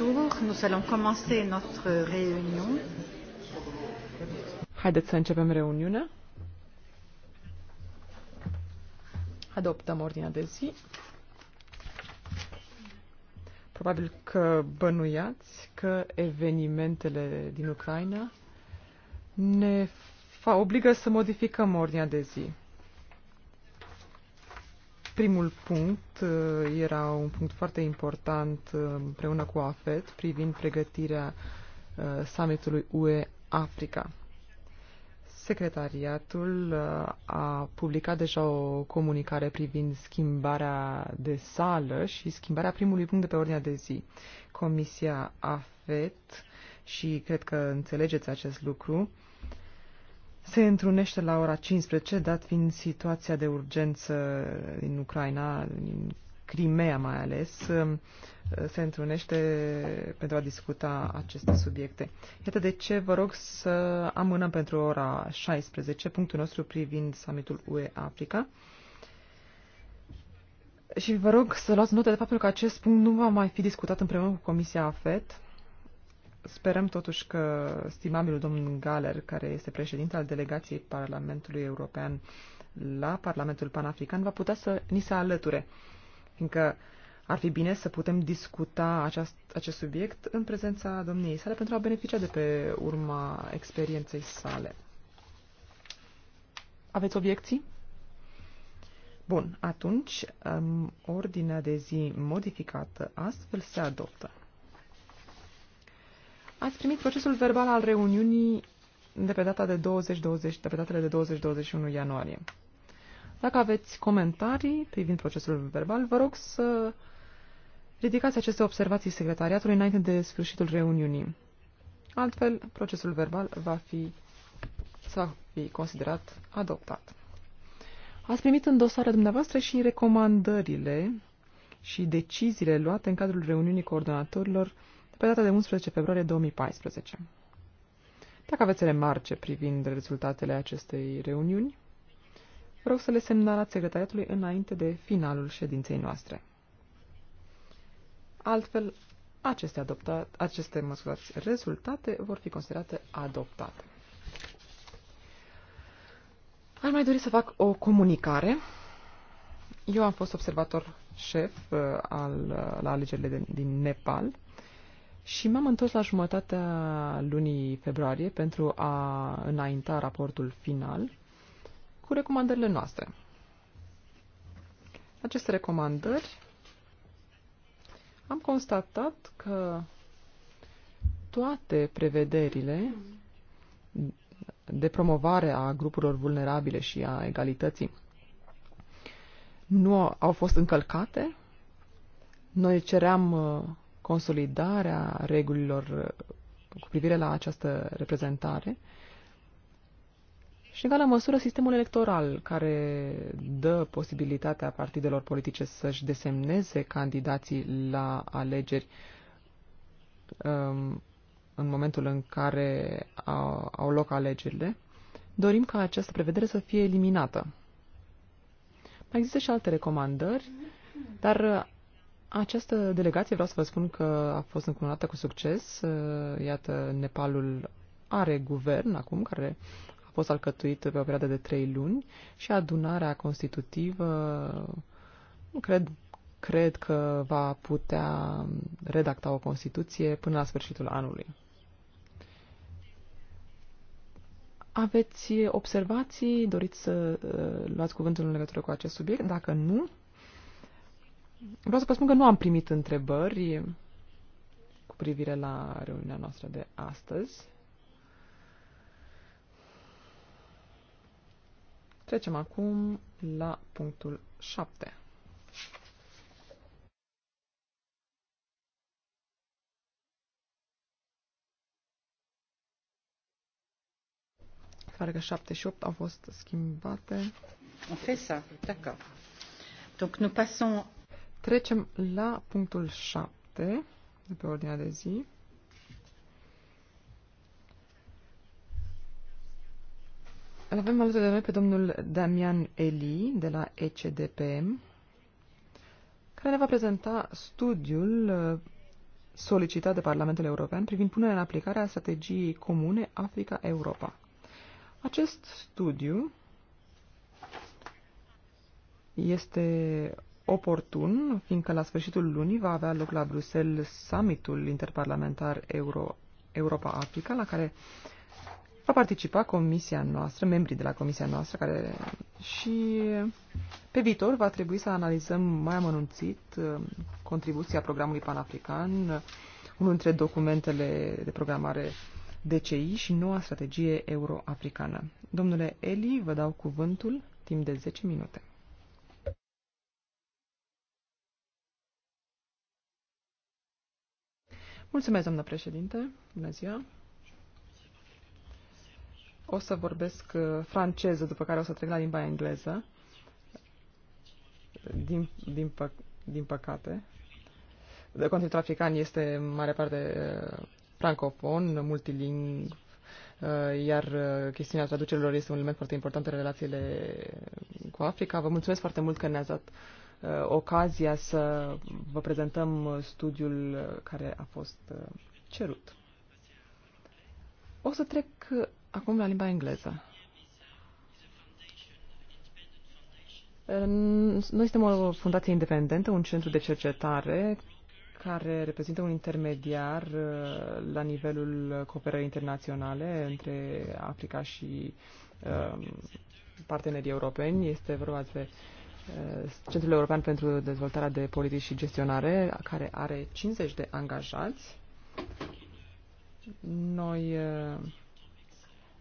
jour. Nous allons commencer notre réunion. Haideți să începem reuniunea. Adoptăm ordinea de zi. Probabil că bănuiați că evenimentele din Ucraina ne obligă să modificăm ordinea de zi. Primul punct uh, era un punct foarte important uh, împreună cu AFET privind pregătirea uh, summitului UE-Africa. Secretariatul a publicat deja o comunicare privind schimbarea de sală și schimbarea primului punct de pe ordinea de zi. Comisia AFET, și cred că înțelegeți acest lucru, se întrunește la ora 15, dat fiind situația de urgență din Ucraina, din Crimea mai ales, um, se întrunește pentru a discuta aceste subiecte. Iată de ce vă rog să amânăm pentru ora 16 punctul nostru privind summitul UE-Africa. Și vă rog să luați notă de faptul că acest punct nu va mai fi discutat împreună cu Comisia AFET, Sperăm totuși că stimabilul domn Galer, care este președinte al delegației Parlamentului European la Parlamentul Panafrican, va putea să ni se alăture, fiindcă ar fi bine să putem discuta aceast, acest subiect în prezența domniei sale pentru a beneficia de pe urma experienței sale. Aveți obiecții? Bun, atunci um, ordinea de zi modificată astfel se adoptă. Ați primit procesul verbal al reuniunii de pe data de 20, 20 de pe datele de 20-21 ianuarie. Dacă aveți comentarii privind procesul verbal, vă rog să ridicați aceste observații secretariatului înainte de sfârșitul reuniunii. Altfel, procesul verbal va fi, va fi considerat adoptat. Ați primit în dosarea dumneavoastră și recomandările și deciziile luate în cadrul reuniunii coordonatorilor pe data de 11 februarie 2014. Dacă aveți remarce privind rezultatele acestei reuniuni, vă rog să le semnalați secretariatului înainte de finalul ședinței noastre. Altfel, aceste, adoptat, aceste măsurați rezultate vor fi considerate adoptate. Ar mai dori să fac o comunicare. Eu am fost observator șef uh, al, la alegerile din Nepal și m-am întors la jumătatea lunii februarie pentru a înainta raportul final cu recomandările noastre. Aceste recomandări am constatat că toate prevederile de promovare a grupurilor vulnerabile și a egalității nu au fost încălcate. Noi ceream uh, consolidarea regulilor cu privire la această reprezentare și, în egală măsură, sistemul electoral, care dă posibilitatea partidelor politice să-și desemneze candidații la alegeri um, în momentul în care au loc alegerile, dorim ca această prevedere să fie eliminată. Mai există și alte recomandări, dar această delegație, vreau să vă spun că a fost încununată cu succes. Uh, iată, Nepalul are guvern acum, care a fost alcătuit pe o perioadă de trei luni și adunarea constitutivă, cred, cred că va putea redacta o Constituție până la sfârșitul anului. Aveți observații? Doriți să uh, luați cuvântul în legătură cu acest subiect? Dacă nu, Vreau să vă spun că nu am primit întrebări cu privire la reuniunea noastră de astăzi. Trecem acum la punctul 7. pare că 7 și 8 au fost schimbate. On fait ça, d'accord. Donc nous passons Trecem la punctul 7 de pe ordinea de zi. Îl avem alături de noi pe domnul Damian Eli de la ECDPM, care ne va prezenta studiul uh, solicitat de Parlamentul European privind punerea în aplicare a strategiei comune Africa-Europa. Acest studiu este oportun, fiindcă la sfârșitul lunii va avea loc la Bruxelles summitul interparlamentar Euro, Europa-Africa, la care va participa comisia noastră, membrii de la comisia noastră, care și pe viitor va trebui să analizăm mai amănunțit uh, contribuția programului panafrican, unul dintre documentele de programare DCI și noua strategie euro-africană. Domnule Eli, vă dau cuvântul timp de 10 minute. Mulțumesc, doamnă președinte. Bună ziua. O să vorbesc uh, franceză, după care o să trec la limba engleză. Din, din, pă, din păcate. Continentul african este în mare parte uh, francofon, multiling, uh, iar chestiunea traducerilor este un element foarte important în relațiile cu Africa. Vă mulțumesc foarte mult că ne-ați dat Uh, ocazia să vă prezentăm studiul care a fost uh, cerut. O să trec uh, acum la limba engleză. Noi suntem o fundație independentă, un centru de cercetare care reprezintă un intermediar la nivelul cooperării internaționale între Africa și partenerii europeni. Este vorba de uh, Centrul European pentru Dezvoltarea de Politici și Gestionare, care are 50 de angajați. Noi eh,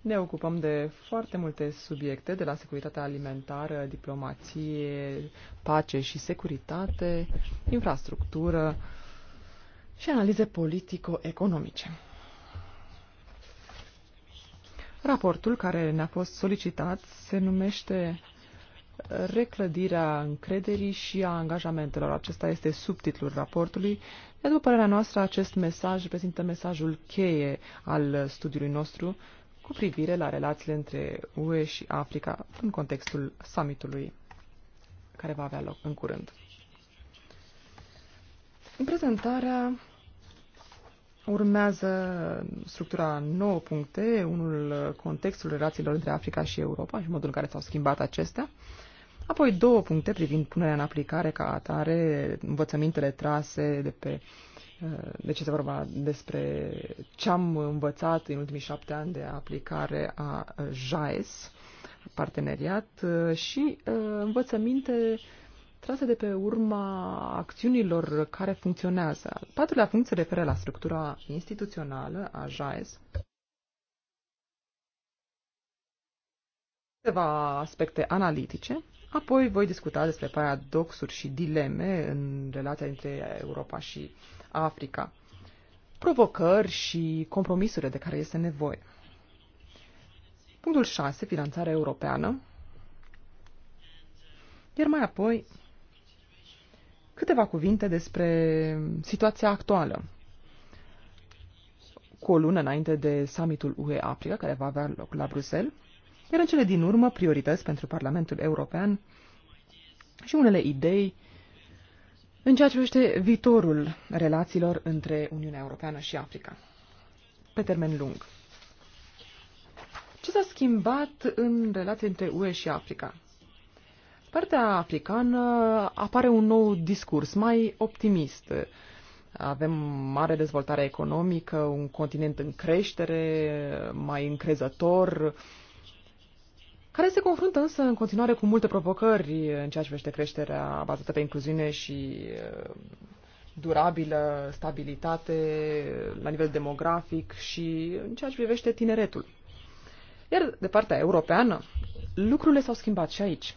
ne ocupăm de foarte multe subiecte, de la securitatea alimentară, diplomație, pace și securitate, infrastructură și analize politico-economice. Raportul care ne-a fost solicitat se numește reclădirea încrederii și a angajamentelor. Acesta este subtitlul raportului. De după părerea noastră, acest mesaj reprezintă mesajul cheie al studiului nostru cu privire la relațiile între UE și Africa în contextul summitului care va avea loc în curând. În prezentarea urmează structura 9 puncte, unul contextul relațiilor între Africa și Europa și modul în care s-au schimbat acestea. Apoi două puncte privind punerea în aplicare ca atare, învățămintele trase de pe uh, de ce se vorba despre ce am învățat în ultimii șapte ani de aplicare a uh, JAES, parteneriat, uh, și învățăminte trase de pe urma acțiunilor care funcționează. patrulea funcție referă la structura instituțională a JAES. Câteva aspecte analitice Apoi voi discuta despre paradoxuri și dileme în relația dintre Europa și Africa, provocări și compromisurile de care este nevoie. Punctul 6, finanțarea europeană. Iar mai apoi, câteva cuvinte despre situația actuală. Cu o lună înainte de summitul UE-Africa, care va avea loc la Bruxelles, iar în cele din urmă priorități pentru Parlamentul European și unele idei în ceea ce privește viitorul relațiilor între Uniunea Europeană și Africa, pe termen lung. Ce s-a schimbat în relația între UE și Africa? Partea africană apare un nou discurs, mai optimist. Avem mare dezvoltare economică, un continent în creștere, mai încrezător care se confruntă însă în continuare cu multe provocări în ceea ce vește creșterea bazată pe incluziune și uh, durabilă, stabilitate la nivel demografic și în ceea ce privește tineretul. Iar de partea europeană, lucrurile s-au schimbat și aici.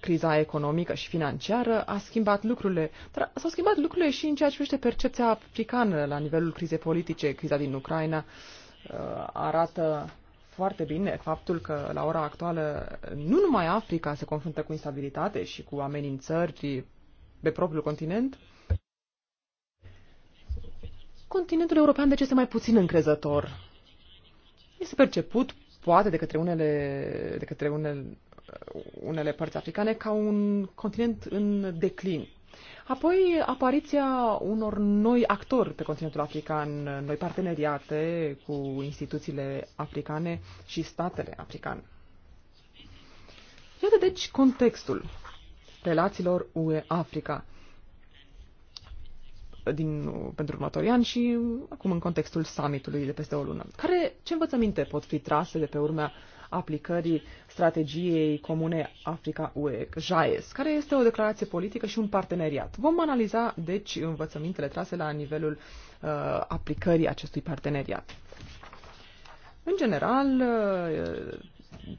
Criza economică și financiară a schimbat lucrurile, dar s-au schimbat lucrurile și în ceea ce privește percepția africană la nivelul crizei politice. Criza din Ucraina uh, arată foarte bine faptul că la ora actuală nu numai Africa se confruntă cu instabilitate și cu amenințări pe propriul continent, continentul european de ce este mai puțin încrezător. Este perceput, poate, de către unele, de către unele, unele părți africane ca un continent în declin. Apoi apariția unor noi actori pe continentul african, noi parteneriate cu instituțiile africane și statele africane. Iată deci contextul relațiilor UE-Africa din, pentru următorii ani și acum în contextul summitului de peste o lună. Care, ce învățăminte pot fi trase de pe urmea aplicării strategiei comune Africa-UE, JAES, care este o declarație politică și un parteneriat. Vom analiza, deci, învățămintele trase la nivelul uh, aplicării acestui parteneriat. În general, uh,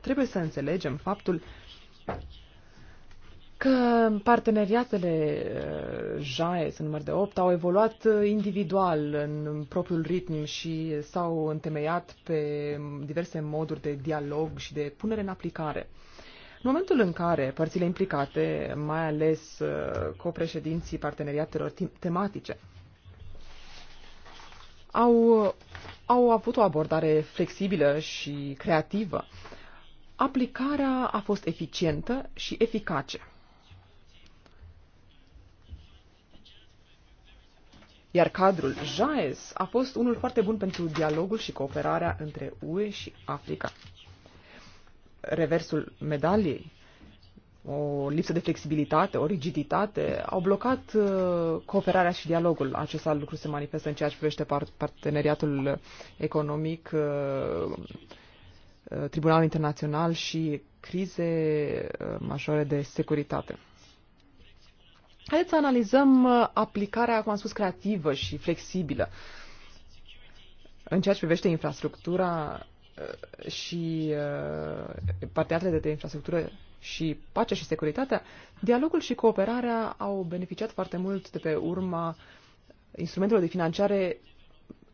trebuie să înțelegem faptul că parteneriatele uh, JAES sunt număr de 8 au evoluat uh, individual în propriul ritm și s-au întemeiat pe diverse moduri de dialog și de punere în aplicare. În momentul în care părțile implicate, mai ales uh, copreședinții parteneriatelor tematice, au, au avut o abordare flexibilă și creativă, aplicarea a fost eficientă și eficace. iar cadrul JAES a fost unul foarte bun pentru dialogul și cooperarea între UE și Africa. Reversul medaliei, o lipsă de flexibilitate, o rigiditate, au blocat uh, cooperarea și dialogul. Acest alt lucru se manifestă în ceea ce privește parteneriatul economic, uh, uh, Tribunalul Internațional și crize majore de securitate. Haideți să analizăm uh, aplicarea, cum am spus, creativă și flexibilă. În ceea ce privește infrastructura uh, și uh, parteneriatele de infrastructură și pacea și securitatea, dialogul și cooperarea au beneficiat foarte mult de pe urma instrumentelor de finanțare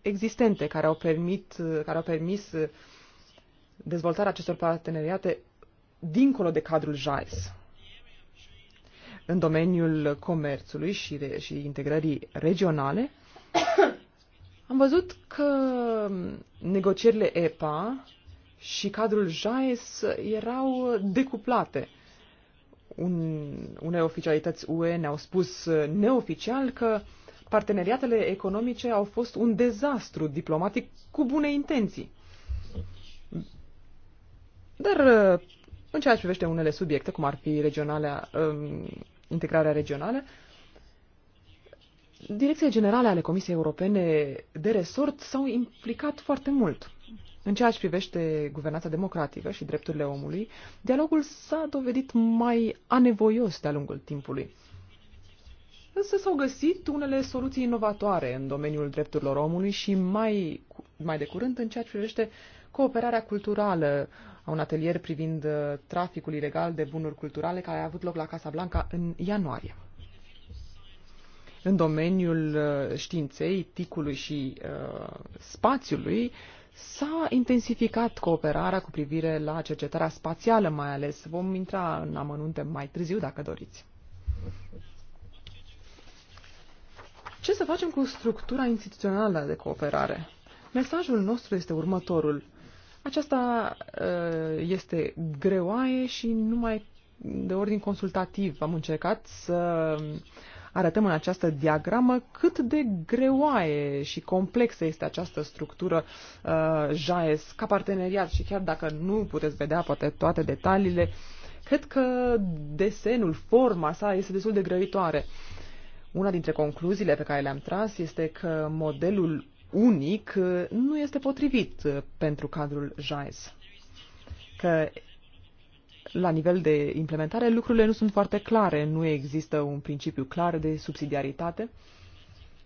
existente care au, permit, care au permis dezvoltarea acestor parteneriate dincolo de cadrul JAIS în domeniul comerțului și, re, și integrării regionale, am văzut că negocierile EPA și cadrul JAES erau decuplate. Un, unei oficialități UE ne-au spus neoficial că parteneriatele economice au fost un dezastru diplomatic cu bune intenții. Dar în ceea ce privește unele subiecte, cum ar fi regionalea, um, integrarea regională, Direcțiile generale ale Comisiei Europene de resort s-au implicat foarte mult. În ceea ce privește guvernanța democratică și drepturile omului, dialogul s-a dovedit mai anevoios de-a lungul timpului. Însă s-au găsit unele soluții inovatoare în domeniul drepturilor omului și mai, mai de curând în ceea ce privește cooperarea culturală, a un atelier privind uh, traficul ilegal de bunuri culturale care a avut loc la Casa Blanca în ianuarie. În domeniul uh, științei, ticului și uh, spațiului s-a intensificat cooperarea cu privire la cercetarea spațială, mai ales. Vom intra în amănunte mai târziu, dacă doriți. Ce să facem cu structura instituțională de cooperare? Mesajul nostru este următorul. Aceasta uh, este greoaie și numai de ordin consultativ am încercat să arătăm în această diagramă cât de greoaie și complexă este această structură uh, JAES ca parteneriat și chiar dacă nu puteți vedea poate toate detaliile, cred că desenul, forma sa este destul de grăitoare. Una dintre concluziile pe care le-am tras este că modelul unic uh, nu este potrivit uh, pentru cadrul JAIS. Că la nivel de implementare lucrurile nu sunt foarte clare, nu există un principiu clar de subsidiaritate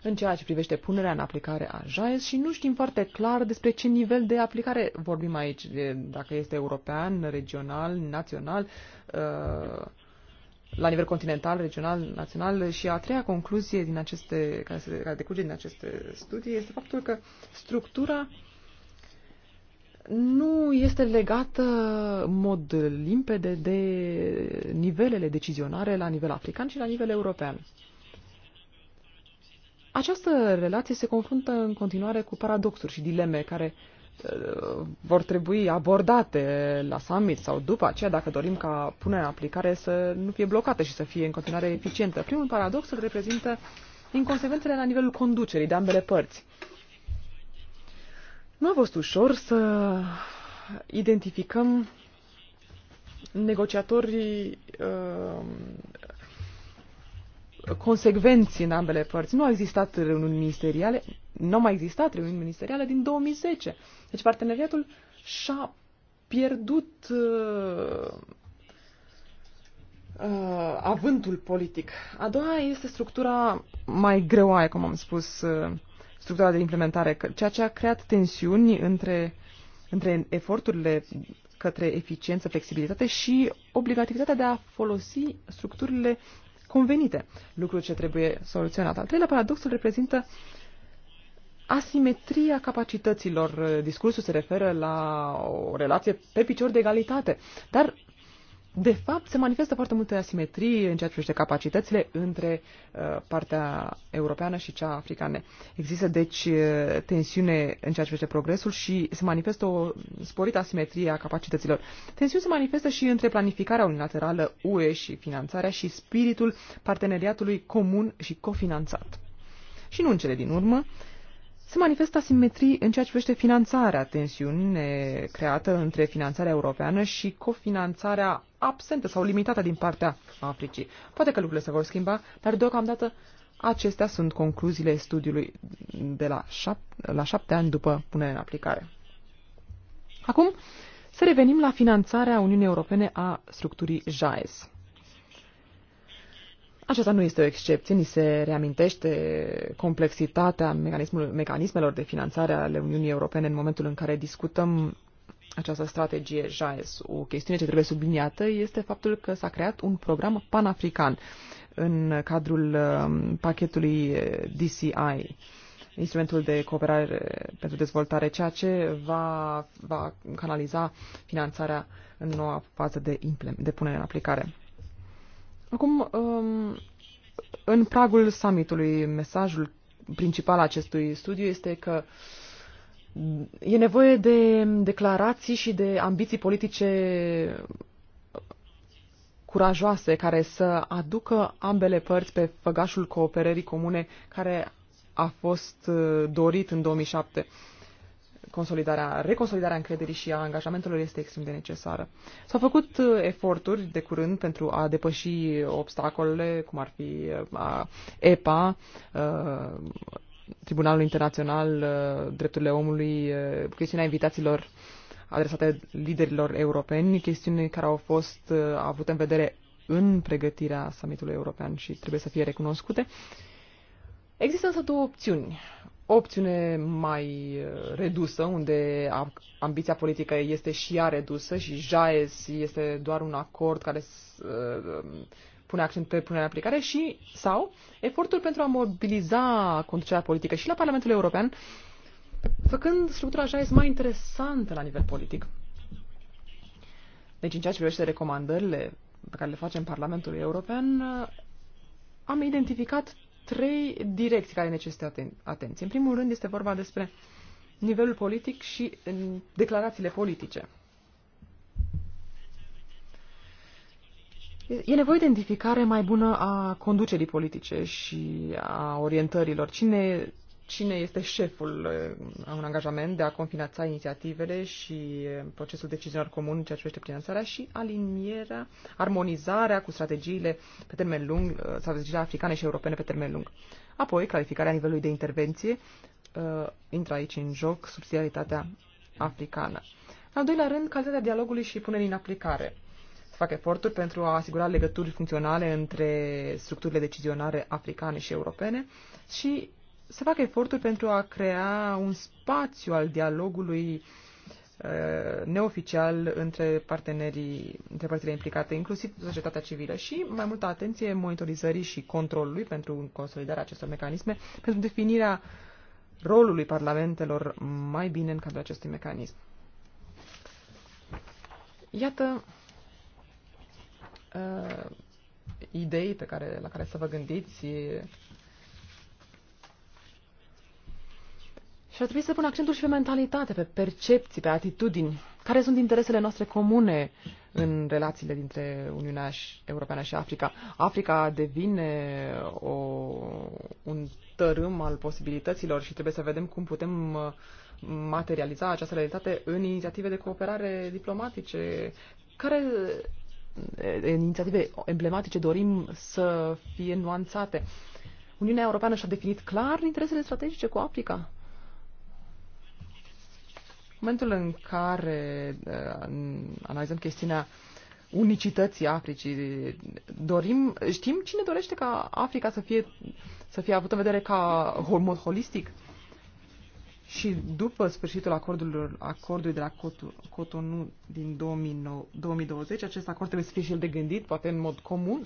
în ceea ce privește punerea în aplicare a JAIS și nu știm foarte clar despre ce nivel de aplicare vorbim aici, dacă este european, regional, național, uh, la nivel continental, regional, național. Și a treia concluzie din aceste, care, se, care decurge din aceste studii este faptul că structura nu este legată în mod limpede de nivelele decizionare la nivel african și la nivel european. Această relație se confruntă în continuare cu paradoxuri și dileme care vor trebui abordate la summit sau după aceea, dacă dorim ca punerea în aplicare să nu fie blocată și să fie în continuare eficientă. Primul paradox îl reprezintă inconsecvențele la nivelul conducerii de ambele părți. Nu a fost ușor să identificăm negociatorii uh, consecvenți în ambele părți. Nu au existat reuniuni ministeriale, nu au mai existat reuniuni ministeriale din 2010. Deci parteneriatul și-a pierdut uh, uh, avântul politic. A doua este structura mai greoaie, cum am spus, uh, structura de implementare, ceea ce a creat tensiuni între, între eforturile către eficiență, flexibilitate și obligativitatea de a folosi structurile convenite, lucru ce trebuie soluționat. Al treilea paradoxul reprezintă asimetria capacităților. Discursul se referă la o relație pe picior de egalitate, dar de fapt, se manifestă foarte multe asimetrie în ceea ce privește capacitățile între uh, partea europeană și cea africană. Există, deci, uh, tensiune în ceea ce privește progresul și se manifestă o sporită asimetrie a capacităților. Tensiune se manifestă și între planificarea unilaterală UE și finanțarea și spiritul parteneriatului comun și cofinanțat. Și nu în cele din urmă, se manifestă asimetrii în ceea ce privește finanțarea, tensiune creată între finanțarea europeană și cofinanțarea absentă sau limitată din partea Africii. Poate că lucrurile se vor schimba, dar deocamdată acestea sunt concluziile studiului de la, șap- la șapte ani după punerea în aplicare. Acum, să revenim la finanțarea Uniunii Europene a structurii JAES. Aceasta nu este o excepție, ni se reamintește complexitatea mecanismelor de finanțare ale Uniunii Europene în momentul în care discutăm această strategie JAES. O chestiune ce trebuie subliniată este faptul că s-a creat un program panafrican în cadrul um, pachetului eh, DCI, instrumentul de cooperare pentru dezvoltare, ceea ce va, va canaliza finanțarea în noua fază de, de punere în aplicare. Acum, um, în pragul summitului, mesajul principal acestui studiu este că e nevoie de declarații și de ambiții politice curajoase care să aducă ambele părți pe făgașul cooperării comune care a fost uh, dorit în 2007 consolidarea, reconsolidarea încrederii și a angajamentelor este extrem de necesară. S-au făcut uh, eforturi de curând pentru a depăși obstacolele, cum ar fi uh, EPA, uh, Tribunalul Internațional, drepturile omului, chestiunea invitațiilor adresate liderilor europeni, chestiuni care au fost avute în vedere în pregătirea summitului european și trebuie să fie recunoscute. Există însă două opțiuni opțiune mai uh, redusă, unde ambiția politică este și ea redusă și JAES este doar un acord care uh, pune accent pe punerea în aplicare și sau efortul pentru a mobiliza conducerea politică și la Parlamentul European, făcând structura JAES mai interesantă la nivel politic. Deci, în ceea ce privește recomandările pe care le facem Parlamentului European, uh, am identificat trei direcții care necesită aten- atenție. În primul rând este vorba despre nivelul politic și declarațiile politice. E nevoie de identificare mai bună a conducerii politice și a orientărilor. Cine cine este șeful a eh, un angajament de a confinanța inițiativele și eh, procesul decizional comun în ceea ce privește finanțarea și alinierea, armonizarea cu strategiile pe termen lung, eh, strategiile africane și europene pe termen lung. Apoi, clarificarea nivelului de intervenție, intră aici în joc subsidiaritatea africană. În al doilea rând, calitatea dialogului și punerii în aplicare. Se fac eforturi pentru a asigura legături funcționale între structurile decizionare africane și europene și să facă eforturi pentru a crea un spațiu al dialogului uh, neoficial între partenerii, între părțile implicate, inclusiv societatea civilă și mai multă atenție monitorizării și controlului pentru consolidarea acestor mecanisme, pentru definirea rolului parlamentelor mai bine în cadrul acestui mecanism. Iată uh, idei pe care, la care să vă gândiți Și ar trebui să pun accentul și pe mentalitate, pe percepții, pe atitudini. Care sunt interesele noastre comune în relațiile dintre Uniunea Europeană și Africa? Africa devine o, un tărâm al posibilităților și trebuie să vedem cum putem uh, materializa această realitate în inițiative de cooperare diplomatice. Care uh, inițiative emblematice dorim să fie nuanțate? Uniunea Europeană și-a definit clar interesele strategice cu Africa momentul în care uh, analizăm chestiunea unicității Africii, dorim, știm cine dorește ca Africa să fie, să fie avută în vedere ca mod holistic? Și după sfârșitul acordului, acordului de la Cotonou din 2009, 2020, acest acord trebuie să fie și el de gândit, poate în mod comun,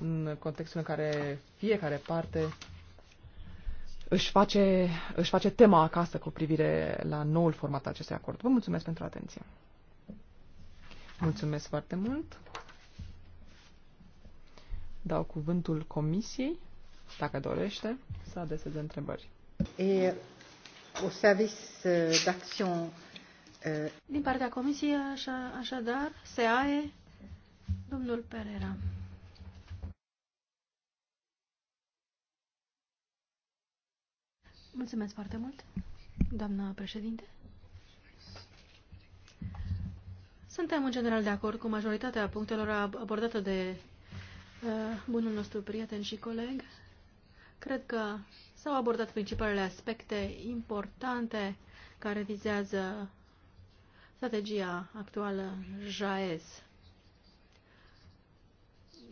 în contextul în care fiecare parte își face, își face tema acasă cu privire la noul format al acestui acord. Vă mulțumesc pentru atenție. Mulțumesc foarte mult. Dau cuvântul comisiei, dacă dorește, să adeseze întrebări. E o euh, service euh, d'action. Euh, Din partea comisiei, așa, așadar, SEAE, domnul Pereira. Mulțumesc foarte mult, doamna președinte. Suntem în general de acord cu majoritatea punctelor abordate de uh, bunul nostru prieten și coleg. Cred că s-au abordat principalele aspecte importante care vizează strategia actuală JAES.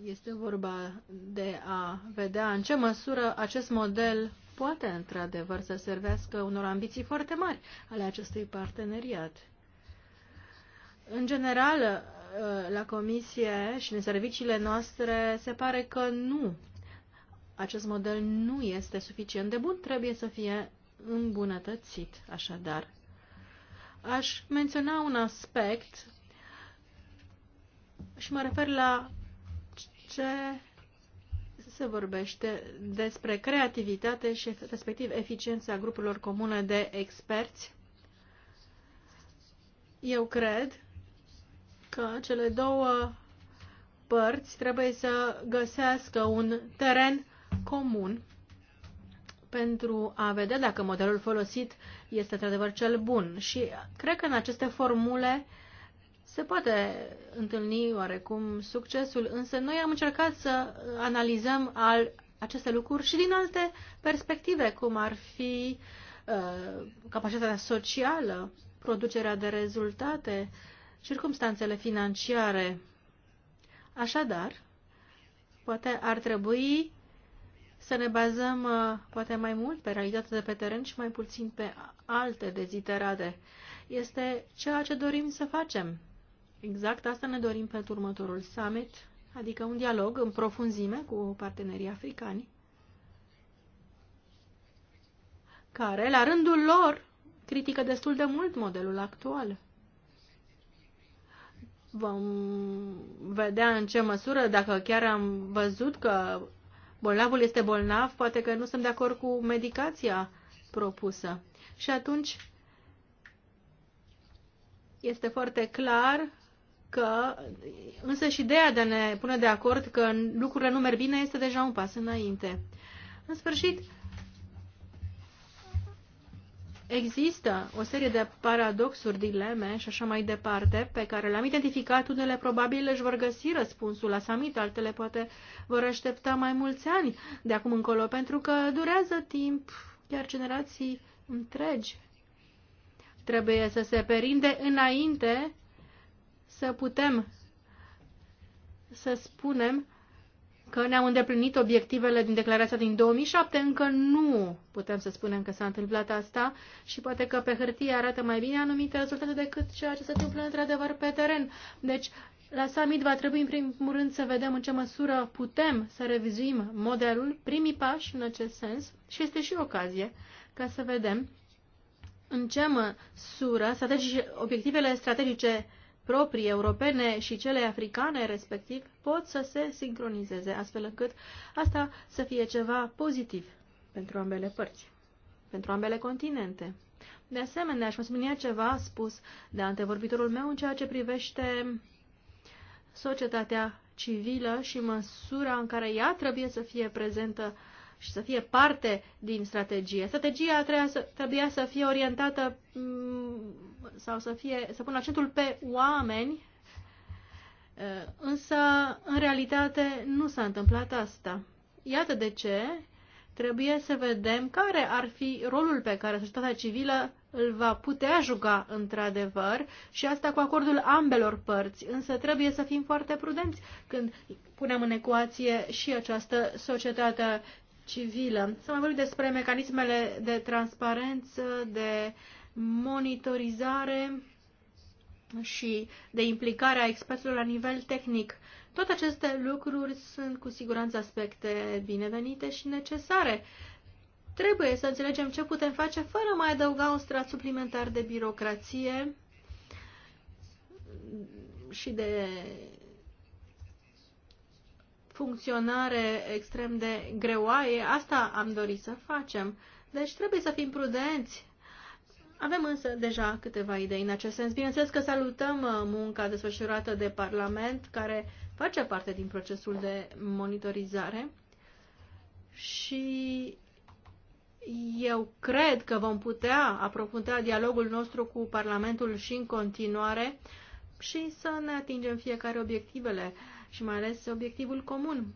Este vorba de a vedea în ce măsură acest model poate într-adevăr să servească unor ambiții foarte mari ale acestui parteneriat. În general, ă, la comisie și în serviciile noastre se pare că nu. Acest model nu este suficient de bun, trebuie să fie îmbunătățit, așadar. Aș menționa un aspect și mă refer la ce se vorbește despre creativitate și respectiv eficiența grupurilor comune de experți. Eu cred că cele două părți trebuie să găsească un teren comun pentru a vedea dacă modelul folosit este într-adevăr cel bun. Și cred că în aceste formule uh, se poate întâlni oarecum succesul, însă noi am încercat să analizăm al, aceste lucruri și din alte perspective, cum ar fi uh, capacitatea socială, producerea de rezultate, circumstanțele financiare. Așadar, poate ar trebui să ne bazăm uh, poate mai mult pe realitatea de pe teren și mai puțin pe alte deziderate. Este ceea ce dorim să facem Exact asta ne dorim pentru următorul summit, adică un dialog în profunzime cu partenerii africani, care, la rândul lor, critică destul de mult modelul actual. Vom vedea în ce măsură, dacă chiar am văzut că bolnavul este bolnav, poate că nu sunt de acord cu medicația propusă. Și atunci este foarte clar că însă și ideea de a ne pune de acord că lucrurile nu merg bine este deja un pas înainte. În sfârșit, există o serie de paradoxuri, dileme și așa mai departe pe care le-am identificat. Unele probabil își vor găsi răspunsul la summit, altele poate vor aștepta mai mulți ani de acum încolo, pentru că durează timp, chiar generații întregi trebuie să se perinde înainte să putem să spunem că ne-am îndeplinit obiectivele din declarația din 2007, încă nu putem să spunem că s-a întâmplat asta și poate că pe hârtie arată mai bine anumite rezultate decât ceea ce se întâmplă într-adevăr pe teren. Deci, la summit va trebui în primul rând să vedem în ce măsură putem să revizuim modelul, primii pași în acest sens și este și ocazie ca să vedem în ce măsură strategice, obiectivele strategice proprii europene și cele africane, respectiv, pot să se sincronizeze, astfel încât asta să fie ceva pozitiv pentru ambele părți, pentru ambele continente. De asemenea, aș mai sublinia ceva spus de antevorbitorul meu în ceea ce privește societatea civilă și măsura în care ea trebuie să fie prezentă uh, și să fie parte din strategie. Strategia trebuia să fie orientată mm, sau să, fie, să pună accentul pe oameni, însă în realitate nu s-a întâmplat asta. Iată de ce trebuie să vedem care ar fi rolul pe care societatea civilă îl va putea juca într-adevăr și asta cu acordul ambelor părți, însă trebuie să fim foarte prudenți când punem în ecuație și această societate civilă. Să mai vorbim despre mecanismele de transparență, de monitorizare și de implicare a experților la nivel tehnic. Toate aceste lucruri sunt cu siguranță aspecte binevenite și necesare. Trebuie să înțelegem ce putem face fără mai adăuga un strat suplimentar de birocrație și de funcționare extrem de greoaie. Asta am dorit să facem. Deci trebuie să fim prudenți. Avem însă deja câteva idei în acest sens. Bineînțeles că salutăm uh, munca desfășurată de Parlament, care face parte din procesul de monitorizare și eu cred că vom putea aprofunda dialogul nostru cu Parlamentul și în continuare și să ne atingem fiecare obiectivele și mai ales obiectivul comun.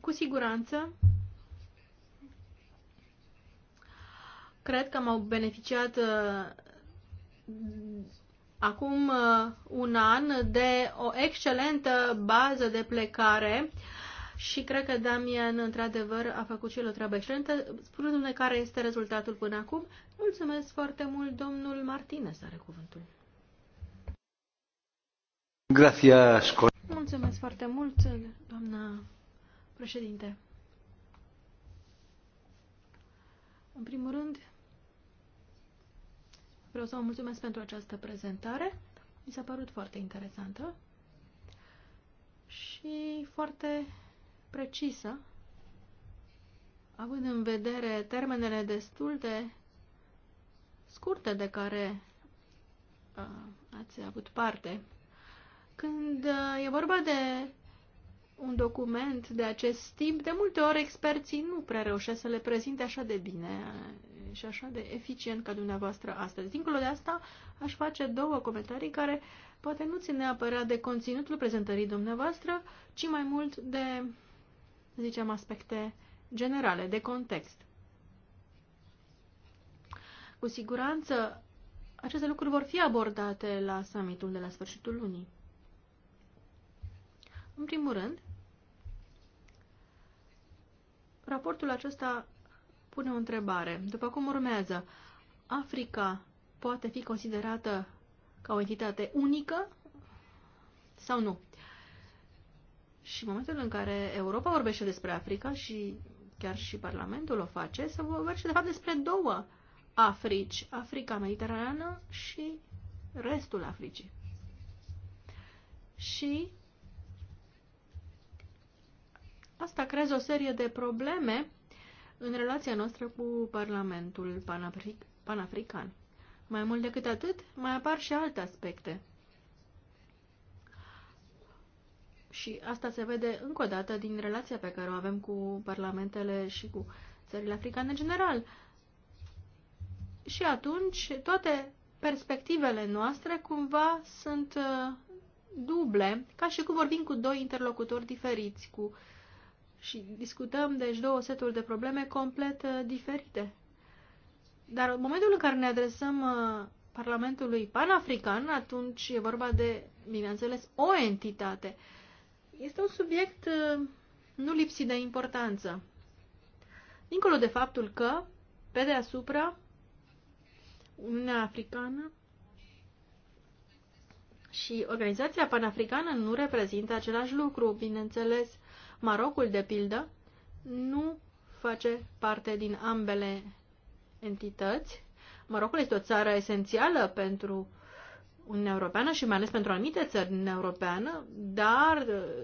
Cu siguranță, cred că m-au beneficiat uh, acum uh, un an de o excelentă bază de plecare și cred că damian într-adevăr, a făcut și el o treabă excelentă, spunându-ne care este rezultatul până acum. Mulțumesc foarte mult, domnul Martinez are cuvântul. Gracias. Mulțumesc foarte mult, doamna președinte. În primul rând, vreau să vă mulțumesc pentru această prezentare. Mi s-a părut foarte interesantă și foarte precisă, având în vedere termenele destul de scurte de care uh, ați avut parte când uh, e vorba de un document de acest timp, de multe ori experții nu prea reușesc să le prezinte așa de bine uh, și așa de eficient ca dumneavoastră astăzi. Dincolo de asta, aș face două comentarii care poate nu țin neapărat de conținutul prezentării dumneavoastră, ci mai mult de, zicem, aspecte generale, de context. Cu siguranță, aceste lucruri vor fi abordate la summitul de la sfârșitul lunii. În primul rând, raportul acesta pune o întrebare. După cum urmează, Africa poate fi considerată ca o entitate unică sau nu? Și în momentul în care Europa vorbește despre Africa și chiar și Parlamentul o face, să vorbește de fapt despre două Africi, Africa Mediterană și restul Africii. Și Asta creează o serie de probleme în relația noastră cu Parlamentul Panafrican. Mai mult decât atât, mai apar și alte aspecte. Și asta se vede încă o dată din relația pe care o avem cu parlamentele și cu țările africane în general. Și atunci, toate perspectivele noastre cumva sunt uh, duble, ca și cum vorbim cu doi interlocutori diferiți, cu uh, și discutăm, deci, două seturi de probleme complet uh, diferite. Dar în momentul în care ne adresăm uh, Parlamentului Panafrican, atunci e vorba de, bineînțeles, o entitate. Este un subiect uh, nu lipsit de importanță. Dincolo de faptul că, pe deasupra, Uniunea Africană și Organizația Panafricană nu reprezintă același lucru, bineînțeles. Marocul, de pildă, nu face parte din ambele entități. Marocul este o țară esențială pentru Uniunea Europeană și mai ales pentru anumite țări din Uniunea Europeană, dar uh,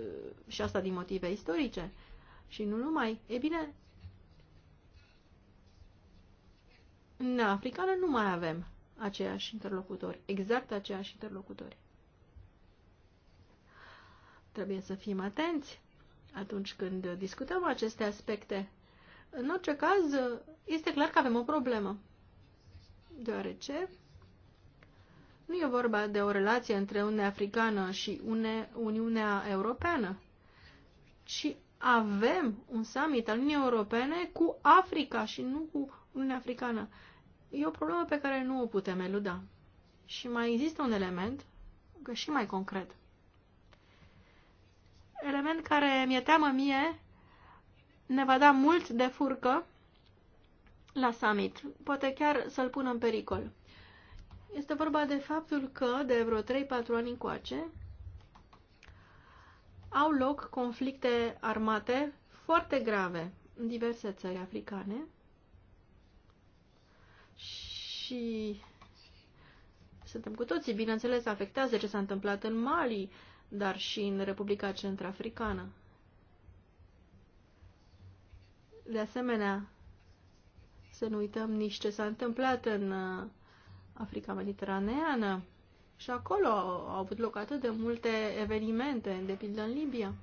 și asta din motive istorice și nu numai. E bine, în africană nu mai avem aceiași interlocutori, exact aceiași interlocutori. Trebuie să fim atenți atunci când discutăm aceste aspecte. În orice caz, este clar că avem o problemă, deoarece nu e vorba de o relație între Uniunea Africană și Une, Uniunea Europeană, ci avem un summit al Uniunii Europene cu Africa și nu cu Uniunea Africană. E o problemă pe care nu o putem eluda. Și mai există un element, că și mai concret element care mi-e teamă mie ne va da mult de furcă la summit, poate chiar să-l pună în pericol. Este vorba de faptul că de vreo 3-4 ani încoace au loc conflicte armate foarte grave în diverse țări africane și suntem cu toții, bineînțeles, afectează ce s-a întâmplat în Mali, dar și în Republica Centrafricană. De asemenea, să nu uităm nici ce s-a întâmplat în uh, Africa Mediteraneană. Și acolo au avut loc atât de multe evenimente, de pildă în Libia.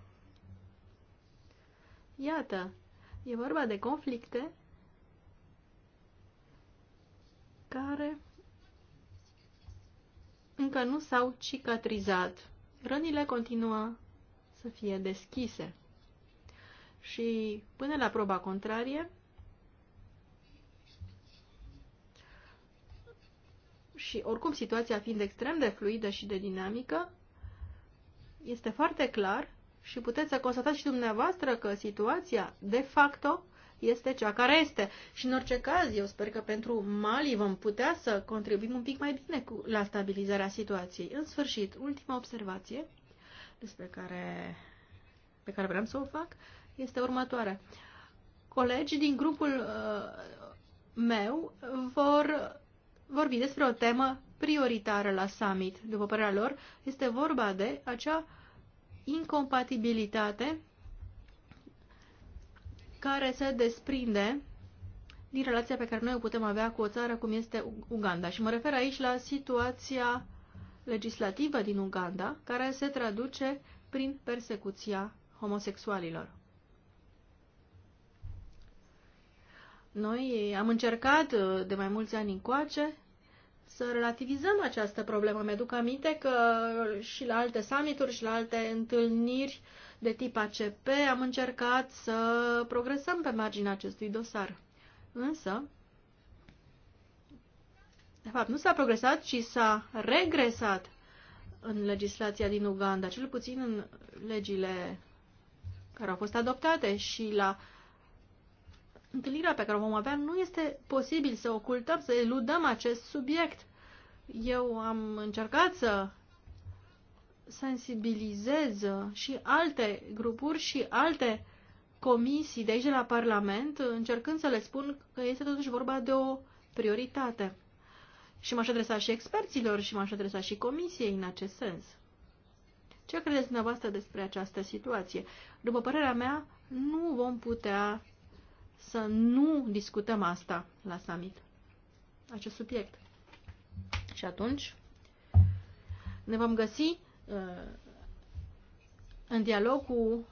Iată, e vorba de conflicte care încă nu s-au cicatrizat. Rănile continuă să fie deschise. Și până la proba contrarie, și oricum situația fiind extrem de fluidă și de dinamică, este foarte clar și puteți să constatați și dumneavoastră că situația, de facto, este cea care este. Și în orice caz, eu sper că pentru Mali vom putea să contribuim un pic mai bine cu, la stabilizarea situației. În sfârșit, ultima observație despre care, pe care vreau să o fac este următoarea. Colegi din grupul uh, meu vor vorbi despre o temă prioritară la summit. După părerea lor, este vorba de acea incompatibilitate care se desprinde din relația pe care noi o putem avea cu o țară cum este Uganda. Și mă refer aici la situația legislativă din Uganda, care se traduce prin persecuția homosexualilor. Noi am încercat uh, de mai mulți ani încoace să relativizăm această problemă. Mi-aduc aminte că și la alte summituri și la alte întâlniri uh, de tip ACP, am încercat să progresăm pe marginea acestui dosar. Însă, de fapt, nu s-a progresat, ci s-a regresat în legislația din Uganda, cel puțin în legile care au fost adoptate și la întâlnirea pe care o vom avea, nu este posibil să ocultăm, să eludăm acest subiect. Eu am încercat să sensibilizeze și alte grupuri și alte comisii de aici de la Parlament, încercând să le spun că este totuși vorba de o prioritate. Și m-aș adresa și experților și m-aș adresa și comisiei în acest sens. Ce credeți dumneavoastră despre această situație? După părerea mea, nu vom putea să nu discutăm asta la summit, acest subiect. Și atunci ne vom găsi Uh, în dialog cu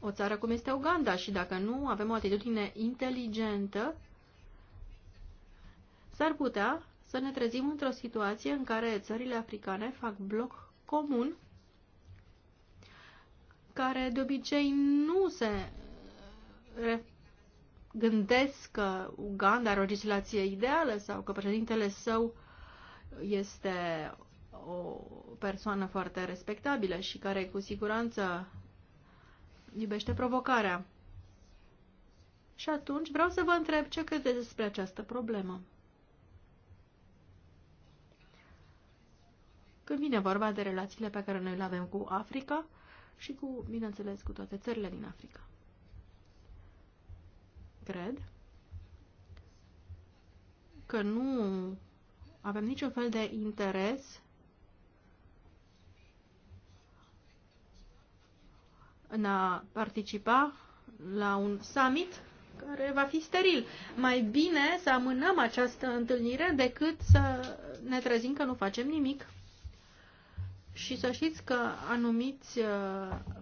o țară cum este Uganda și dacă nu avem o atitudine inteligentă, s-ar putea să ne trezim într-o situație în care țările africane fac bloc comun, care de obicei nu se uh, gândesc că Uganda are o legislație ideală sau că președintele său este o persoană foarte respectabilă și care cu siguranță iubește provocarea. Și atunci vreau să vă întreb ce credeți despre această problemă. Când vine vorba de relațiile pe care noi le avem cu Africa și cu, bineînțeles, cu toate țările din Africa. Cred că nu avem niciun fel de interes în a participa la un summit care va fi steril. Mai bine să amânăm această întâlnire decât să ne trezim că nu facem nimic. Și să știți că anumiți uh,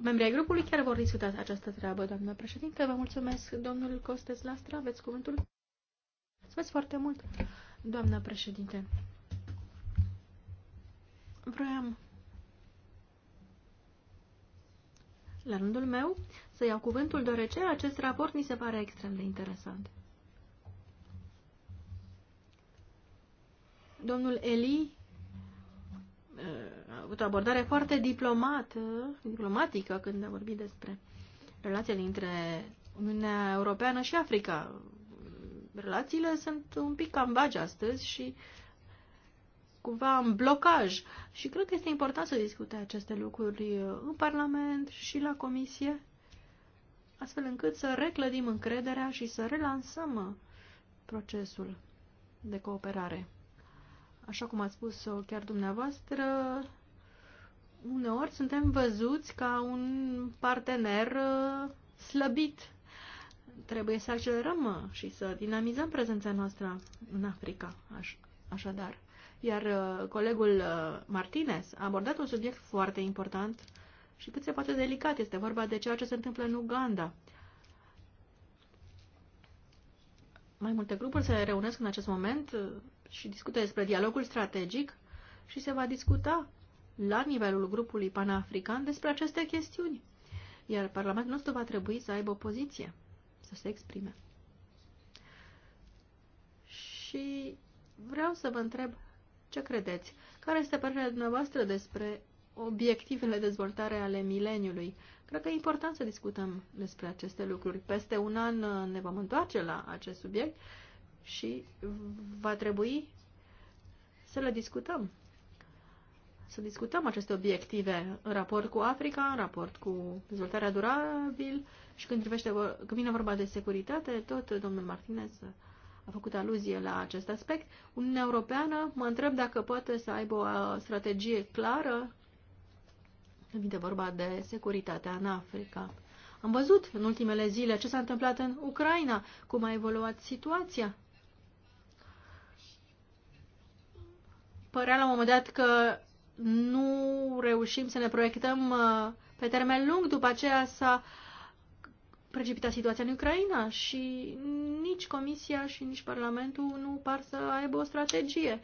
membri ai grupului chiar vor discuta această treabă, doamnă președinte. Vă mulțumesc, domnul Costes Lastra. Aveți cuvântul? Mulțumesc foarte mult, doamnă președinte. vreau la rândul meu, să iau cuvântul, deoarece acest raport mi se pare extrem de interesant. Domnul Eli uh, a avut o abordare foarte diplomată, diplomatică când a vorbit despre relațiile dintre Uniunea Europeană și Africa. Relațiile sunt un pic cam vagi astăzi și uh, cumva în blocaj. Și cred că este important să discute aceste lucruri uh, în Parlament și la Comisie, astfel încât să reclădim încrederea și să relansăm uh, procesul de cooperare. Așa cum ați spus chiar dumneavoastră, uneori suntem văzuți ca un partener uh, slăbit. Trebuie să accelerăm și să dinamizăm prezența noastră în Africa, așadar. Iar uh, colegul uh, Martinez a abordat un subiect foarte important și cât se poate delicat. Este vorba de ceea ce se întâmplă în Uganda. Mai multe grupuri se reunesc în acest moment uh, și discută despre dialogul strategic și se va discuta la nivelul grupului panafrican despre aceste chestiuni. Iar Parlamentul nostru va trebui să aibă o poziție, să se exprime. Și vreau să vă întreb ce credeți? Care este părerea dumneavoastră despre obiectivele dezvoltare ale mileniului? Cred că e important să discutăm despre aceste lucruri. Peste un an uh, ne vom întoarce la acest subiect și va trebui să le discutăm. Să discutăm aceste obiective în raport cu Africa, în raport cu dezvoltarea durabil și când, privește, când vine vorba de securitate, tot domnul Martinez uh, a făcut aluzie la acest aspect. Uniunea Europeană mă întreb dacă poate să aibă o uh, strategie clară când vine vorba de securitatea în Africa. Am văzut în ultimele zile ce s-a întâmplat în Ucraina, cum a evoluat situația. Părea la un moment dat că nu reușim să ne proiectăm uh, pe termen lung. După aceea s-a uh, precipita situația în Ucraina și nici Comisia și nici Parlamentul nu par să aibă o strategie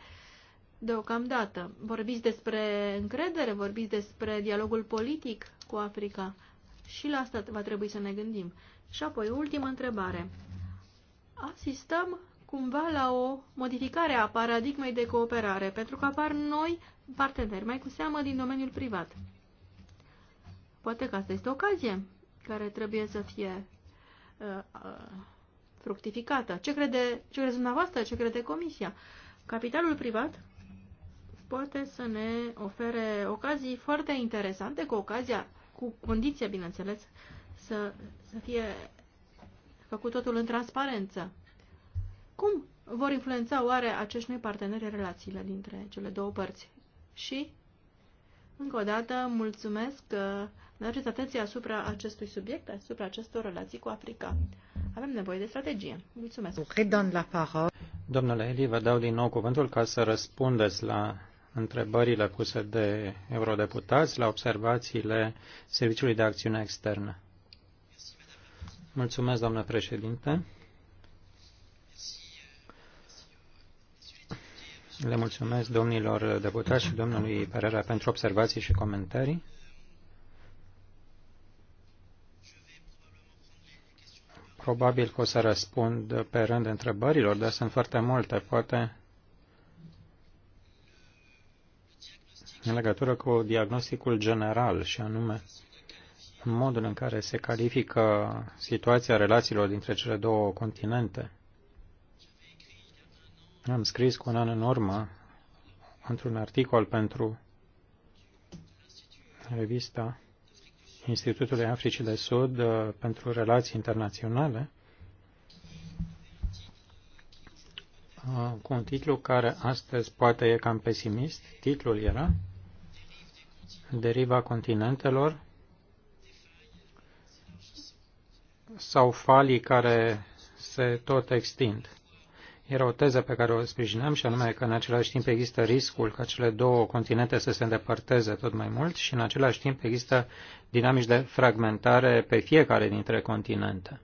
deocamdată. Vorbiți despre încredere, vorbiți despre dialogul politic cu Africa și la asta va trebui să ne gândim. Și apoi, ultima întrebare. Asistăm cumva la o modificare a paradigmei de cooperare, pentru că apar noi parteneri, mai cu seamă din domeniul privat. Poate că asta este ocazie care trebuie să fie uh, uh, fructificată. Ce crede, ce crede dumneavoastră, ce crede Comisia? Capitalul privat poate să ne ofere ocazii foarte interesante, cu ocazia, cu condiția, bineînțeles, să, să fie făcut totul în transparență. Cum vor influența oare acești noi parteneri relațiile dintre cele două părți? Și, încă o dată, mulțumesc uh, Mergeți atenția asupra acestui subiect, asupra acestor relații cu Africa. Avem nevoie de strategie. Mulțumesc. Domnule Eli, vă dau din nou cuvântul ca să răspundeți la întrebările puse de eurodeputați, la observațiile Serviciului de Acțiune Externă. Mulțumesc, doamnă președinte. Le mulțumesc domnilor deputați și domnului Perera pentru observații și comentarii. Probabil că o să răspund pe rând întrebărilor, dar sunt foarte multe. Poate în legătură cu diagnosticul general și anume modul în care se califică situația relațiilor dintre cele două continente. Am scris cu un an în urmă într-un articol pentru revista Institutului Africii de Sud uh, pentru Relații Internaționale, uh, cu un titlu care astăzi poate e cam pesimist. Titlul era Deriva continentelor sau falii care se tot extind. Era o teză pe care o sprijinam și anume că în același timp există riscul ca cele două continente să se îndepărteze tot mai mult și în același timp există dinamici de fragmentare pe fiecare dintre continente.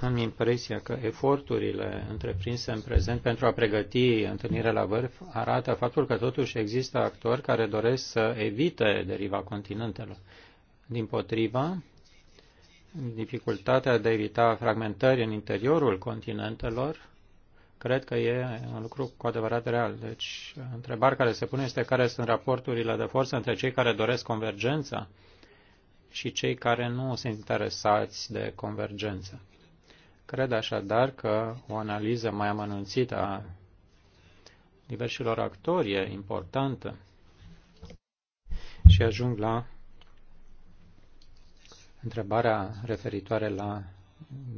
Am impresia că eforturile întreprinse în prezent pentru a pregăti întâlnirea la vârf arată faptul că totuși există actori care doresc să evite deriva continentelor. Din potriva, dificultatea de a evita fragmentări în interiorul continentelor, cred că e un lucru cu adevărat real. Deci, întrebarea care se pune este care sunt raporturile de forță între cei care doresc convergența și cei care nu sunt interesați de convergență. Cred așadar că o analiză mai amănunțită a diversilor actori e importantă și ajung la întrebarea referitoare la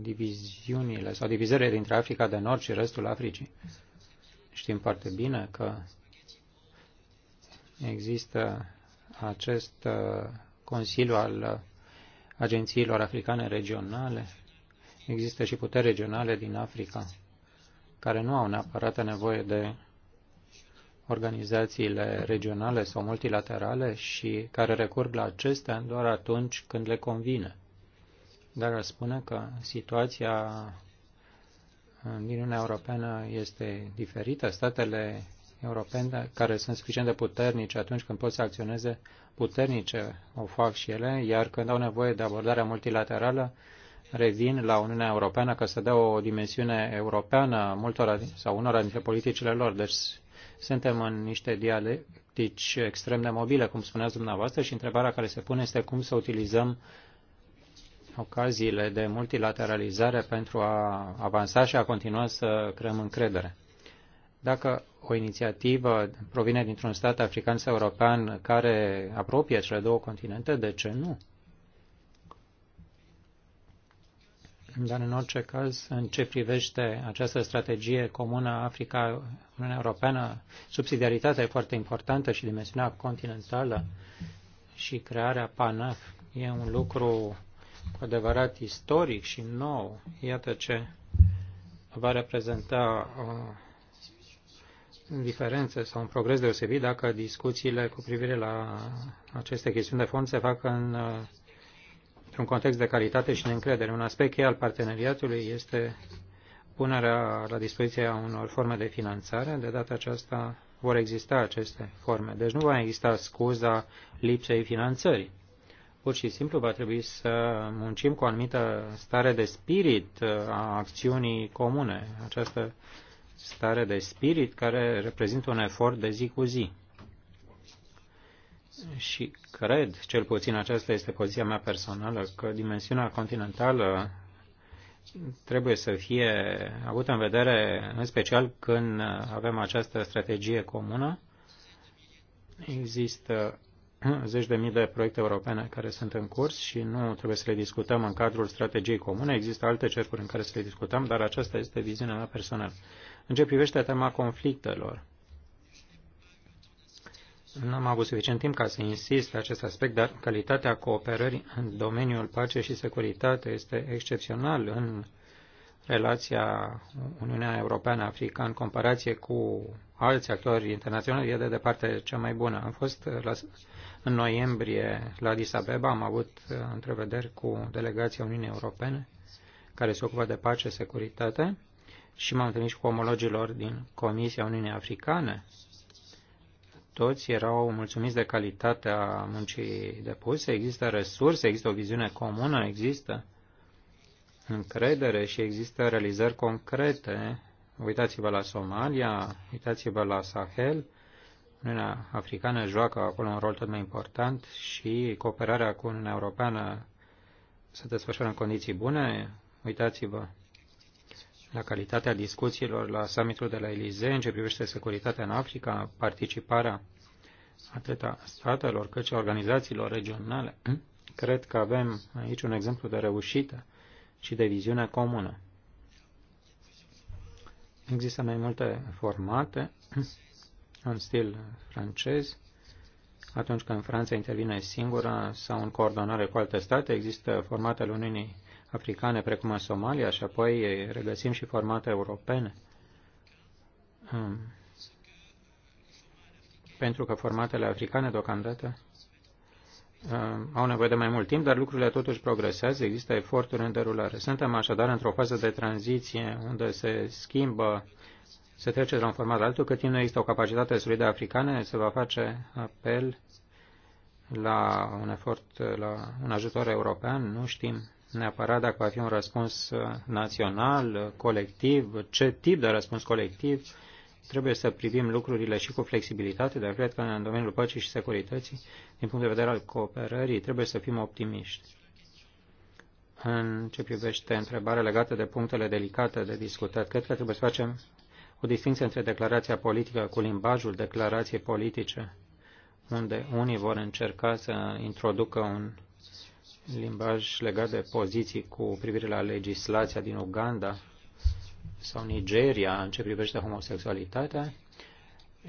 diviziunile sau divizările dintre Africa de Nord și restul Africii. Știm foarte bine că există acest uh, Consiliu al uh, Agențiilor Africane Regionale, există și puteri regionale din Africa care nu au neapărat nevoie de organizațiile regionale sau multilaterale și care recurg la acestea doar atunci când le convine. Dar aș spune că situația în Uniunea Europeană este diferită. Statele europene care sunt suficient de puternice atunci când pot să acționeze puternice, o fac și ele, iar când au nevoie de abordarea multilaterală, revin la Uniunea Europeană ca să dea o dimensiune europeană multora sau unora dintre politicile lor. Deci suntem în niște dialectici extrem de mobile, cum spuneați dumneavoastră, și întrebarea care se pune este cum să utilizăm ocaziile de multilateralizare pentru a avansa și a continua să creăm încredere. Dacă o inițiativă provine dintr-un stat african sau european care apropie cele două continente, de ce nu? Dar în orice caz, în ce privește această strategie comună Africa-Uniunea Europeană, subsidiaritatea e foarte importantă și dimensiunea continentală și crearea PANAF e un lucru cu adevărat istoric și nou. Iată ce va reprezenta o uh, diferență sau un progres deosebit dacă discuțiile cu privire la aceste chestiuni de fond se fac în uh, într-un context de calitate și de încredere. Un aspect cheie al parteneriatului este punerea la dispoziție a unor forme de finanțare. De data aceasta vor exista aceste forme. Deci nu va exista scuza lipsei finanțării. Pur și simplu va trebui să muncim cu o anumită stare de spirit a acțiunii comune. Această stare de spirit care reprezintă un efort de zi cu zi și cred, cel puțin aceasta este poziția mea personală, că dimensiunea continentală trebuie să fie avută în vedere, în special când avem această strategie comună. Există zeci de mii de proiecte europene care sunt în curs și nu trebuie să le discutăm în cadrul strategiei comune. Există alte cercuri în care să le discutăm, dar aceasta este viziunea mea personală. În ce privește tema conflictelor, nu am avut suficient timp ca să insist pe acest aspect, dar calitatea cooperării în domeniul pace și securitate este excepțional în relația Uniunea Europeană-Africa în comparație cu alți actori internaționali e de departe cea mai bună. Am fost la, în noiembrie la Addis Abeba, am avut întrevederi cu delegația Uniunii Europene care se ocupă de pace, și securitate și m-am întâlnit și cu omologilor din Comisia Uniunii Africane toți erau mulțumiți de calitatea muncii depuse, există resurse, există o viziune comună, există încredere și există realizări concrete. Uitați-vă la Somalia, uitați-vă la Sahel, Uniunea Africană joacă acolo un rol tot mai important și cooperarea cu Uniunea Europeană se desfășoară în condiții bune. Uitați-vă la calitatea discuțiilor la summitul de la Elize în ce privește securitatea în Africa, participarea atât a statelor cât și a organizațiilor regionale. Cred că avem aici un exemplu de reușită și de viziune comună. Există mai multe formate în stil francez. Atunci când Franța intervine singură sau în coordonare cu alte state, există formatele Uniunii Africane precum în Somalia și apoi regăsim și formate europene pentru că formatele africane deocamdată uh, au nevoie de mai mult timp, dar lucrurile totuși progresează, există eforturi în derulare. Suntem așadar într-o fază de tranziție unde se schimbă, se trece de la un format altul, cât timp nu există o capacitate solidă africană, se va face apel la un efort, la un ajutor european, nu știm neapărat dacă va fi un răspuns național, colectiv, ce tip de răspuns colectiv, trebuie să privim lucrurile și cu flexibilitate, dar cred că în domeniul păcii și securității, din punct de vedere al cooperării, trebuie să fim optimiști. În ce privește întrebarea legată de punctele delicate de discutat, cred că trebuie să facem o distinție între declarația politică cu limbajul declarației politice, unde unii vor încerca să introducă un limbaj legat de poziții cu privire la legislația din Uganda, sau Nigeria în ce privește homosexualitatea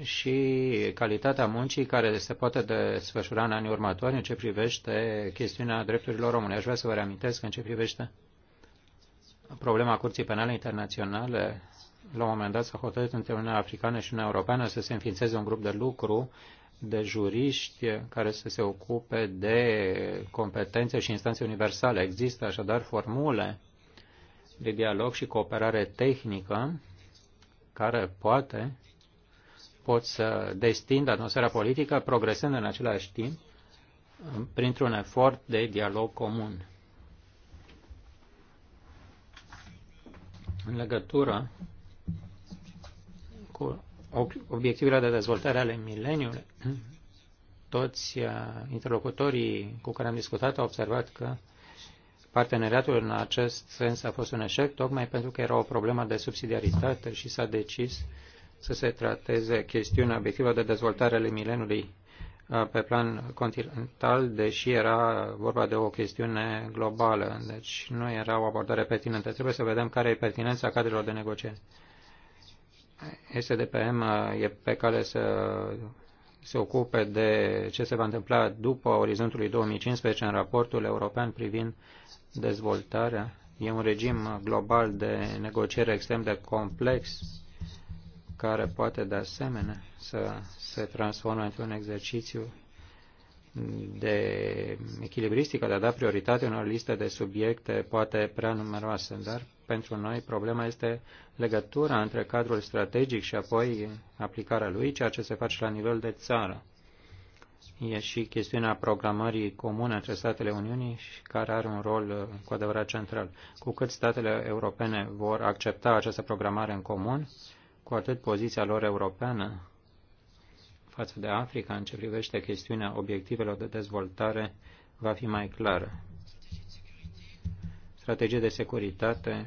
și calitatea muncii care se poate desfășura în anii următori în ce privește chestiunea drepturilor române. Aș vrea să vă reamintesc în ce privește problema Curții Penale Internaționale. La un moment dat s-a hotărât între Uniunea Africană și Uniunea Europeană să se înființeze un grup de lucru de juriști care să se ocupe de competențe și instanțe universale. Există așadar formule de dialog și cooperare tehnică care poate pot să destindă atmosfera politică, progresând în același timp printr-un efort de dialog comun. În legătură cu obiectivele de dezvoltare ale mileniului, toți uh, interlocutorii cu care am discutat au observat că Parteneriatul în acest sens a fost un eșec, tocmai pentru că era o problemă de subsidiaritate și s-a decis să se trateze chestiunea obiectivă de dezvoltare ale milenului uh, pe plan continental, deși era vorba de o chestiune globală, deci nu era o abordare pertinentă. Trebuie să vedem care e pertinența cadrelor de negociere. SDPM uh, e pe cale să se ocupe de ce se va întâmpla după orizontul 2015 în raportul european privind dezvoltarea. E un regim global de negociere extrem de complex care poate de asemenea să se transforme într-un exercițiu de echilibristică, de a da prioritate unor liste de subiecte poate prea numeroase, dar pentru noi problema este legătura între cadrul strategic și apoi aplicarea lui, ceea ce se face la nivel de țară e și chestiunea programării comune între statele Uniunii și care are un rol uh, cu adevărat central. Cu cât statele europene vor accepta această programare în comun, cu atât poziția lor europeană față de Africa în ce privește chestiunea obiectivelor de dezvoltare va fi mai clară. Strategie de securitate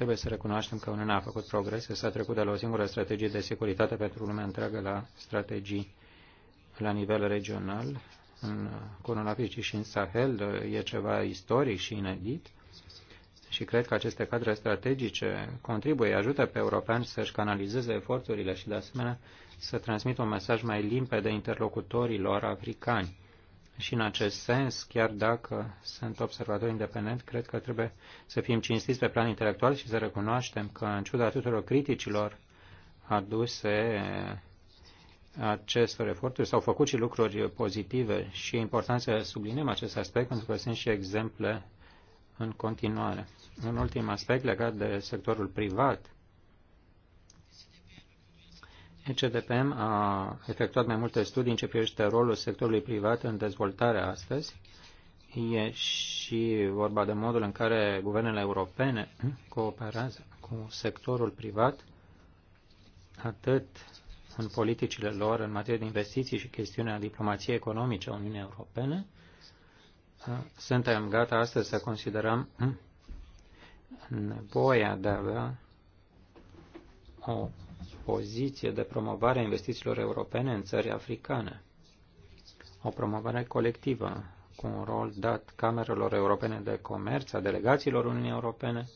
trebuie să recunoaștem că Uniunea a făcut progrese, s-a trecut de la o singură strategie de securitate pentru lumea întreagă la strategii la nivel regional. În Cornul Africii și în Sahel e ceva istoric și inedit și cred că aceste cadre strategice contribuie, ajută pe europeni să-și canalizeze eforturile și, de asemenea, să transmită un mesaj mai limpede interlocutorilor africani și în acest sens, chiar dacă sunt observator independent, cred că trebuie să fim cinstiți pe plan intelectual și să recunoaștem că, în ciuda tuturor criticilor aduse acestor eforturi, s-au făcut și lucruri pozitive și e important să subliniem acest aspect pentru că sunt și exemple în continuare. Un ultim aspect legat de sectorul privat ECDPM a efectuat mai multe studii în ce privește rolul sectorului privat în dezvoltare astăzi. E și vorba de modul în care guvernele europene cooperează cu sectorul privat, atât în politicile lor în materie de investiții și chestiunea diplomației economice a Uniunii Europene. Suntem gata astăzi să considerăm nevoia de a avea o poziție de promovare a investițiilor europene în țări africane. O promovare colectivă cu un rol dat Camerelor Europene de Comerț, a delegațiilor Uniunii Europene,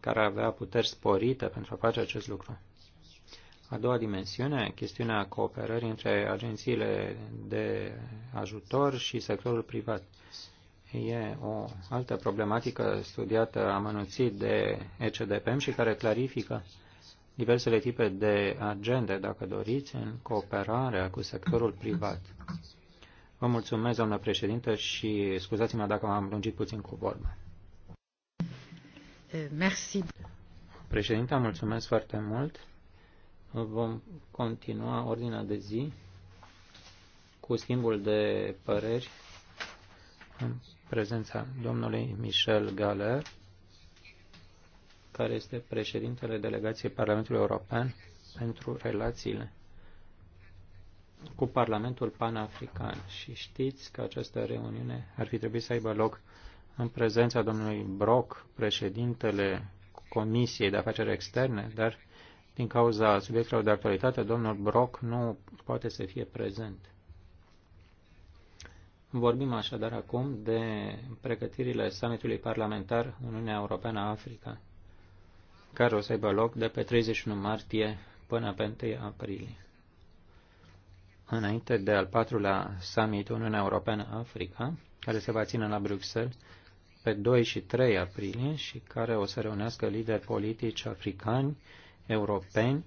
care avea puteri sporite pentru a face acest lucru. A doua dimensiune, chestiunea cooperării între agențiile de ajutor și sectorul privat. E o altă problematică studiată amănunțit de ECDPM și care clarifică diversele tipe de agende, dacă doriți, în cooperarea cu sectorul privat. Vă mulțumesc, doamnă președintă, și scuzați-mă dacă m-am lungit puțin cu vorba. Eh, merci. Președinte, mulțumesc foarte mult. Vom continua ordinea de zi cu schimbul de păreri în prezența domnului Michel Galer, care este președintele delegației Parlamentului European pentru relațiile cu Parlamentul Panafrican. Și știți că această reuniune ar fi trebuit să aibă loc în prezența domnului Brock, președintele Comisiei de Afaceri Externe, dar din cauza subiectelor de actualitate, domnul Brock nu poate să fie prezent. Vorbim așadar acum de pregătirile summitului parlamentar Uniunea Europeană-Africa care o să aibă loc de pe 31 martie până pe 1 aprilie. Înainte de al patrulea summit Uniunea Europeană-Africa, care se va ține la Bruxelles pe 2 și 3 aprilie și care o să reunească lideri politici africani, europeni,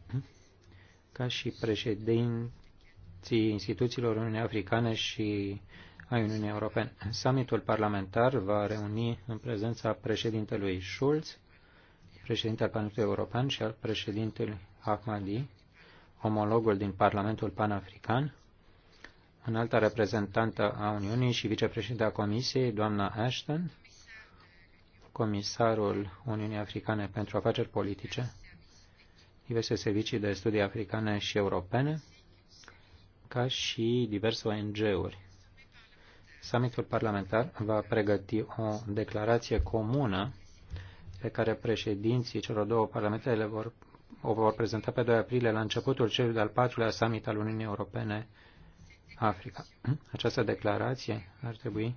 ca și președinții instituțiilor Uniunii Africane și a Uniunii Europene. Summitul parlamentar va reuni în prezența președintelui Schulz, președinte al Parlamentului European și al președintelui Ahmadi, omologul din Parlamentul Panafrican, înalta reprezentantă a Uniunii și vicepreședinta Comisiei, doamna Ashton, comisarul Uniunii Africane pentru Afaceri Politice, diverse servicii de studii africane și europene, ca și diverse ONG-uri. Summitul parlamentar va pregăti o declarație comună pe care președinții celor două parlamente le vor, o vor prezenta pe 2 aprilie la începutul celui de-al patrulea summit al Uniunii Europene Africa. Această declarație ar trebui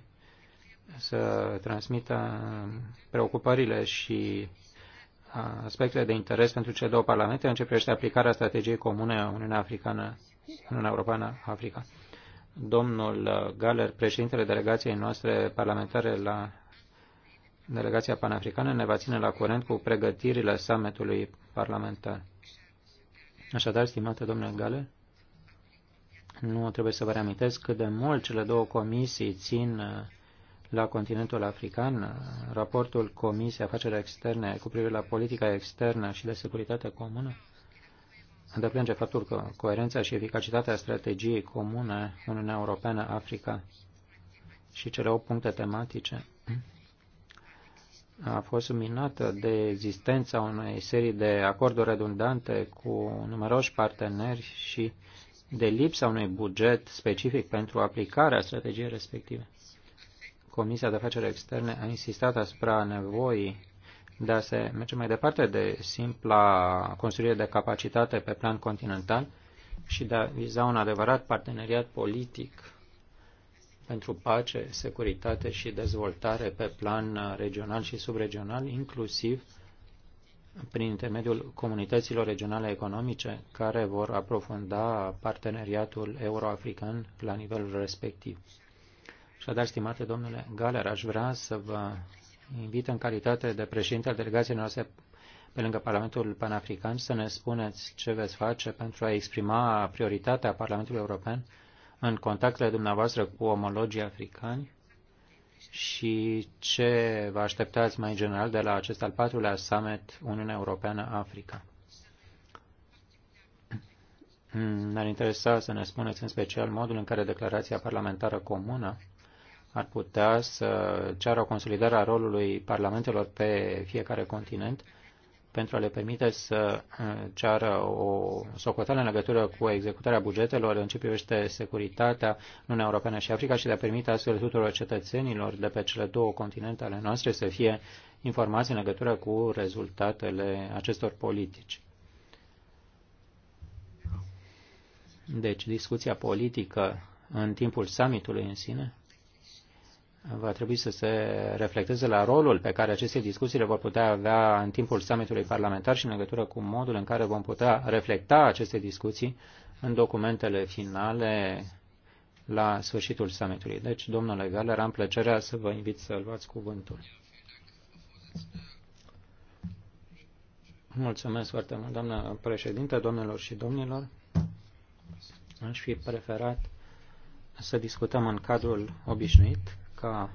să transmită preocupările și aspectele de interes pentru cele două parlamente în ce privește aplicarea strategiei comune a Uniunea Africană, Uniunea Europeană, Africa. Domnul Galer, președintele delegației noastre parlamentare la delegația panafricană ne va ține la curent cu pregătirile summitului parlamentar. Așadar, stimate domnule Gale, nu trebuie să vă reamintesc cât de mult cele două comisii țin uh, la continentul african. Uh, raportul Comisiei Afaceri Externe cu privire la politica externă și de securitate comună îndeplânge faptul că coerența și eficacitatea strategiei comune Uniunea Europeană-Africa și cele 8 puncte tematice a fost subminată de existența unei serii de acorduri redundante cu numeroși parteneri și de lipsa unui buget specific pentru aplicarea strategiei respective. Comisia de Afaceri Externe a insistat asupra nevoii de a se merge mai departe de simpla construire de capacitate pe plan continental și de a viza un adevărat parteneriat politic pentru pace, securitate și dezvoltare pe plan regional și subregional, inclusiv prin intermediul comunităților regionale economice care vor aprofunda parteneriatul euroafrican la nivelul respectiv. Așadar, stimate domnule Galer, aș vrea să vă invit în calitate de președinte al delegației noastre pe lângă Parlamentul Panafrican să ne spuneți ce veți face pentru a exprima prioritatea Parlamentului European în contactele dumneavoastră cu omologii africani și ce vă așteptați mai general de la acest al patrulea summit Uniunea Europeană-Africa. Ne-ar interesa să ne spuneți în special modul în care declarația parlamentară comună ar putea să ceară o consolidare a rolului parlamentelor pe fiecare continent pentru a le permite să uh, ceară o socoteală în legătură cu executarea bugetelor în ce privește securitatea Uniunea Europeană și Africa și de a permite astfel tuturor cetățenilor de pe cele două continente ale noastre să fie informați în legătură cu rezultatele acestor politici. Deci, discuția politică în timpul summitului în sine va trebui să se reflecteze la rolul pe care aceste discuții le vor putea avea în timpul summitului parlamentar și în legătură cu modul în care vom putea reflecta aceste discuții în documentele finale la sfârșitul summitului. Deci, domnule Galer, am plăcerea să vă invit să luați cuvântul. Mulțumesc foarte mult, doamnă președinte, domnilor și domnilor. Aș fi preferat să discutăm în cadrul obișnuit, ca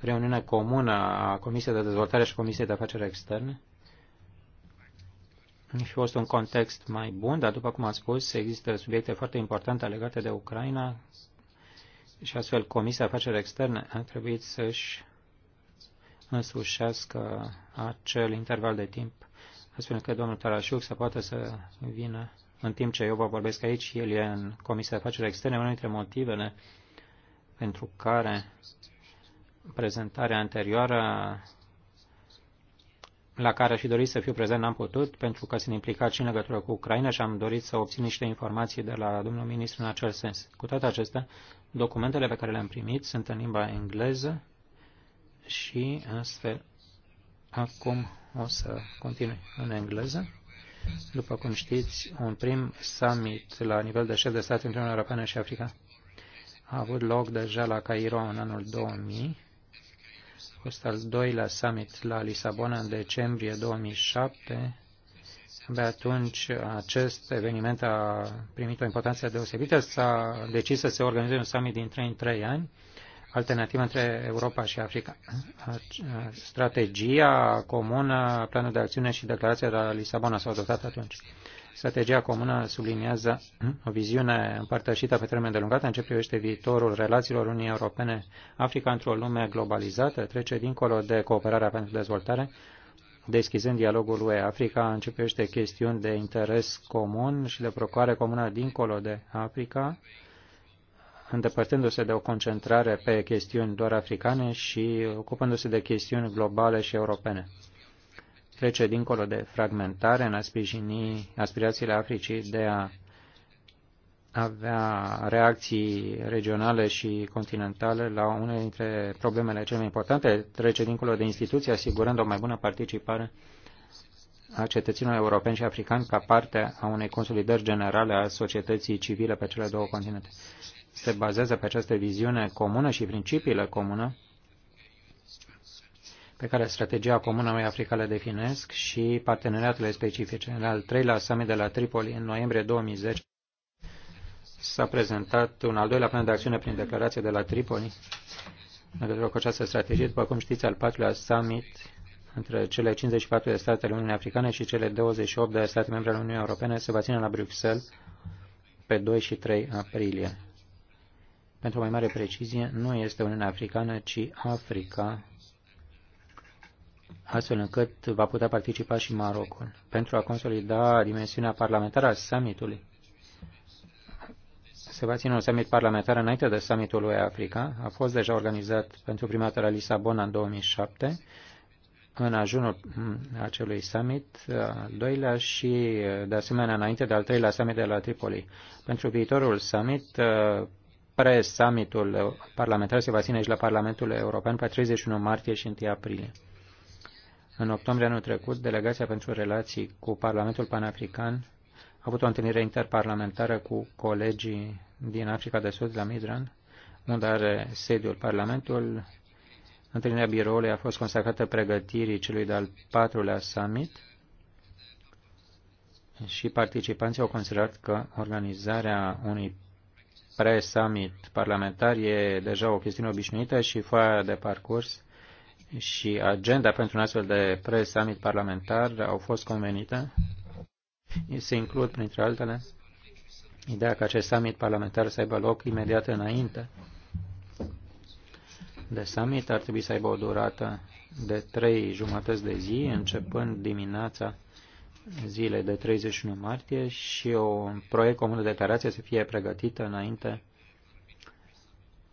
reuniune comună a Comisiei de Dezvoltare și Comisiei de Afaceri Externe. Și fost un context mai bun, dar după cum am spus, există subiecte foarte importante legate de Ucraina și astfel Comisia de Afaceri Externe a trebuit să-și însușească acel interval de timp, astfel încât domnul Tarașuc să poată să vină în timp ce eu vă vorbesc aici, el e în Comisia de Afaceri Externe, unul dintre motivele uh, pentru care prezentarea anterioară la care aș fi dorit să fiu prezent n-am putut, pentru că sunt implicat și în legătură cu Ucraina și am dorit să obțin niște informații de la domnul ministru în acel sens. Cu toate acestea, documentele pe care le-am primit sunt în limba engleză și astfel acum o să continui în engleză. După cum știți, un prim summit la nivel de șef de stat între Uniunea Europeană și Africa a avut loc deja la Cairo în anul 2000, a fost al doilea summit la Lisabona în decembrie 2007. De atunci acest eveniment a primit o importanță deosebită. S-a decis să se organizeze un summit din 3 în 3 ani, alternativă între Europa și Africa. Strategia comună, planul de acțiune și declarația de la Lisabona s-au adoptat atunci. Strategia comună subliniază o viziune împărtășită pe termen de în ce privește viitorul relațiilor Uniunii Europene-Africa într-o lume globalizată, trece dincolo de cooperarea pentru dezvoltare, deschizând dialogul UE-Africa în ce privește chestiuni de interes comun și de procoare comună dincolo de Africa, îndepărtându-se de o concentrare pe chestiuni doar africane și ocupându-se de chestiuni globale și europene trece dincolo de fragmentare în a sprijini aspirațiile Africii de a avea reacții regionale și continentale la unele dintre problemele cele mai importante, trece dincolo de instituții, asigurând o mai bună participare a cetățenilor europeni și africani ca parte a unei consolidări generale a societății civile pe cele două continente. Se bazează pe această viziune comună și principiile comună pe care strategia comună mai Africa le definesc și parteneriatele specifice. În al treilea summit de la Tripoli, în noiembrie 2010, s-a prezentat un al doilea plan de acțiune prin declarație de la Tripoli în legătură cu această strategie. După cum știți, al patrulea summit între cele 54 de state ale Uniunii Africane și cele 28 de state membre ale Uniunii Europene se va ține la Bruxelles pe 2 și 3 aprilie. Pentru o mai mare precizie, nu este Uniunea Africană, ci Africa astfel încât va putea participa și Marocul, pentru a consolida dimensiunea parlamentară a summitului. Se va ține un summit parlamentar înainte de summitul lui Africa. A fost deja organizat pentru prima dată la Lisabona în 2007, în ajunul acelui summit, al doilea și, de asemenea, înainte de al treilea summit de la Tripoli. Pentru viitorul summit, pre-summitul parlamentar se va ține și la Parlamentul European pe 31 martie și 1 aprilie. În octombrie anul trecut, Delegația pentru Relații cu Parlamentul Panafrican a avut o întâlnire interparlamentară cu colegii din Africa de Sud, la Midran, unde are sediul Parlamentul. Întâlnirea biroului a fost consacrată pregătirii celui de-al patrulea summit și participanții au considerat că organizarea unui pre-summit parlamentar e deja o chestiune obișnuită și foaia de parcurs și agenda pentru un astfel de pre-summit parlamentar au fost convenite. Se includ, printre altele, ideea că acest summit parlamentar să aibă loc imediat înainte de summit ar trebui să aibă o durată de trei jumătăți de zi, începând dimineața zilei de 31 martie și o proiect comun de declarație să fie pregătită înainte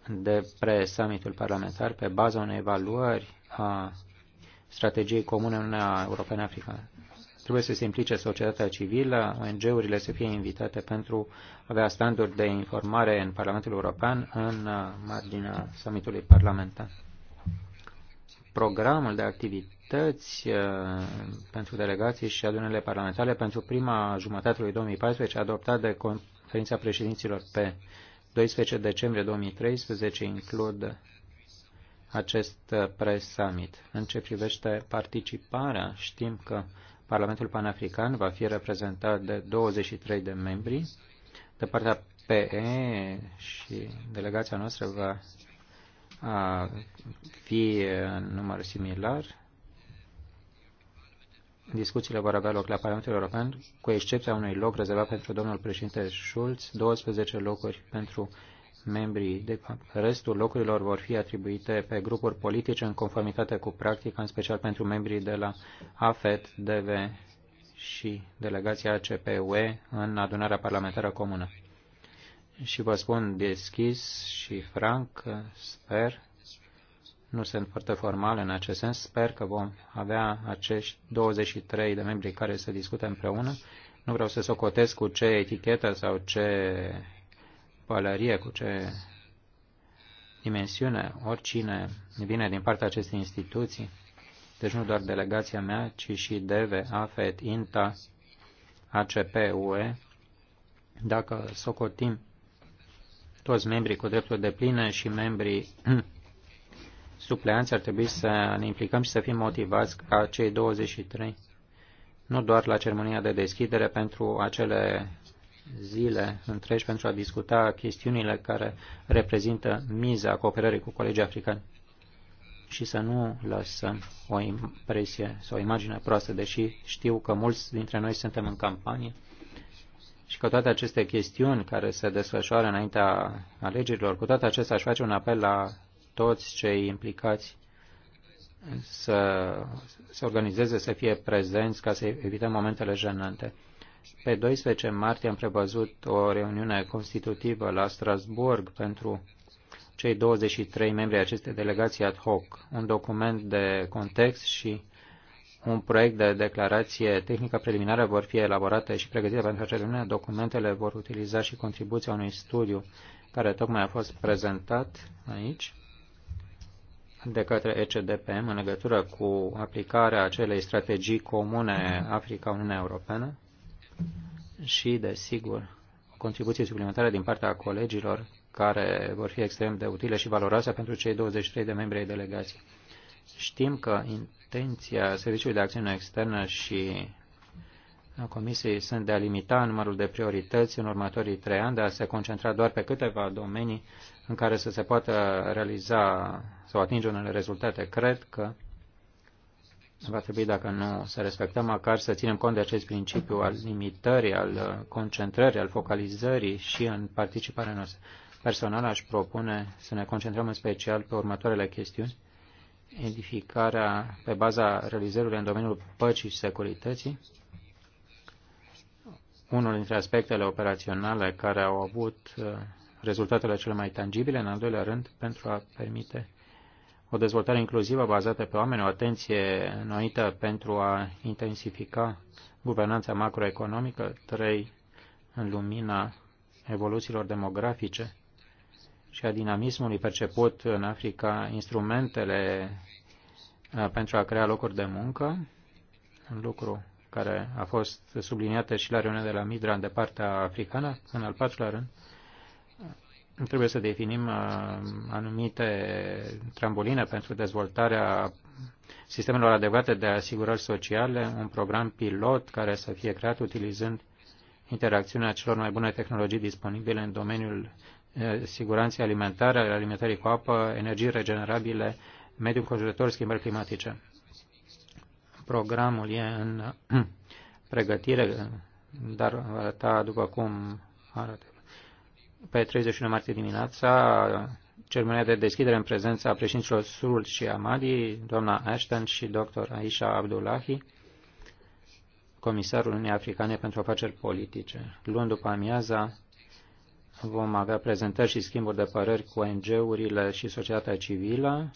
de pre-summitul parlamentar pe baza unei evaluări a strategiei comune în Uniunea Europeană-Africană. Trebuie să se implice societatea civilă, ONG-urile să fie invitate pentru a avea standuri de informare în Parlamentul European în marginea summitului parlamentar. Programul de activități uh, pentru delegații și adunările parlamentare pentru prima jumătate lui 2014 adoptat de conferința președinților pe 12 decembrie 2013 includ acest uh, pre summit. În ce privește participarea, știm că Parlamentul Panafrican va fi reprezentat de 23 de membri. De partea PE și delegația noastră va fi uh, în număr similar. Discuțiile vor avea loc la Parlamentul European, cu excepția unui loc rezervat pentru domnul președinte Schulz, 12 locuri pentru membrii. De restul locurilor vor fi atribuite pe grupuri politice în conformitate cu practica, în special pentru membrii de la AFET, DV și delegația CPUE în adunarea parlamentară comună. Și vă spun deschis și franc, sper nu sunt foarte formale în acest sens. Sper că vom avea acești 23 de membri care să discute împreună. Nu vreau să socotesc cu ce etichetă sau ce pălărie, cu ce dimensiune, oricine vine din partea acestei instituții, deci nu doar delegația mea, ci și DEVE, AFET, INTA, ACP, UE, dacă socotim toți membrii cu drepturi de pline și membrii supleanți ar trebui să ne implicăm și să fim motivați ca cei 23, nu doar la ceremonia de deschidere, pentru acele zile întregi pentru a discuta chestiunile care reprezintă miza cooperării cu colegii africani și să nu lăsăm o impresie sau o imagine proastă, deși știu că mulți dintre noi suntem în campanie și că toate aceste chestiuni care se desfășoară înaintea alegerilor, cu toate acestea aș face un apel la toți cei implicați să se organizeze, să fie prezenți ca să evităm momentele jenante. Pe 12 martie am prevăzut o reuniune constitutivă la Strasburg pentru cei 23 membri acestei delegații ad hoc, un document de context și un proiect de declarație tehnică preliminară vor fi elaborate și pregătite pentru acea reuniune. Documentele vor utiliza și contribuția unui studiu care tocmai a fost prezentat aici de către ECDPM în legătură cu aplicarea acelei strategii comune Africa-Uniunea Europeană și, desigur, o contribuție suplimentară din partea colegilor care vor fi extrem de utile și valoroase pentru cei 23 de membri ai delegației. Știm că intenția Serviciului de Acțiune Externă și Comisiei sunt de a limita numărul de priorități în următorii trei ani, de a se concentra doar pe câteva domenii în care să se poată realiza sau atinge unele rezultate. Cred că va trebui, dacă nu să respectăm, măcar să ținem cont de acest principiu al limitării, al concentrării, al focalizării și în participarea noastră. Personal aș propune să ne concentrăm în special pe următoarele chestiuni. Edificarea pe baza realizărilor în domeniul păcii și securității, unul dintre aspectele operaționale care au avut uh, rezultatele cele mai tangibile, în al doilea rând, pentru a permite o dezvoltare inclusivă bazată pe oameni, o atenție noită pentru a intensifica guvernanța macroeconomică, trei, în lumina evoluțiilor demografice și a dinamismului perceput în Africa, instrumentele uh, pentru a crea locuri de muncă, un lucru care a fost subliniată și la reuniunea de la Midra în partea africană, în al patrulea rând, trebuie să definim uh, anumite tramboline pentru dezvoltarea sistemelor adecvate de asigurări sociale, un program pilot care să fie creat utilizând interacțiunea celor mai bune tehnologii disponibile în domeniul uh, siguranței alimentare, alimentării cu apă, energii regenerabile, mediul conjurător, schimbări climatice. Programul e în pregătire, dar va arăta după cum arată. Pe 31 martie dimineața, ceremonia de deschidere în prezența președinților Surul și Amadi, doamna Ashton și dr. Aisha Abdullahi, comisarul Uniunii Africane pentru Afaceri Politice. Luni după amiaza vom avea prezentări și schimburi de păreri cu ONG-urile și societatea civilă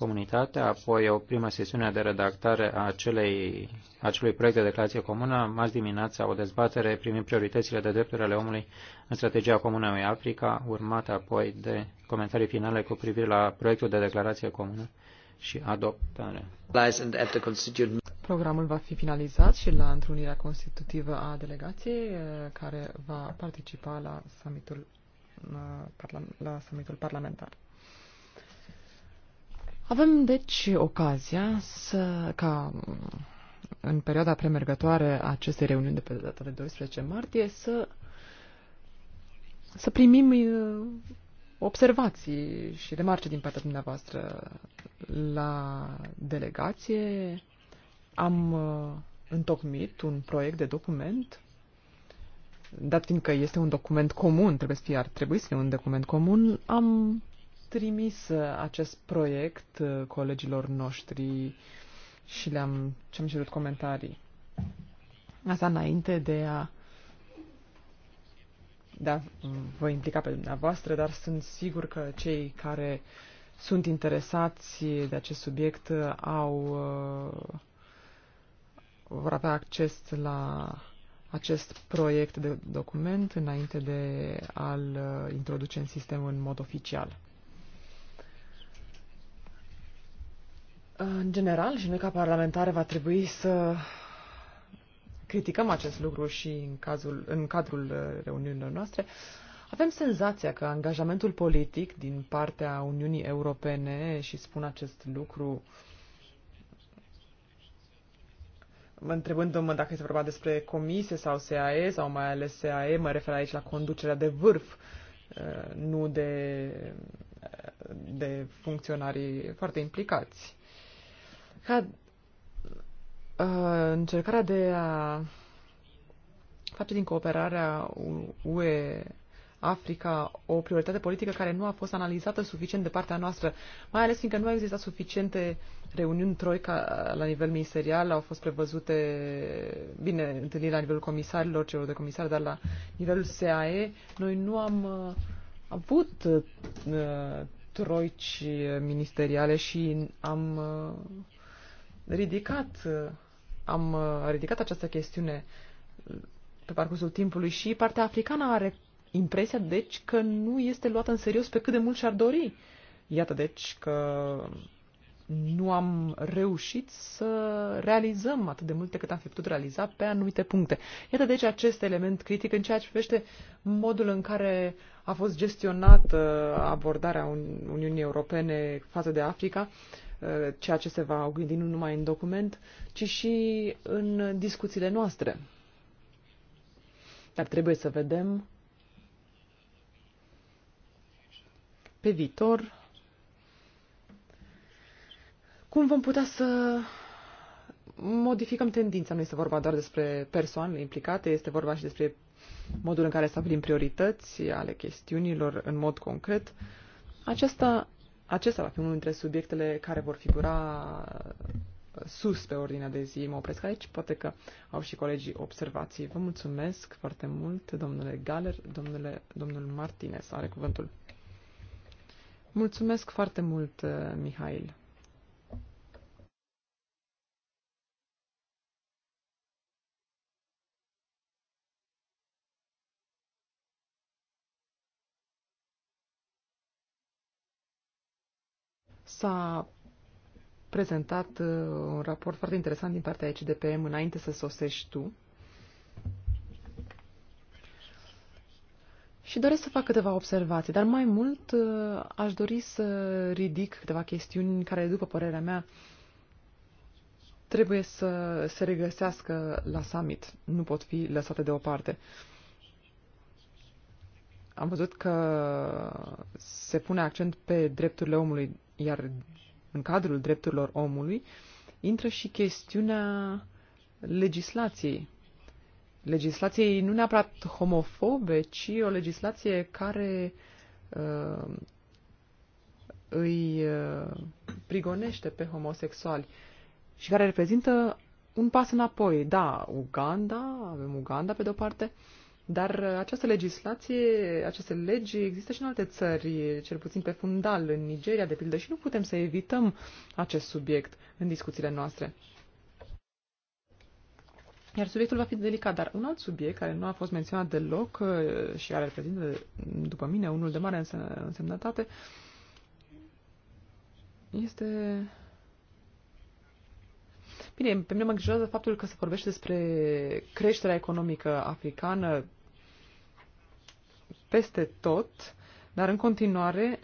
comunitate, apoi o primă sesiune de redactare a acelei, acelui proiect de declarație comună, marți dimineața o dezbatere privind prioritățile de drepturi ale omului în strategia comună a Africa, urmată apoi de comentarii finale cu privire la proiectul de declarație comună și adoptare. Programul va fi finalizat și la întrunirea constitutivă a delegației eh, care va participa la summitul, eh, la summitul parlamentar. Avem, deci, ocazia să, ca în perioada premergătoare a acestei reuniuni de pe data de 12 martie să, să primim uh, observații și remarce din partea dumneavoastră la delegație. Am uh, întocmit un proiect de document, dat fiindcă este un document comun, trebuie să fie, ar trebui să fie un document comun, am trimis uh, acest proiect uh, colegilor noștri și le-am ce-am cerut comentarii. Asta înainte de a de a vă implica pe dumneavoastră, dar sunt sigur că cei care sunt interesați de acest subiect uh, au vor avea acces la acest proiect de document înainte de a-l introduce în sistem în mod oficial. În general, și noi ca parlamentare va trebui să criticăm acest lucru și în, cazul, în cadrul uh, reuniunilor noastre, avem senzația că angajamentul politic din partea Uniunii Europene, și spun acest lucru întrebându-mă dacă este vorba despre comisie sau SAE sau mai ales SAE, mă refer aici la conducerea de vârf, uh, nu de, de funcționarii foarte implicați ca uh, încercarea de a face din cooperarea UE Africa o prioritate politică care nu a fost analizată suficient de partea noastră, mai ales fiindcă nu a existat suficiente reuniuni troica la nivel ministerial, au fost prevăzute, bine, întâlniri la nivelul comisarilor, celor de comisar, dar la nivelul SAE noi nu am uh, avut uh, troici ministeriale și am uh, ridicat, uh, am uh, ridicat această chestiune uh, pe parcursul timpului și partea africană are impresia, deci, că nu este luată în serios pe cât de mult și-ar dori. Iată, deci, că nu am reușit să realizăm atât de multe cât am fi putut realiza pe anumite puncte. Iată deci acest element critic în ceea ce privește modul în care a fost gestionată abordarea Uniunii Europene față de Africa Uh, ceea ce se va gândi nu numai în document, ci și în discuțiile noastre. Dar trebuie să vedem pe viitor cum vom putea să modificăm tendința. Nu este vorba doar despre persoanele implicate, este vorba și despre modul în care stabilim priorități ale chestiunilor în mod concret. Aceasta acesta va fi unul dintre subiectele care vor figura uh, sus pe ordinea de zi. Mă opresc aici, poate că au și colegii observații. Vă mulțumesc foarte mult, domnule Galer, domnule, domnul Martinez are cuvântul. Mulțumesc foarte mult, uh, Mihail. S-a prezentat uh, un raport foarte interesant din partea ECDPM înainte să sosești tu. Și doresc să fac câteva observații, dar mai mult uh, aș dori să ridic câteva chestiuni care, după părerea mea, trebuie să se regăsească la summit, nu pot fi lăsate deoparte. Am văzut că se pune accent pe drepturile omului iar în cadrul drepturilor omului intră și chestiunea legislației. Legislației nu neapărat homofobe, ci o legislație care uh, îi uh, prigonește pe homosexuali și care reprezintă un pas înapoi. Da, Uganda, avem Uganda pe de-o parte, uh, dar uh, această legislație, aceste legi există și în alte țări, cel puțin pe fundal, în Nigeria, de pildă, și nu putem să evităm acest subiect în discuțiile noastre. Iar subiectul va fi delicat, dar un alt subiect care nu a fost menționat deloc uh, și care reprezintă, după mine, unul de mare însemnătate, este... Bine, pe mine mă îngrijorează faptul că se vorbește despre creșterea economică africană peste tot, dar în continuare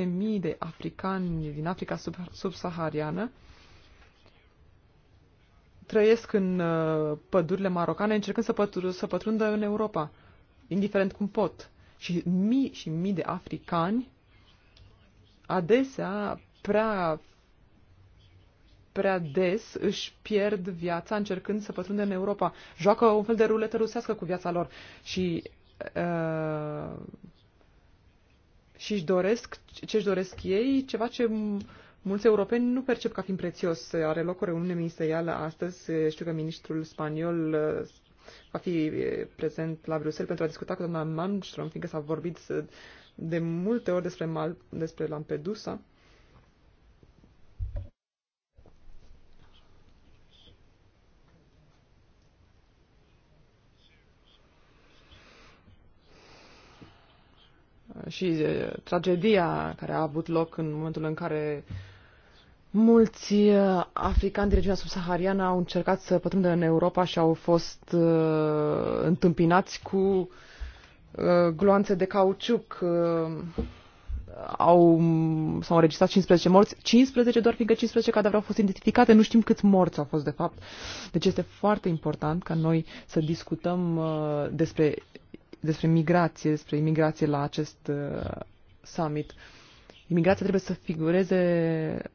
50.000 de africani din Africa sub, subsahariană trăiesc în uh, pădurile marocane încercând să, pătru, să pătrundă în Europa, indiferent cum pot. Și mii și mii de africani adesea prea prea des își pierd viața încercând să pătrundă în Europa. Joacă un fel de ruletă rusească cu viața lor și uh, și își doresc, ce-și doresc ei, ceva ce mulți europeni nu percep ca fiind prețios. Are loc o reuniune ministerială astăzi, știu că ministrul spaniol uh, va fi prezent la Bruxelles pentru a discuta cu doamna Malmström, fiindcă s-a vorbit de multe ori despre, Mal, despre Lampedusa. și tragedia care a avut loc în momentul în care mulți africani din regiunea subsahariană au încercat să pătrundă în Europa și au fost uh, întâmpinați cu uh, gloanțe de cauciuc. Uh, au, s-au înregistrat 15 morți, 15 doar fiindcă 15 cadavre au fost identificate, nu știm câți morți au fost de fapt. Deci este foarte important ca noi să discutăm uh, despre despre migrație, despre imigrație la acest uh, summit. Imigrația trebuie să figureze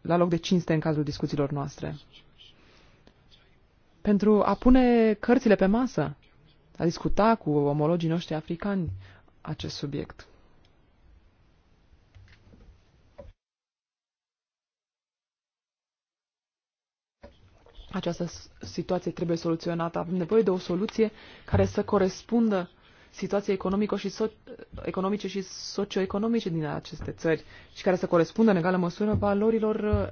la loc de cinste în cadrul discuțiilor noastre. Pentru a pune cărțile pe masă, a discuta cu omologii noștri africani acest subiect. Această situație trebuie soluționată. Avem nevoie de o soluție care să corespundă situației economico și so- economice și socioeconomice din aceste țări și care să corespundă în egală măsură valorilor uh,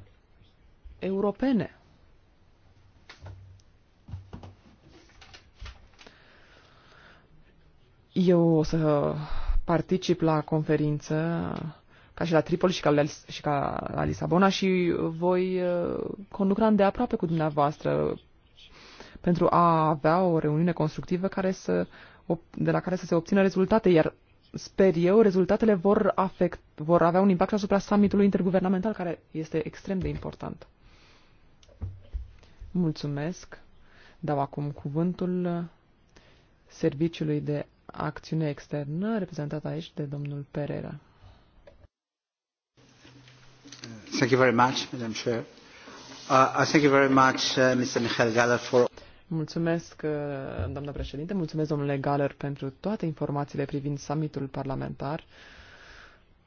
europene. Eu o să particip la conferință ca și la Tripoli și ca la, și ca la Lisabona și voi de uh, îndeaproape cu dumneavoastră pentru a avea o reuniune constructivă care să de la care să se obțină rezultate, iar sper eu, rezultatele vor, afect, vor avea un impact asupra summitului interguvernamental, care este extrem de important. Mulțumesc. Dau acum cuvântul Serviciului de Acțiune Externă, reprezentat aici de domnul Pereira. Thank you very much, Madam Chair. Uh, thank you very much, uh, Mr. Michael Gallagher, for Mulțumesc, uh, doamnă președinte, mulțumesc, domnule Galer, pentru toate informațiile privind summitul parlamentar.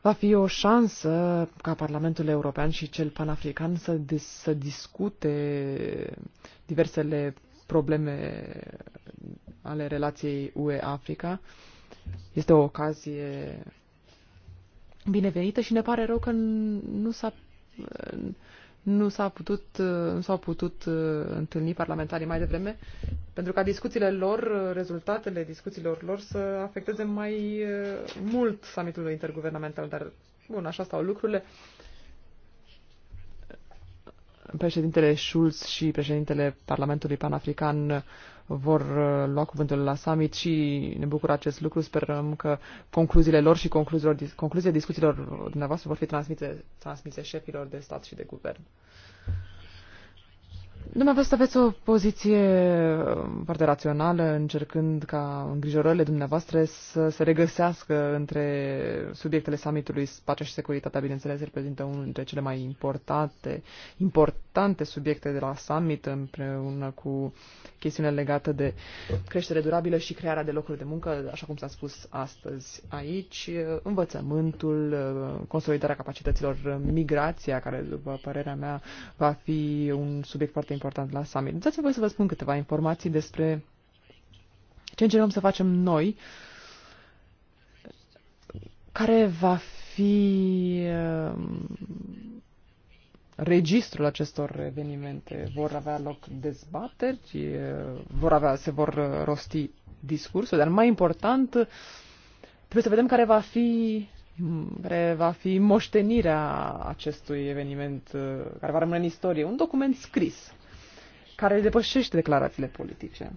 Va fi o șansă ca Parlamentul European și cel panafrican să, dis- să discute diversele probleme ale relației UE-Africa. Este o ocazie binevenită și ne pare rău că nu s-a nu s-a putut, uh, nu s-au putut uh, întâlni parlamentarii mai devreme, pentru ca discuțiile lor, uh, rezultatele discuțiilor lor să afecteze mai mult summitul interguvernamental, dar bun, așa stau lucrurile. Președintele Schulz și președintele Parlamentului Panafrican vor uh, lua cuvântul la summit și ne bucură acest lucru. Sperăm că concluziile lor și concluziile discuțiilor dumneavoastră vor fi transmise, transmise șefilor de stat și de guvern. Dumneavoastră aveți o poziție um, foarte rațională, încercând ca îngrijorările dumneavoastră să se regăsească între subiectele summitului. Pacea și securitatea, bineînțeles, reprezintă unul dintre cele mai importante, importante subiecte de la summit, împreună cu chestiunea legată de creștere durabilă și crearea de locuri de muncă, așa cum s-a spus astăzi aici, învățământul, uh, consolidarea capacităților, migrația, care, după părerea mea, va fi un subiect foarte foarte important la summit. Dați-mi voi să vă spun câteva informații despre ce încercăm să facem noi, care va fi um, registrul acestor evenimente. Vor avea loc dezbateri, uh, vor avea, se vor uh, rosti discursuri, dar mai important, trebuie să vedem care va fi care va fi moștenirea acestui eveniment, uh, care va rămâne în istorie, un document scris care depășește declarațiile politice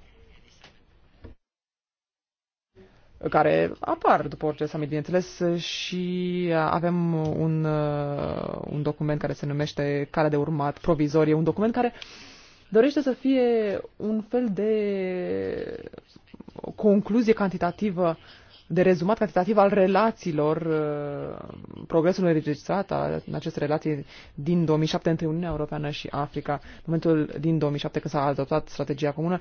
care apar după orice summit, bineînțeles, și avem un, uh, un document care se numește Calea de urmat provizorie, un document care dorește să fie un fel de concluzie cantitativă de rezumat cantitativ al relațiilor, uh, progresul înregistrat în aceste relații din 2007 între Uniunea Europeană și Africa, în momentul din 2007 când s-a adoptat strategia comună.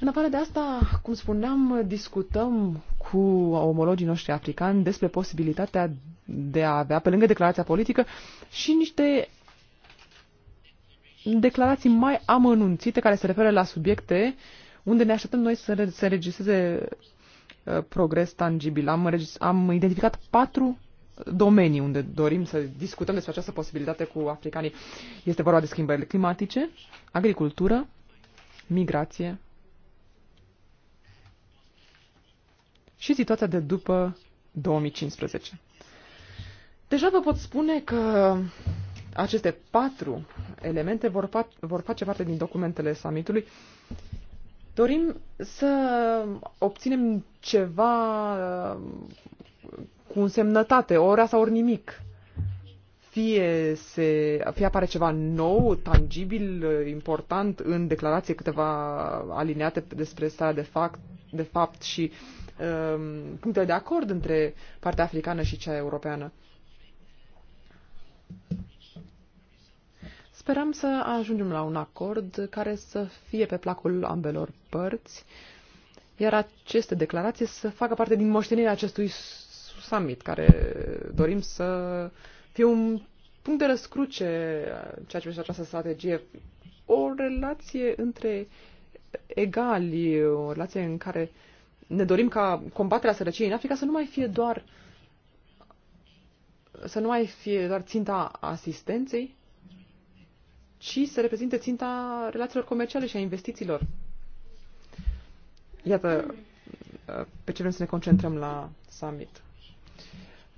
În afară de asta, cum spuneam, discutăm cu omologii noștri africani despre posibilitatea de a avea, pe lângă declarația politică, și niște declarații mai amănunțite care se referă la subiecte unde ne așteptăm noi să se înregistreze Uh, progres tangibil. Am, am identificat patru domenii unde dorim să discutăm despre această posibilitate cu africanii. Este vorba de schimbările climatice, agricultură, migrație și situația de după 2015. Deja vă pot spune că aceste patru elemente vor, fa- vor face parte din documentele summitului Dorim să obținem ceva uh, cu însemnătate, ori asta, ori nimic. Fie, se, fie apare ceva nou, tangibil, uh, important în declarație, câteva alineate despre starea de fapt, de fapt și um, punctele de acord între partea africană și cea europeană. Sperăm să ajungem la un acord care să fie pe placul ambelor părți, iar aceste declarații să facă parte din moștenirea acestui summit, care dorim să fie un punct de răscruce ceea ce este această strategie, o relație între egali, o relație în care ne dorim ca combaterea sărăciei în Africa să nu mai fie doar să nu mai fie doar ținta asistenței, ci să reprezinte ținta relațiilor comerciale și a investițiilor. Iată pe ce vrem să ne concentrăm la summit.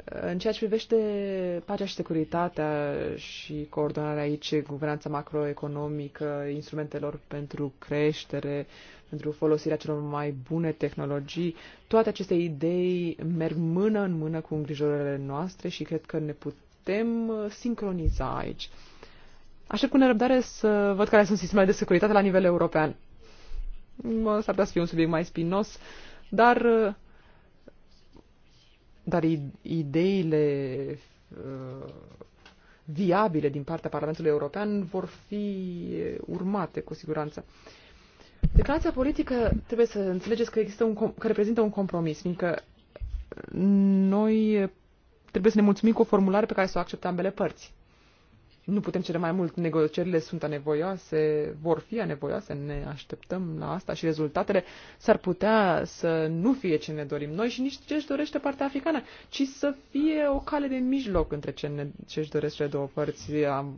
În ceea ce privește pacea și securitatea și coordonarea aici, guvernanța macroeconomică, instrumentelor pentru creștere, pentru folosirea celor mai bune tehnologii, toate aceste idei merg mână în mână cu îngrijorările noastre și cred că ne putem sincroniza aici. Aștept cu nerăbdare să văd care sunt sistemele de securitate la nivel european. S-ar putea să fie un subiect mai spinos, dar, dar ideile uh, viabile din partea Parlamentului European vor fi urmate cu siguranță. Declarația politică trebuie să înțelegeți că, există un, că reprezintă un compromis, fiindcă noi trebuie să ne mulțumim cu o formulare pe care să o accepte ambele părți. Nu putem cere mai mult, negocierile sunt anevoioase, vor fi anevoioase, ne așteptăm la asta și rezultatele s-ar putea să nu fie ce ne dorim noi și nici ce își dorește partea africană, ci să fie o cale de mijloc între ce ne, ce își doresc cele două părți. Am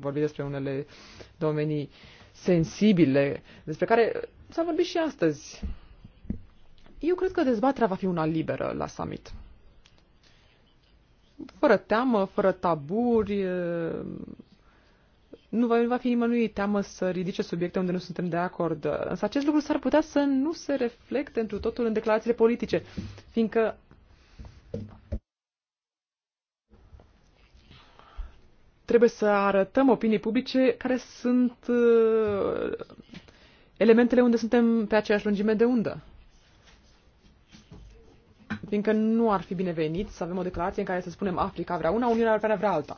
vorbit despre unele domenii sensibile, despre care s-a vorbit și astăzi. Eu cred că dezbaterea va fi una liberă la summit fără teamă, fără taburi. Nu va, nu va fi nimănui teamă să ridice subiecte unde nu suntem de acord. Însă acest lucru s-ar putea să nu se reflecte întru totul în declarațiile politice, fiindcă trebuie să arătăm opinii publice care sunt elementele unde suntem pe aceeași lungime de undă fiindcă nu ar fi binevenit să avem o declarație în care să spunem Africa vrea una, Uniunea Europeană vrea alta.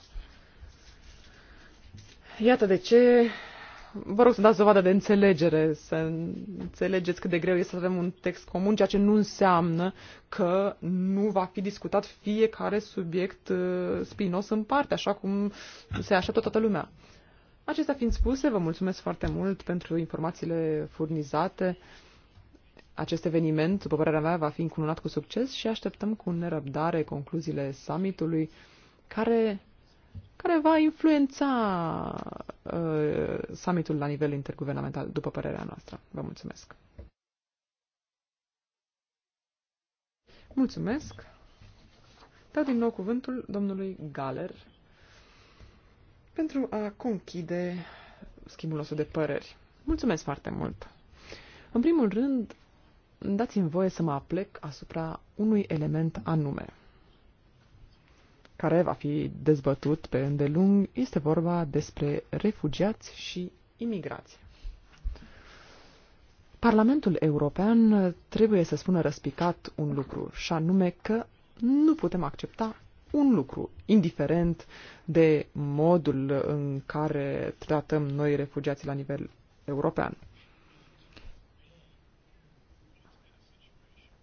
Iată de ce vă rog să dați dovadă de înțelegere, să înțelegeți cât de greu este să avem un text comun, ceea ce nu înseamnă că nu va fi discutat fiecare subiect uh, spinos în parte, așa cum se așteaptă toată lumea. Acestea fiind spuse, vă mulțumesc foarte mult pentru informațiile furnizate. Acest eveniment, după părerea mea, va fi încununat cu succes și așteptăm cu nerăbdare concluziile summitului, care, care va influența uh, summitul la nivel interguvernamental, după părerea noastră. Vă mulțumesc! Mulțumesc! Dau din nou cuvântul domnului Galer pentru a conchide schimbul nostru de păreri. Mulțumesc foarte mult! În primul rând, dați-mi voie să mă aplec asupra unui element anume, care va fi dezbătut pe îndelung. Este vorba despre refugiați și imigrație. Parlamentul European trebuie să spună răspicat un lucru, și anume că nu putem accepta un lucru, indiferent de modul în care tratăm noi refugiații la nivel european.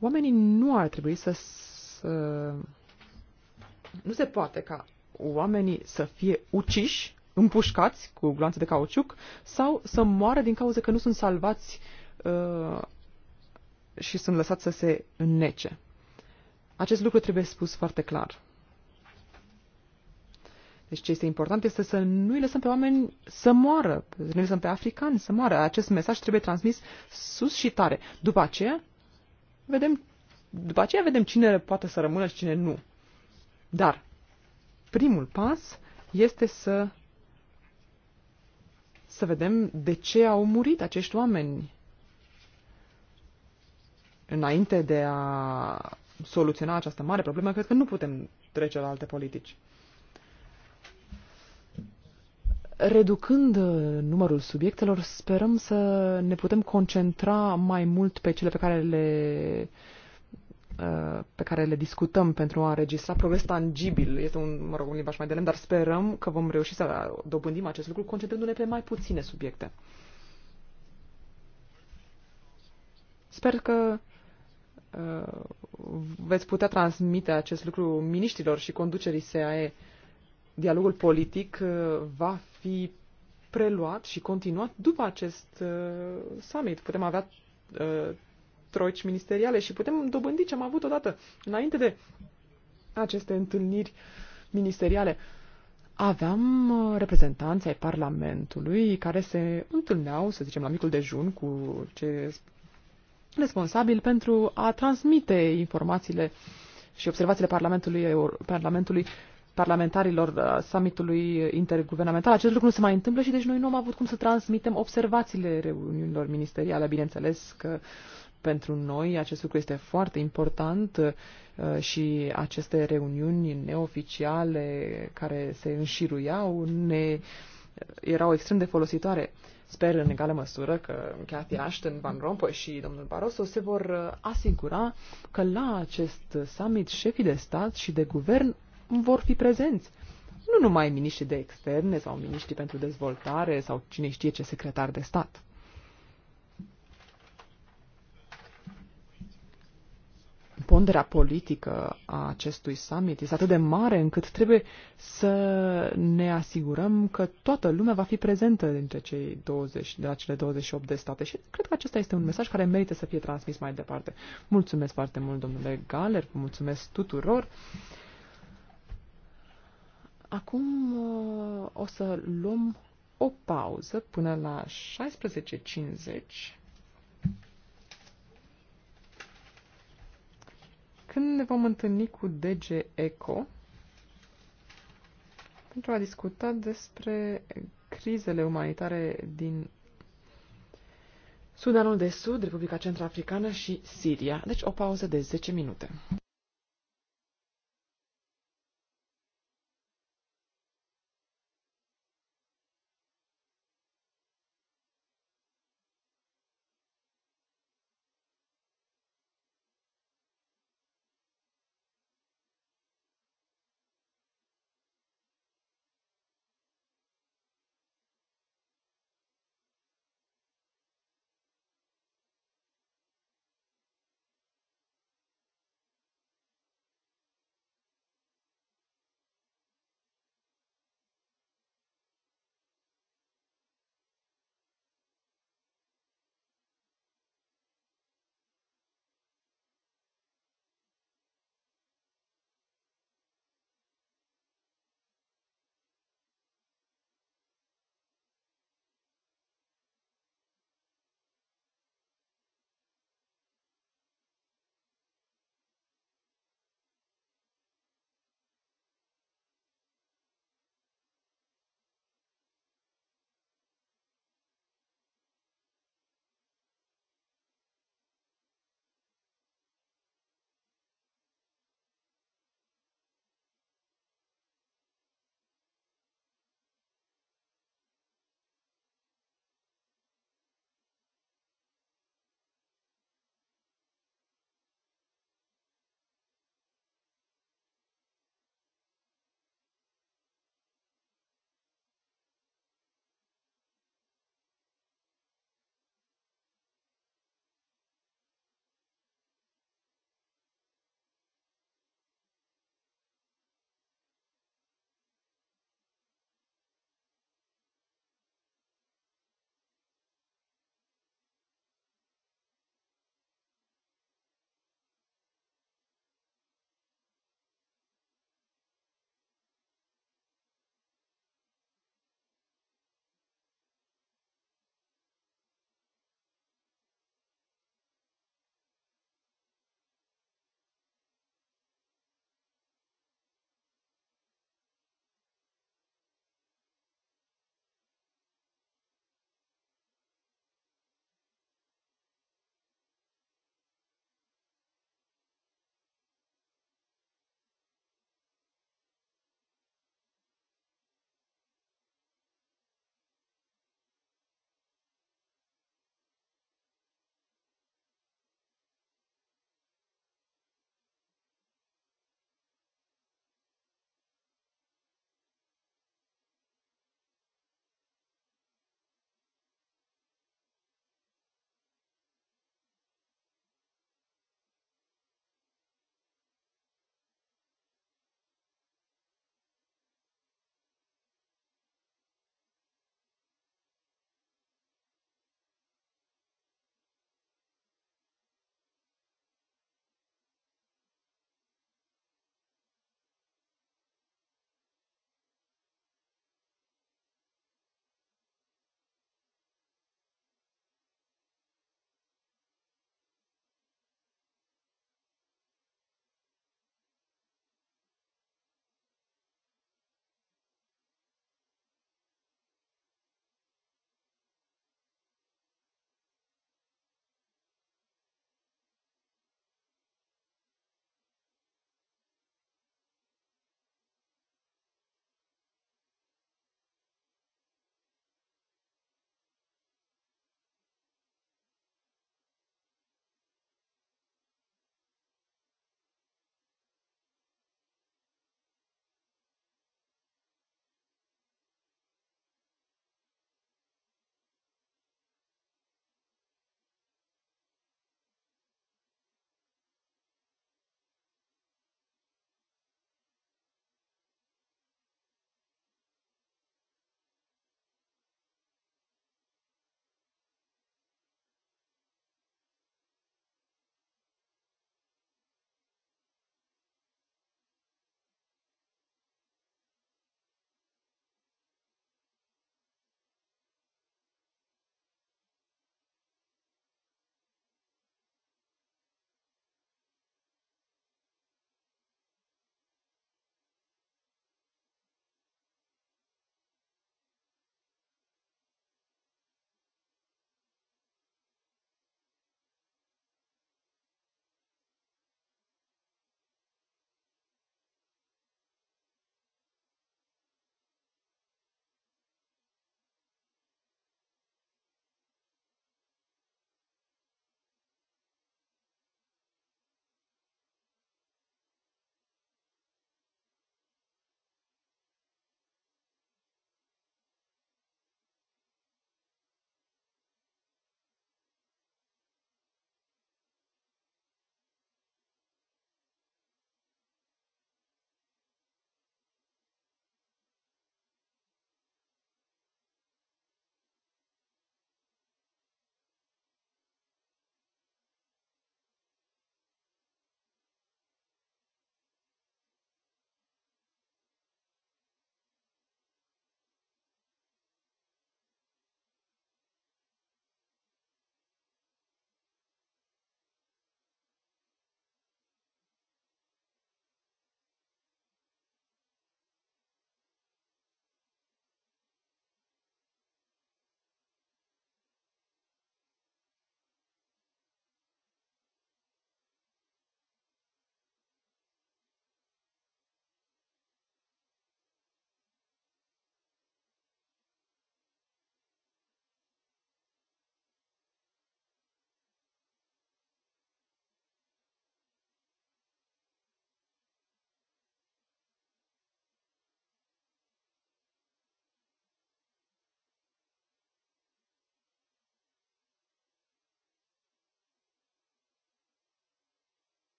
Oamenii nu ar trebui să, să... Nu se poate ca oamenii să fie uciși, împușcați cu gloanțe de cauciuc sau să moară din cauza că nu sunt salvați uh, și sunt lăsați să se înnece. Acest lucru trebuie spus foarte clar. Deci ce este important este să nu îi lăsăm pe oameni să moară, să nu îi lăsăm pe africani să moară. Acest mesaj trebuie transmis sus și tare. După aceea vedem, după aceea vedem cine poate să rămână și cine nu. Dar primul pas este să să vedem de ce au murit acești oameni înainte de a soluționa această mare problemă, cred că nu putem trece la alte politici. reducând uh, numărul subiectelor, sperăm să ne putem concentra mai mult pe cele pe care le uh, pe care le discutăm pentru a înregistra progres tangibil. Este un, mă rog, un limbaj mai de lemn, dar sperăm că vom reuși să dobândim acest lucru concentrându-ne pe mai puține subiecte. Sper că uh, veți putea transmite acest lucru miniștilor și conducerii SAE uh, dialogul politic uh, va fi preluat și continuat după acest uh, summit. Putem avea uh, troici ministeriale și putem dobândi ce am avut odată înainte de aceste întâlniri ministeriale. Aveam reprezentanți ai Parlamentului care se întâlneau, să zicem, la micul dejun cu ce responsabil pentru a transmite informațiile și observațiile Parlamentului, Parlamentului parlamentarilor uh, summitului interguvernamental. Acest lucru nu se mai întâmplă și deci noi nu am avut cum să transmitem observațiile reuniunilor ministeriale. Bineînțeles că pentru noi acest lucru este foarte important uh, și aceste reuniuni neoficiale care se înșiruiau ne uh, erau extrem de folositoare. Sper în egală măsură că Cathy Ashton, Van Rompuy și domnul Barroso se vor asigura că la acest summit șefii de stat și de guvern vor fi prezenți. Nu numai miniștri de externe sau miniștri pentru dezvoltare sau cine știe ce secretar de stat. ponderea politică a acestui summit este atât de mare încât trebuie să ne asigurăm că toată lumea va fi prezentă dintre cei 20, de la cele 28 de state și cred că acesta este un mesaj care merită să fie transmis mai departe. Mulțumesc foarte mult, domnule Galer, mulțumesc tuturor Acum uh, o să luăm o pauză până la 16.50, când ne vom întâlni cu DG Eco pentru a discuta despre crizele umanitare din Sudanul de Sud, Republica Centrafricană și Siria. Deci o pauză de 10 minute.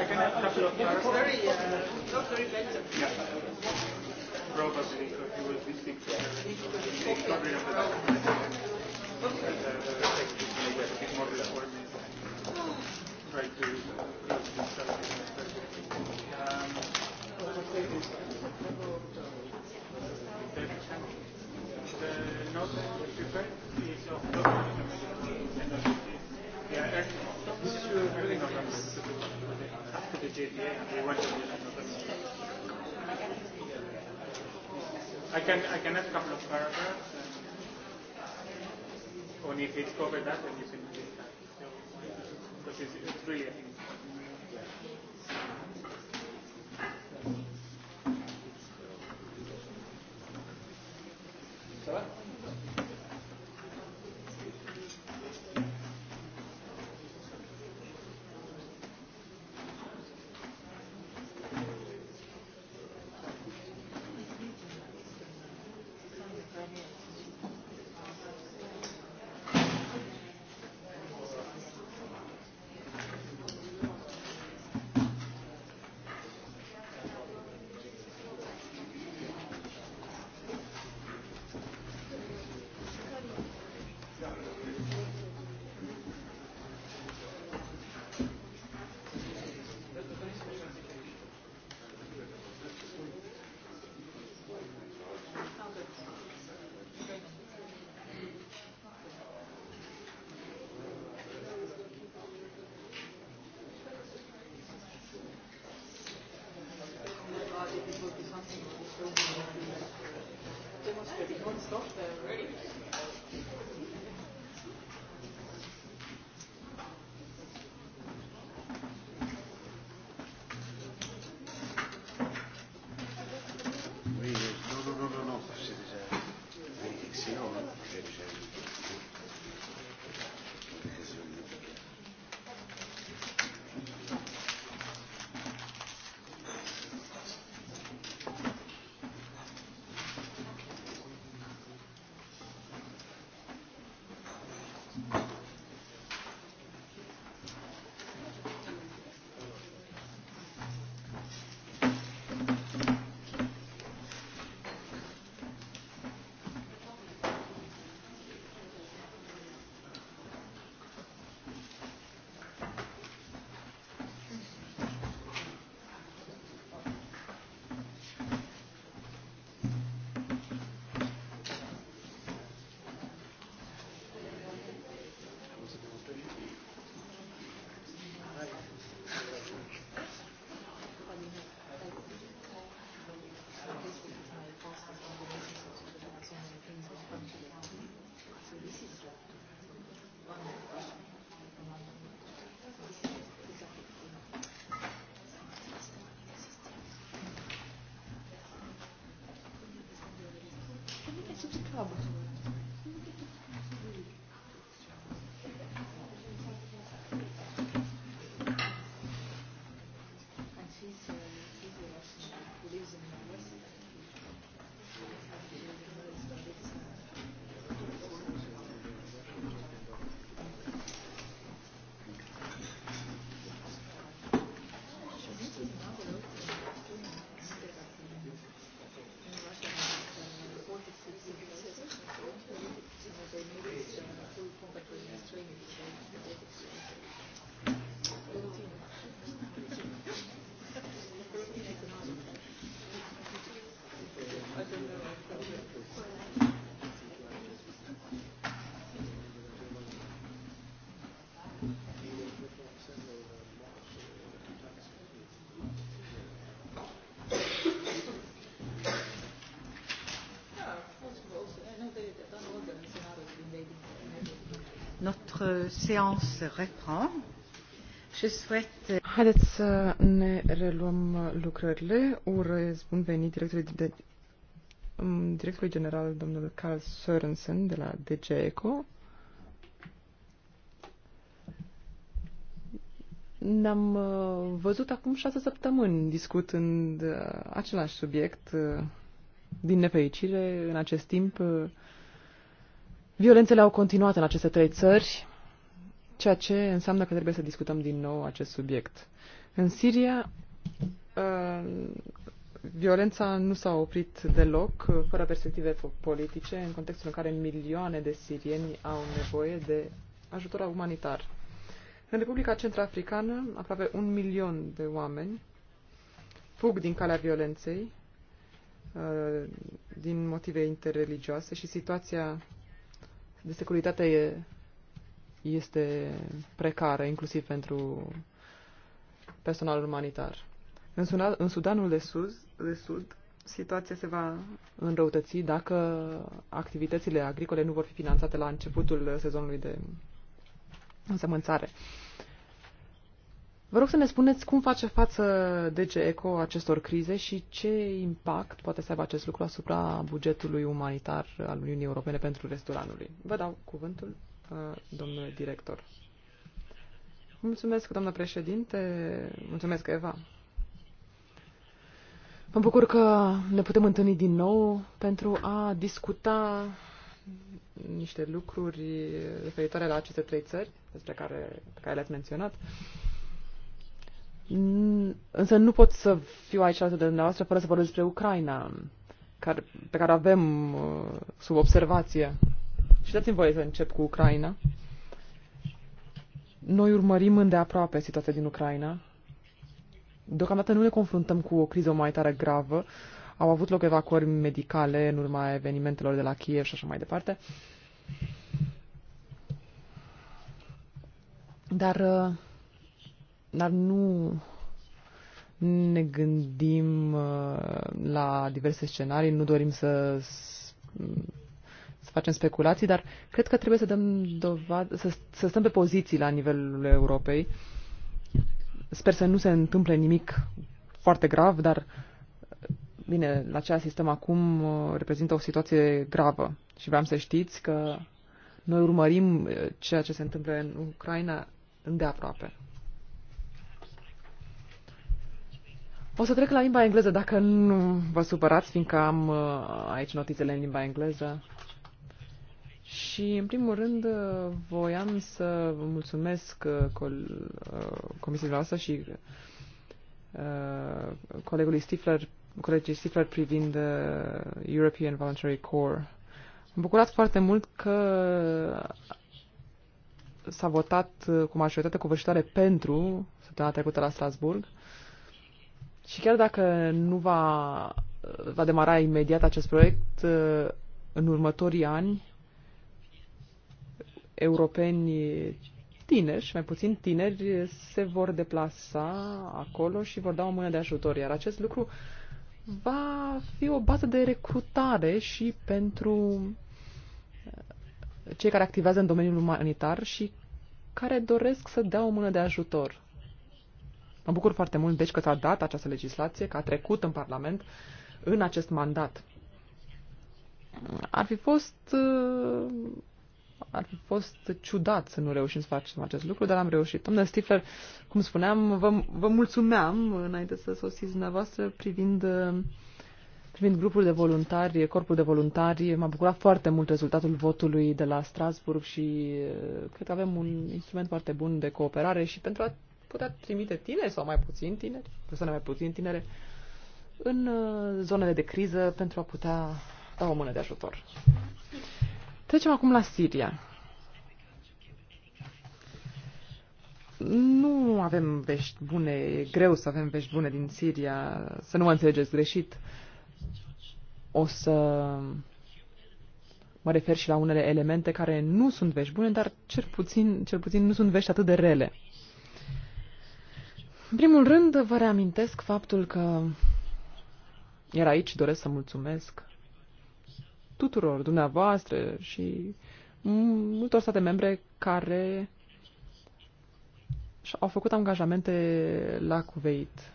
second and couple of hours. Very, uh, not very later. Probably, because you will be sick. They got rid of the doctor. And uh, the effect is a bit more reformed. Try to... Uh, I can I can add a couple of paragraphs. And only if it's covered that, then you can do that. Because it's, it's really I think. Bravo. Notre séance se reprend. Je souhaite... Euh, Haideți să ne reluăm lucrările. Urez bun venit directorului, de, mm, directorului general, domnul Carl Sørensen, de la DG ECO. Ne-am uh, văzut acum șase săptămâni discutând uh, același subiect. Uh, din nefericire, în acest timp, violențele au continuat în aceste trei țări ceea ce înseamnă că trebuie să discutăm din nou acest subiect. În Siria, ă, violența nu s-a oprit deloc, fără perspective politice, în contextul în care milioane de sirieni au nevoie de ajutor umanitar. În Republica Centrafricană, aproape un milion de oameni fug din calea violenței, ă, din motive interreligioase și situația de securitate este precară, inclusiv pentru personalul umanitar. În, suna, în Sudanul de Sud, de Sud, situația se va înrăutăți dacă activitățile agricole nu vor fi finanțate la începutul sezonului de însămânțare. Vă rog să ne spuneți cum face față DG ECO acestor crize și ce impact poate să aibă acest lucru asupra bugetului umanitar al Uniunii Europene pentru restul anului. Vă dau cuvântul domnule director. Mulțumesc, doamnă președinte. Mulțumesc, Eva. Mă bucur că ne putem întâlni din nou pentru a discuta niște lucruri referitoare la aceste trei țări despre care, pe care le-ați menționat. Însă nu pot să fiu aici alături de dumneavoastră fără să vorbesc despre Ucraina, care, pe care avem uh, sub observație și dați-mi voie să încep cu Ucraina. Noi urmărim îndeaproape situația din Ucraina. Deocamdată nu ne confruntăm cu o criză umanitară gravă. Au avut loc evacuări medicale în urma evenimentelor de la Kiev și așa mai departe. Dar, uh, dar nu ne gândim uh, la diverse scenarii, nu dorim să să facem speculații, dar cred că trebuie să dăm dovadă, să, să stăm pe poziții la nivelul Europei. Sper să nu se întâmple nimic foarte grav, dar bine, la ce asistăm acum uh, reprezintă o situație gravă și vreau să știți că noi urmărim uh, ceea ce se întâmplă în Ucraina îndeaproape. O să trec la limba engleză, dacă nu vă supărați, fiindcă am uh, aici notițele în limba engleză. Și, în primul rând, voiam să vă mulțumesc uh, uh, comisiei noastre și uh, colegului Stifler, colegii Stifler privind uh, European Voluntary Corps. M-am bucurat foarte mult că s-a votat cu majoritate covârșitoare pentru săptămâna trecută la Strasburg. Și chiar dacă nu va, va demara imediat acest proiect, în următorii ani europeni tineri și mai puțin tineri se vor deplasa acolo și vor da o mână de ajutor. Iar acest lucru va fi o bază de recrutare și pentru eh, cei care activează în domeniul umanitar și care doresc să dea o mână de ajutor. Mă bucur foarte mult, deci, că s-a dat această legislație, că a trecut în Parlament în acest mandat. Ar fi fost eh, ar fi fost ciudat să nu reușim să facem acest lucru, dar am reușit. Domnule Stifler, cum spuneam, vă, vă mulțumeam înainte să sosiți dumneavoastră privind, privind grupul de voluntari, corpul de voluntari. M-a bucurat foarte mult rezultatul votului de la Strasburg și uh, cred că avem un instrument foarte bun de cooperare și pentru a putea trimite tineri sau mai puțin tineri, persoane mai puțin tinere, în uh, zonele de criză pentru a putea da o mână de ajutor. Trecem acum la Siria. Nu avem vești bune, e greu să avem vești bune din Siria, să nu mă înțelegeți greșit. O să mă refer și la unele elemente care nu sunt vești bune, dar cel puțin, cel puțin nu sunt vești atât de rele. În primul rând, vă reamintesc faptul că iar aici doresc să mulțumesc tuturor dumneavoastră și multor state membre care au făcut angajamente la Kuwait.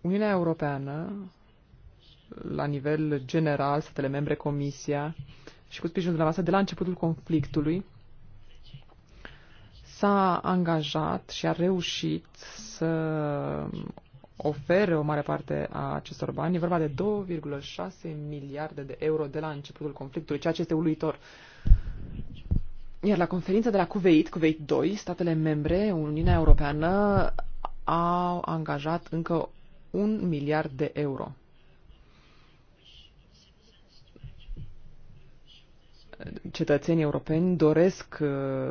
Uniunea Europeană, la nivel general, statele membre, Comisia și cu sprijinul dumneavoastră de la începutul conflictului, s-a angajat și a reușit să ofere o mare parte a acestor bani. E vorba de 2,6 miliarde de euro de la începutul conflictului, ceea ce este uluitor. Iar la conferința de la Cuveit, Cuveit 2, statele membre, Uniunea Europeană, au angajat încă un miliard de euro. cetățenii europeni doresc uh,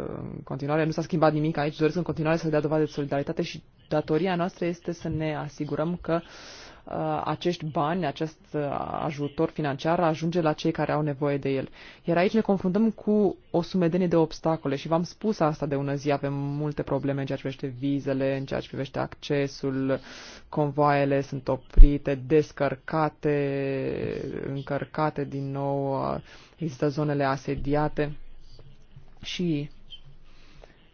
în continuare, nu s-a schimbat nimic aici, doresc în continuare să dea dovadă de solidaritate și datoria noastră este să ne asigurăm că uh, Uh, acești bani, acest uh, ajutor financiar ajunge la cei care au nevoie de el. Iar aici ne confruntăm cu o sumedenie de obstacole și v-am spus asta de ună zi, avem multe probleme în ceea ce privește vizele, în ceea ce privește accesul, convoaiele sunt oprite, descărcate, încărcate din nou, uh, există zonele asediate și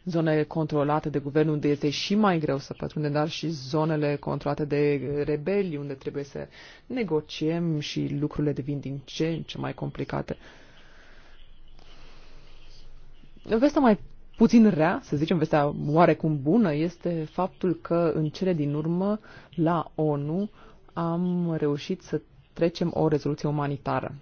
zonele controlate de guvern, unde este și mai greu să pătrundem, dar și zonele controlate de rebeli, unde trebuie să negociem și lucrurile devin din ce în ce mai complicate. Vestea mai puțin rea, să zicem, vestea oarecum bună, este faptul că în cele din urmă, la ONU, am reușit să trecem o rezoluție umanitară.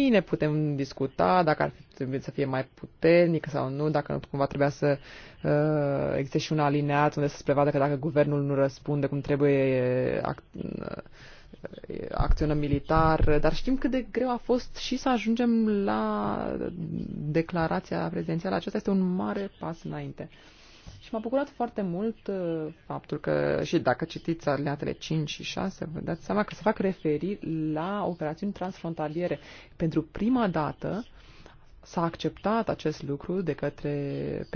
Bine, putem discuta dacă ar fi trebuit să fie mai puternică sau nu, dacă nu cumva trebuia să uh, existe și un alineat unde să se prevadă că dacă guvernul nu răspunde cum trebuie ac- uh, acționăm militar, dar știm cât de greu a fost și să ajungem la declarația prezidențială. Acesta este un mare pas înainte. Și m-a bucurat foarte mult uh, faptul că, și dacă citiți aliatele 5 și 6, vă dați seama că se fac referiri la operațiuni transfrontaliere. Pentru prima dată s-a acceptat acest lucru de către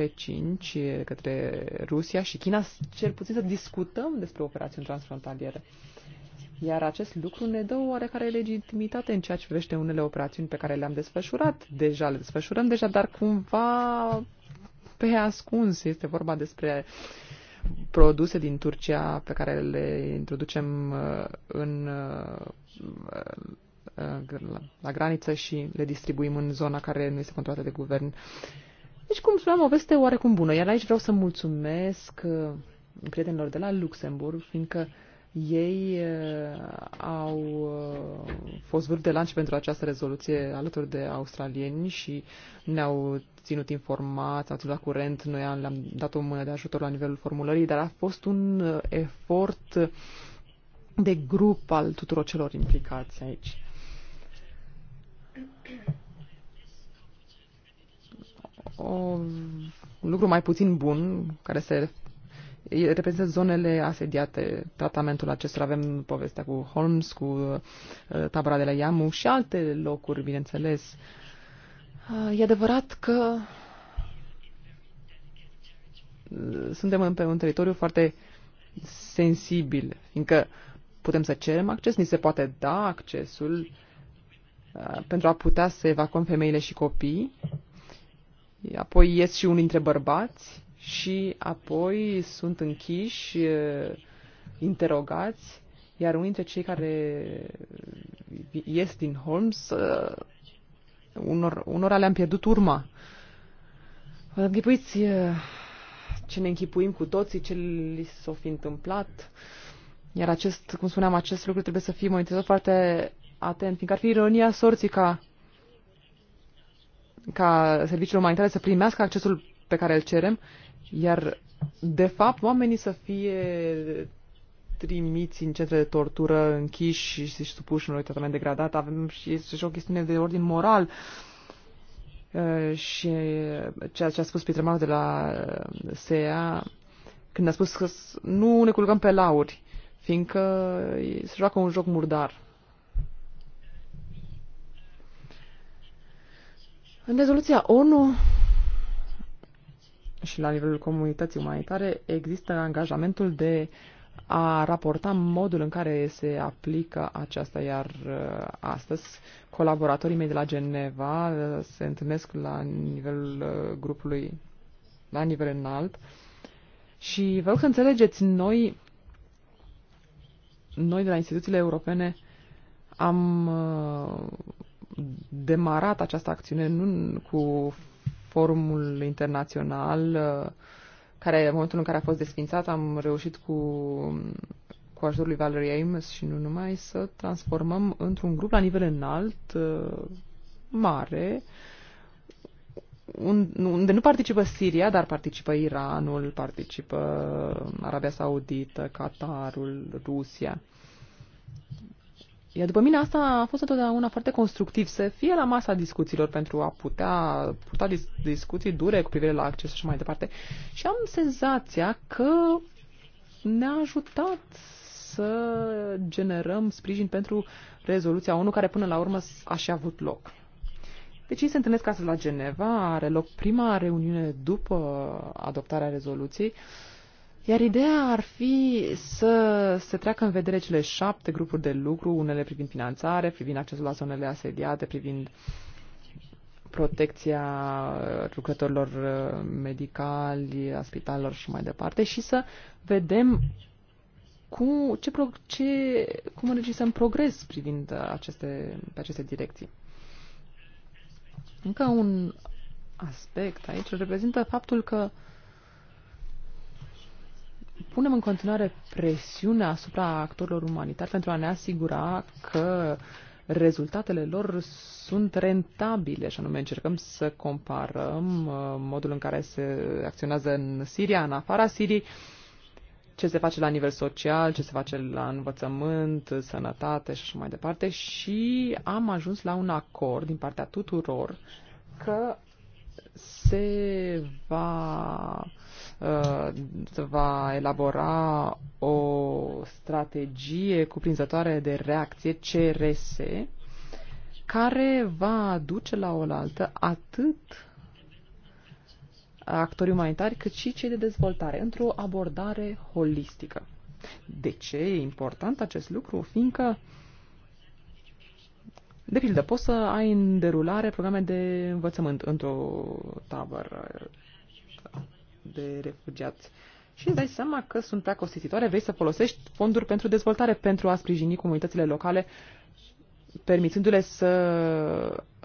P5, de către Rusia și China, cel puțin să discutăm despre operațiuni transfrontaliere. Iar acest lucru ne dă oarecare legitimitate în ceea ce privește unele operațiuni pe care le-am desfășurat deja, le desfășurăm deja, dar cumva pe ascuns. Este vorba despre produse din Turcia pe care le introducem uh, în, uh, uh, la graniță și le distribuim în zona care nu este controlată de guvern. Deci, cum spuneam, o veste oarecum bună. Iar aici vreau să mulțumesc prietenilor de la Luxemburg, fiindcă uh, ei uh, au uh, fost vârf de lanci pentru această rezoluție alături de australieni și ne-au ținut informați, au ținut la curent, noi le-am dat o mână de ajutor la nivelul formulării, dar a fost un uh, efort de grup al tuturor celor implicați aici. O, un lucru mai puțin bun, care se reprezintă zonele asediate. Tratamentul acestor avem povestea cu Holmes, cu uh, tabăra de la Iamu și alte locuri, bineînțeles. Uh, e adevărat că uh, suntem pe un teritoriu foarte sensibil, fiindcă putem să cerem acces, ni se poate da accesul pentru a putea să evacuăm femeile și copii. Apoi ies și unul dintre bărbați și apoi sunt închiși, interogați, iar unii dintre cei care ies din Holmes, unor, unora le-am pierdut urma. Vă închipuiți ce ne închipuim cu toții, ce li s-o fi întâmplat. Iar acest, cum spuneam, acest lucru trebuie să fie monitorizat foarte atent, fiindcă ar fi ironia sorții ca, ca serviciul umanitar să primească accesul pe care îl cerem iar, de fapt, oamenii să fie trimiți în centre de tortură, închiși și să-și supuși unui tratament degradat, avem și, și o chestiune de ordin moral. Și ceea ce a spus Peter Mark de la uh, SEA, când a spus că nu ne culcăm pe lauri, fiindcă se joacă un joc murdar. În rezoluția ONU și la nivelul comunității umanitare există angajamentul de a raporta modul în care se aplică aceasta, iar uh, astăzi colaboratorii mei de la Geneva uh, se întâlnesc la nivelul uh, grupului, la nivel înalt și vă rog să înțelegeți, noi, noi de la instituțiile europene am demarat această acțiune nu cu forumul internațional uh, care, în momentul în care a fost desfințat, am reușit cu, cu ajutorul lui Valerie Amos și nu numai să transformăm într-un grup la nivel înalt, uh, mare, unde nu participă Siria, dar participă Iranul, participă Arabia Saudită, Qatarul, Rusia. Iar după mine asta a fost întotdeauna foarte constructiv, să fie la masa discuțiilor pentru a putea purta dis- discuții dure cu privire la acces și așa mai departe. Și am senzația că ne-a ajutat să generăm sprijin pentru rezoluția ONU, care până la urmă a și avut loc. Deci ei se întâlnesc astăzi la Geneva, are loc prima reuniune după adoptarea rezoluției iar ideea ar fi să se treacă în vedere cele șapte grupuri de lucru, unele privind finanțare, privind accesul la zonele asediate, privind protecția uh, lucrătorilor uh, medicali, a spitalelor și mai departe, și să vedem cu ce, ce, cum înregistrăm progres privind uh, aceste, pe aceste direcții. Încă un aspect aici reprezintă faptul că uh, punem în continuare presiune asupra actorilor umanitari pentru a ne asigura că rezultatele lor sunt rentabile, și anume încercăm să comparăm uh, modul în care se acționează în Siria, în afara Siriei, ce se face la nivel social, ce se face la învățământ, sănătate și așa mai departe și am ajuns la un acord din partea tuturor că se va va elabora o strategie cuprinzătoare de reacție CRS care va duce la oaltă atât actorii umanitari cât și cei de dezvoltare într-o abordare holistică. De ce e important acest lucru? Fiindcă de pildă, poți să ai în derulare programe de învățământ într-o tabără de refugiați. Și îți dai seama că sunt prea costisitoare, vei să folosești fonduri pentru dezvoltare, pentru a sprijini comunitățile locale, permițându-le să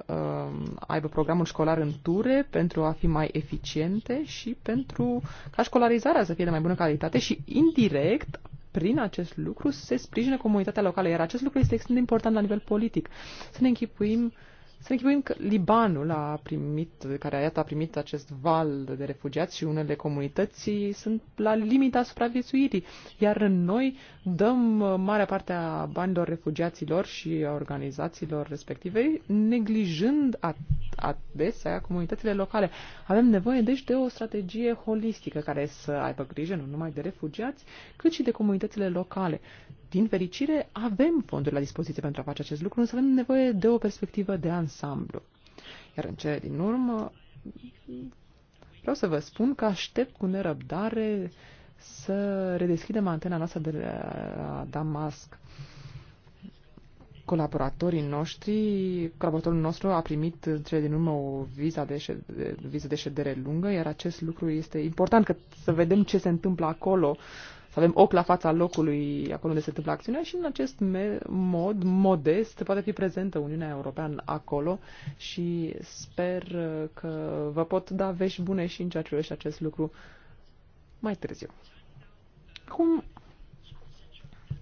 uh, aibă programul școlar în ture pentru a fi mai eficiente și pentru ca școlarizarea să fie de mai bună calitate și indirect prin acest lucru se sprijină comunitatea locală, iar acest lucru este extrem de important la nivel politic. Să ne închipuim uh, să ne chipuim că Libanul a primit, care iată a primit acest val de refugiați și unele comunități sunt la limita supraviețuirii, iar noi dăm marea parte a banilor refugiaților și a organizațiilor respective, neglijând adesea comunitățile locale. Avem nevoie deci de o strategie holistică care să aibă grijă nu numai de refugiați, cât și de comunitățile locale din fericire, avem fonduri la dispoziție pentru a face acest lucru, însă avem nevoie de o perspectivă de ansamblu. Iar în cele din urmă, vreau să vă spun că aștept cu nerăbdare să redeschidem antena noastră de la Damasc. Colaboratorii noștri, colaboratorul nostru a primit în cele din urmă o viză de, șed, viză de ședere lungă, iar acest lucru este important, că să vedem ce se întâmplă acolo, să avem ochi la fața locului acolo unde se întâmplă acțiunea și în acest mod modest poate fi prezentă Uniunea Europeană acolo și sper că vă pot da vești bune și în ceea ce privește acest lucru mai târziu. Acum,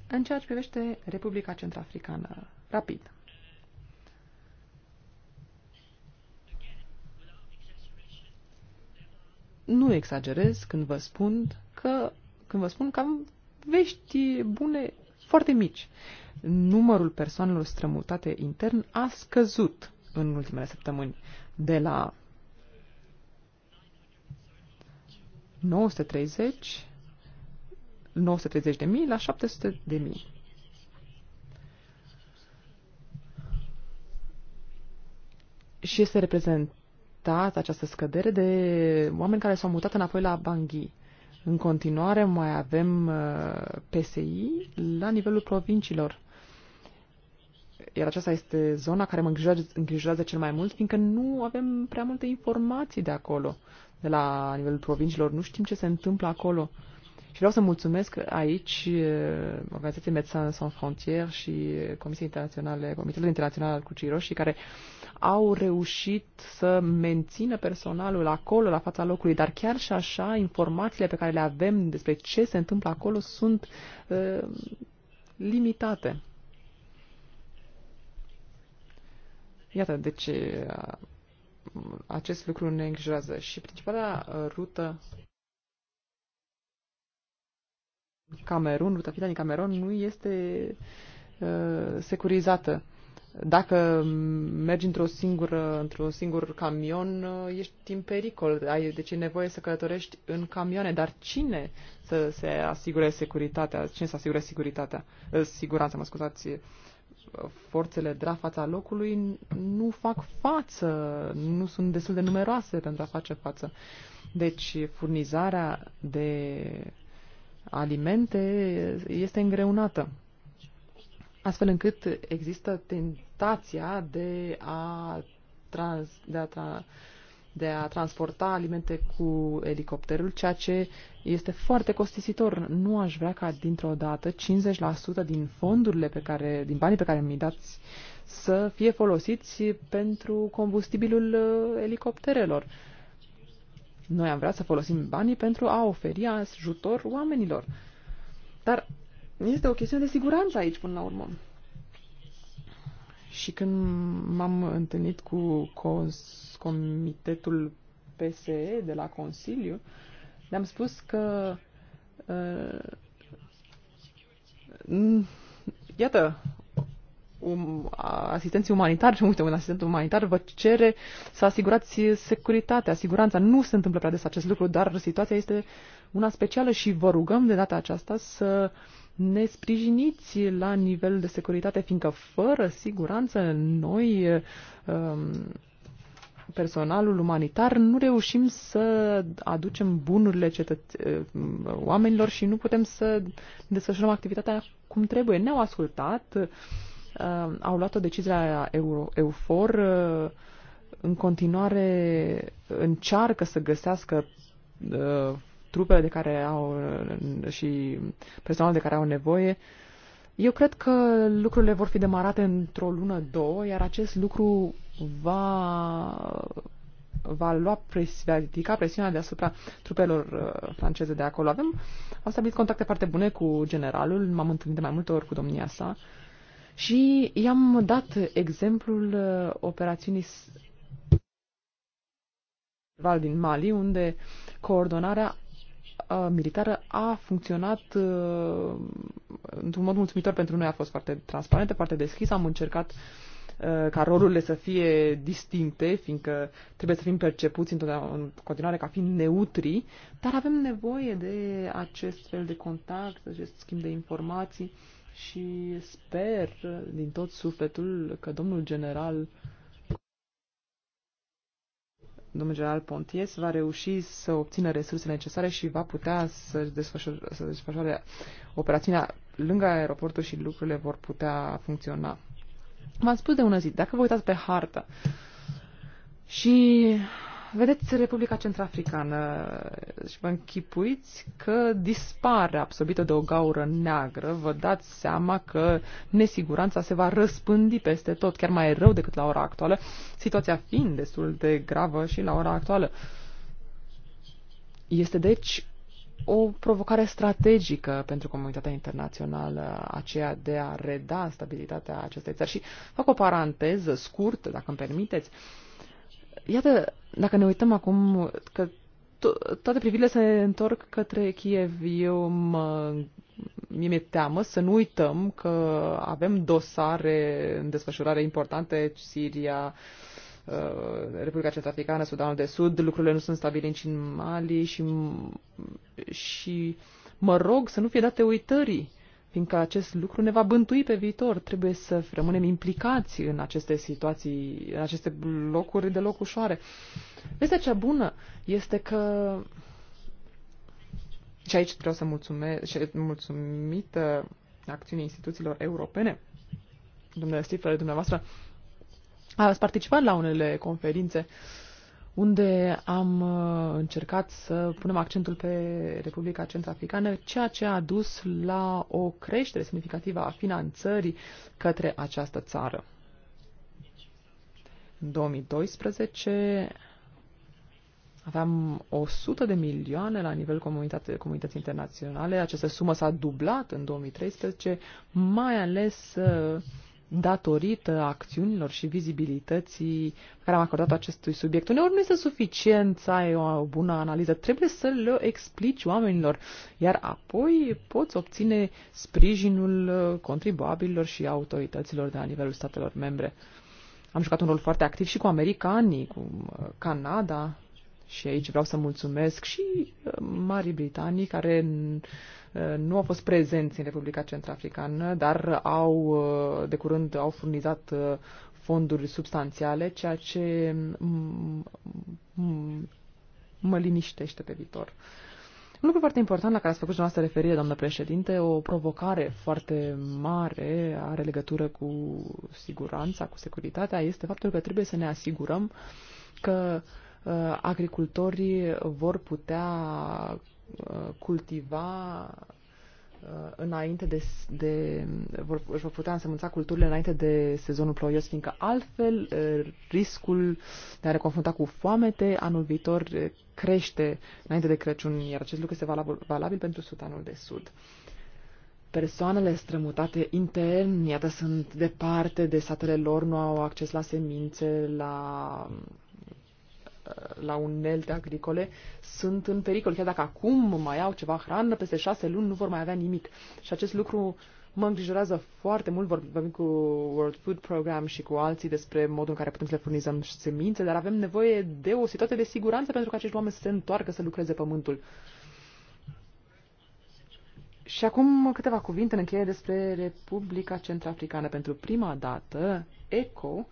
în ceea ce privește Republica Centrafricană, rapid. Nu exagerez când vă spun că când vă spun că am vești bune foarte mici. Numărul persoanelor strămutate intern a scăzut în ultimele săptămâni de la 930 930 de mii la 700 de mii. Și este reprezentat această scădere de oameni care s-au mutat înapoi la Banghii. În continuare mai avem uh, PSI la nivelul provinciilor. Iar aceasta este zona care mă îngrijorează cel mai mult, fiindcă nu avem prea multe informații de acolo. De la nivelul provinciilor nu știm ce se întâmplă acolo. Și vreau să mulțumesc aici organizației Médecins Sans Frontières și Comisiei Internaționale, Comitetul Internațional al Crucii Roșii, care au reușit să mențină personalul acolo, la fața locului, dar chiar și așa, informațiile pe care le avem despre ce se întâmplă acolo sunt uh, limitate. Iată, deci acest lucru ne îngrijorează. Și principala uh, rută Camerun, ruta Pitanii Camerun nu este uh, securizată. Dacă mergi într-o singură, într-un singur camion, uh, ești în pericol. Ai, deci e nevoie să călătorești în camioane. Dar cine să se asigure securitatea? Cine să asigure securitatea? Uh, siguranța, mă scuzați. Forțele de la fața locului nu fac față, nu sunt destul de numeroase pentru a face față. Deci furnizarea de alimente este îngreunată, astfel încât există tentația de a, trans, de a, tra, de a transporta alimente cu elicopterul, ceea ce este foarte costisitor. Nu aș vrea ca dintr-o dată 50% din fondurile pe care, din banii pe care mi-i dați să fie folosiți pentru combustibilul uh, elicopterelor noi am vrea să folosim banii pentru a oferi ajutor oamenilor. Dar este o chestiune de siguranță aici, până la urmă. Și când m-am întâlnit cu cons- comitetul PSE de la Consiliu, le-am spus că uh, iată, um, asistenții umanitari, și uite, un asistent umanitar vă cere să asigurați securitatea, siguranța. Nu se întâmplă prea des acest lucru, dar situația este una specială și vă rugăm de data aceasta să ne sprijiniți la nivel de securitate, fiindcă fără siguranță noi, um, personalul umanitar, nu reușim să aducem bunurile cetăț- oamenilor și nu putem să desfășurăm activitatea cum trebuie. Ne-au ascultat, uh, au luat o decizie la Euro, EUFOR. Uh, în continuare încearcă să găsească uh, trupele de care au uh, și personalul de care au nevoie. Eu cred că lucrurile vor fi demarate într-o lună, două, iar acest lucru va va lua presi, va ridica presiunea deasupra trupelor uh, franceze de acolo. Avem, am stabilit contacte foarte bune cu generalul, m-am întâlnit de mai multe ori cu domnia sa. Uh, și i-am dat exemplul uh, operațiunii Val din Mali, unde coordonarea uh, militară a funcționat uh, într-un mod mulțumitor pentru noi, a fost foarte transparentă, foarte deschisă, am încercat ca rolurile să fie distincte, fiindcă trebuie să fim percepuți în continuare ca fiind neutri, dar avem nevoie de acest fel de contact, acest schimb de informații și sper din tot sufletul că domnul general domnul general Ponties va reuși să obțină resursele necesare și va putea să desfășoare, să desfășoare operațiunea lângă aeroportul și lucrurile vor putea funcționa. V-am spus de una zi, dacă vă uitați pe hartă și Vedeți Republica Centrafricană și vă închipuiți că dispare absorbită de o gaură neagră, vă dați seama că nesiguranța se va răspândi peste tot, chiar mai rău decât la ora actuală, situația fiind destul de gravă și la ora actuală. Este deci o provocare strategică pentru comunitatea internațională, aceea de a reda stabilitatea acestei țări. Și fac o paranteză scurtă, dacă îmi permiteți. Uh, Iată, dacă ne uităm acum că to- toate privirile se întorc către Kiev, eu mă, mie mi-e teamă să nu uităm că avem dosare în desfășurare importante, Siria, uh, Republica Centrafricană, Sudanul de Sud, lucrurile nu sunt stabile nici în Mali și, și mă rog să nu fie date uitării fiindcă acest lucru ne va bântui pe viitor. Trebuie să rămânem implicați în aceste situații, în aceste locuri de loc ușoare. Vestea cea bună este că și aici vreau să mulțumesc, mulțumită acțiunii instituțiilor europene, domnule Stifler, dumneavoastră, ați participat la unele conferințe uh, unde am uh, încercat să punem accentul pe Republica Centrafricană, ceea ce a dus la o creștere semnificativă a finanțării către această țară. În 2012 aveam 100 de milioane la nivel comunitate, comunității internaționale. Această sumă s-a dublat în 2013, mai ales uh, datorită acțiunilor și vizibilității pe care am acordat acestui subiect. Uneori nu este suficient să ai o bună analiză, trebuie să le explici oamenilor, iar apoi poți obține sprijinul contribuabililor și autorităților de la nivelul statelor membre. Am jucat un rol foarte activ și cu americanii, cu uh, Canada, și aici vreau să mulțumesc și uh, Marii Britanii care uh, nu au fost prezenți în Republica Centrafricană, dar au uh, de curând au furnizat fonduri substanțiale, ceea ce mm, mm, mă liniștește pe viitor. Un lucru foarte important la care ați făcut dumneavoastră referire, doamnă președinte, o provocare foarte mare are legătură cu siguranța, cu securitatea, este faptul că trebuie să ne asigurăm că uh, Uh, agricultorii vor putea uh, cultiva uh, înainte de, de vor, își vor putea însămânța culturile înainte de sezonul ploios, fiindcă altfel riscul de a ne confrunta cu foamete anul viitor crește înainte de Crăciun, iar acest lucru este valabil, valabil pentru Sudanul de Sud. Persoanele strămutate intern, iată, sunt departe de satele lor, nu au acces la semințe, la Eh, la unelte agricole sunt în pericol. Chiar dacă acum mai au ceva hrană, peste șase luni nu vor mai avea nimic. Și acest lucru mă îngrijorează foarte mult. Vorbim cu World Food Program și cu alții despre modul în care putem să le furnizăm semințe, dar avem nevoie de o situație de siguranță pentru că acești oameni să se întoarcă să lucreze pământul. Și acum câteva cuvinte în încheiere despre Republica Centrafricană. Pentru prima dată, ECO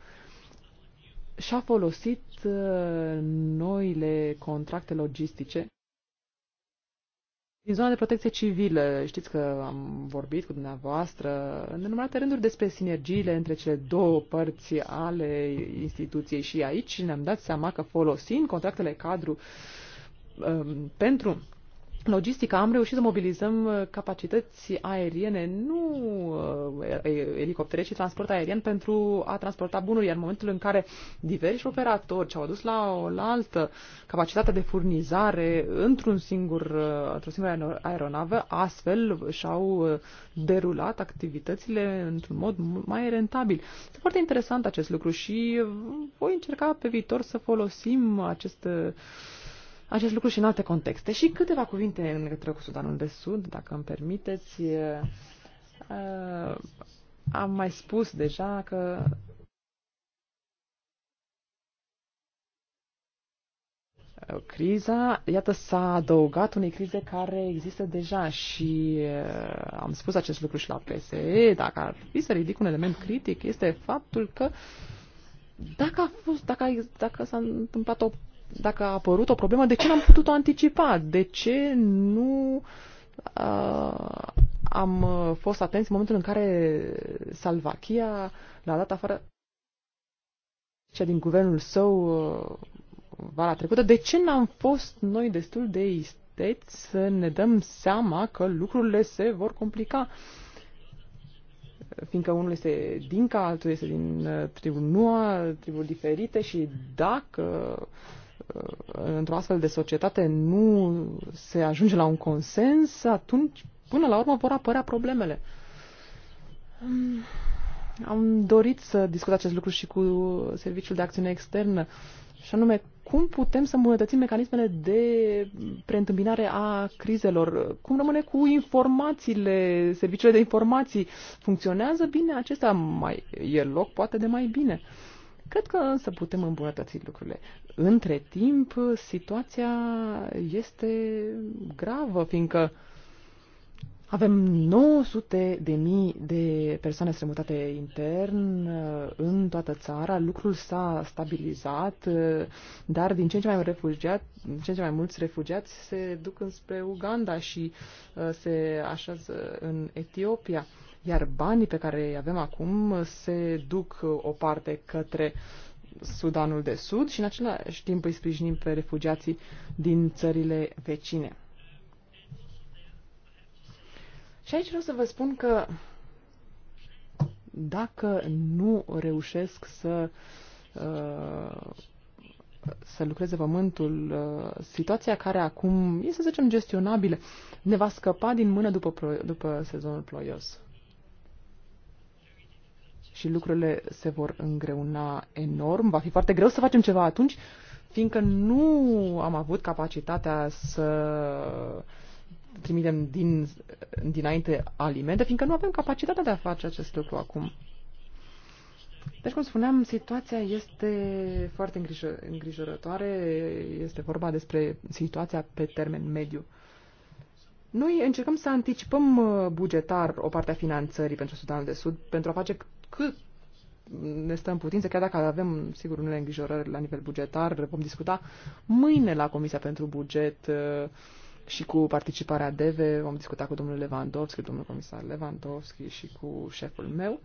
și-a folosit uh, noile contracte logistice din zona de protecție civilă. Știți că am vorbit cu dumneavoastră în numărate rânduri despre sinergiile între cele două părți ale instituției și aici ne-am dat seama că folosind contractele cadru um, pentru logistica am reușit să mobilizăm uh, capacități aeriene, nu uh, elicoptere, ci transport aerien pentru a transporta bunuri, iar în momentul în care diversi operatori ce-au adus la o altă capacitate de furnizare într-un singur, uh, într-o singură aeronavă, astfel și-au derulat activitățile într-un mod mai rentabil. Este foarte interesant acest lucru și voi încerca pe viitor să folosim aceste acest lucru și în alte contexte. Și câteva cuvinte în legătură cu Sudanul de Sud, dacă îmi permiteți. Uh, am mai spus deja că criza, iată, s-a adăugat unei crize care există deja și uh, am spus acest lucru și la PSE, dacă ar fi să ridic un element critic, este faptul că dacă a fost, dacă, dacă s-a întâmplat o dacă a apărut o problemă, de ce n-am putut-o anticipa? De ce nu uh, am fost atenți în momentul în care Salvachia l-a dat afară cea din guvernul său uh, vara trecută? De ce n-am fost noi destul de isteți să ne dăm seama că lucrurile se vor complica? fiindcă unul este din ca, altul este din uh, triburi, nu triburi diferite și dacă uh, Uh, într-o astfel de societate nu se ajunge la un consens, atunci, până la urmă, vor apărea problemele. Um, am dorit să discut acest lucru și cu Serviciul de Acțiune Externă, și anume cum putem să îmbunătățim mecanismele de preîntâmpinare a crizelor, cum rămâne cu informațiile, serviciile de informații, funcționează bine acestea, mai, e loc poate de mai bine. Cred că însă putem îmbunătăți lucrurile. Între timp, situația este gravă, fiindcă avem 900 de mii de persoane strămutate intern uh, în toată țara. Lucrul s-a stabilizat, uh, dar din ce în ce mai, refugiat, din ce în ce mai mulți refugiați se duc înspre Uganda și uh, se așează în Etiopia. Iar banii pe care îi avem acum se duc o parte către uh, Sudanul de Sud și în același timp îi sprijinim pe refugiații din țările vecine. Și aici vreau să vă spun că dacă nu reușesc să uh, să lucreze pământul, uh, situația care acum este, să zicem, gestionabilă, ne va scăpa din mână după, după sezonul ploios și lucrurile se vor îngreuna enorm. Va fi foarte greu să facem ceva atunci, fiindcă nu am avut capacitatea să trimitem din, dinainte alimente, fiindcă nu avem capacitatea de a face acest lucru acum. Deci, cum spuneam, situația este foarte îngrijorătoare. Este vorba despre situația pe termen mediu. Noi încercăm să anticipăm uh, bugetar o parte a finanțării pentru Sudanul de Sud pentru a face cât ne stăm putință, chiar dacă avem, sigur, unele îngrijorări la nivel bugetar, vom discuta mâine la Comisia pentru Buget uh, și cu participarea DEVE, vom discuta cu domnul Lewandowski, domnul comisar Lewandowski și cu șeful meu.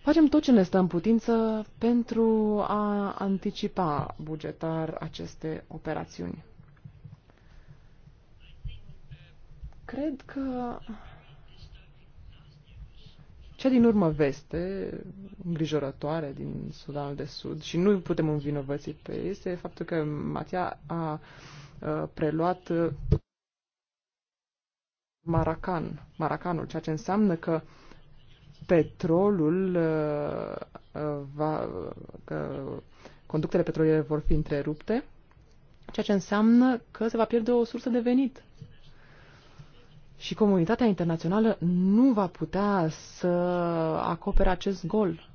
Facem tot ce ne stă în putință pentru a anticipa bugetar aceste operațiuni. Cred că cea din urmă veste îngrijorătoare din Sudanul de Sud și nu putem învinovăți pe ei este faptul că Matia a preluat uh, Maracan, Maracanul, ceea ce înseamnă că petrolul uh, uh, va, că conductele petroliere vor fi întrerupte, ceea ce înseamnă că se va pierde o sursă de venit și comunitatea internațională nu va putea să acopere acest gol.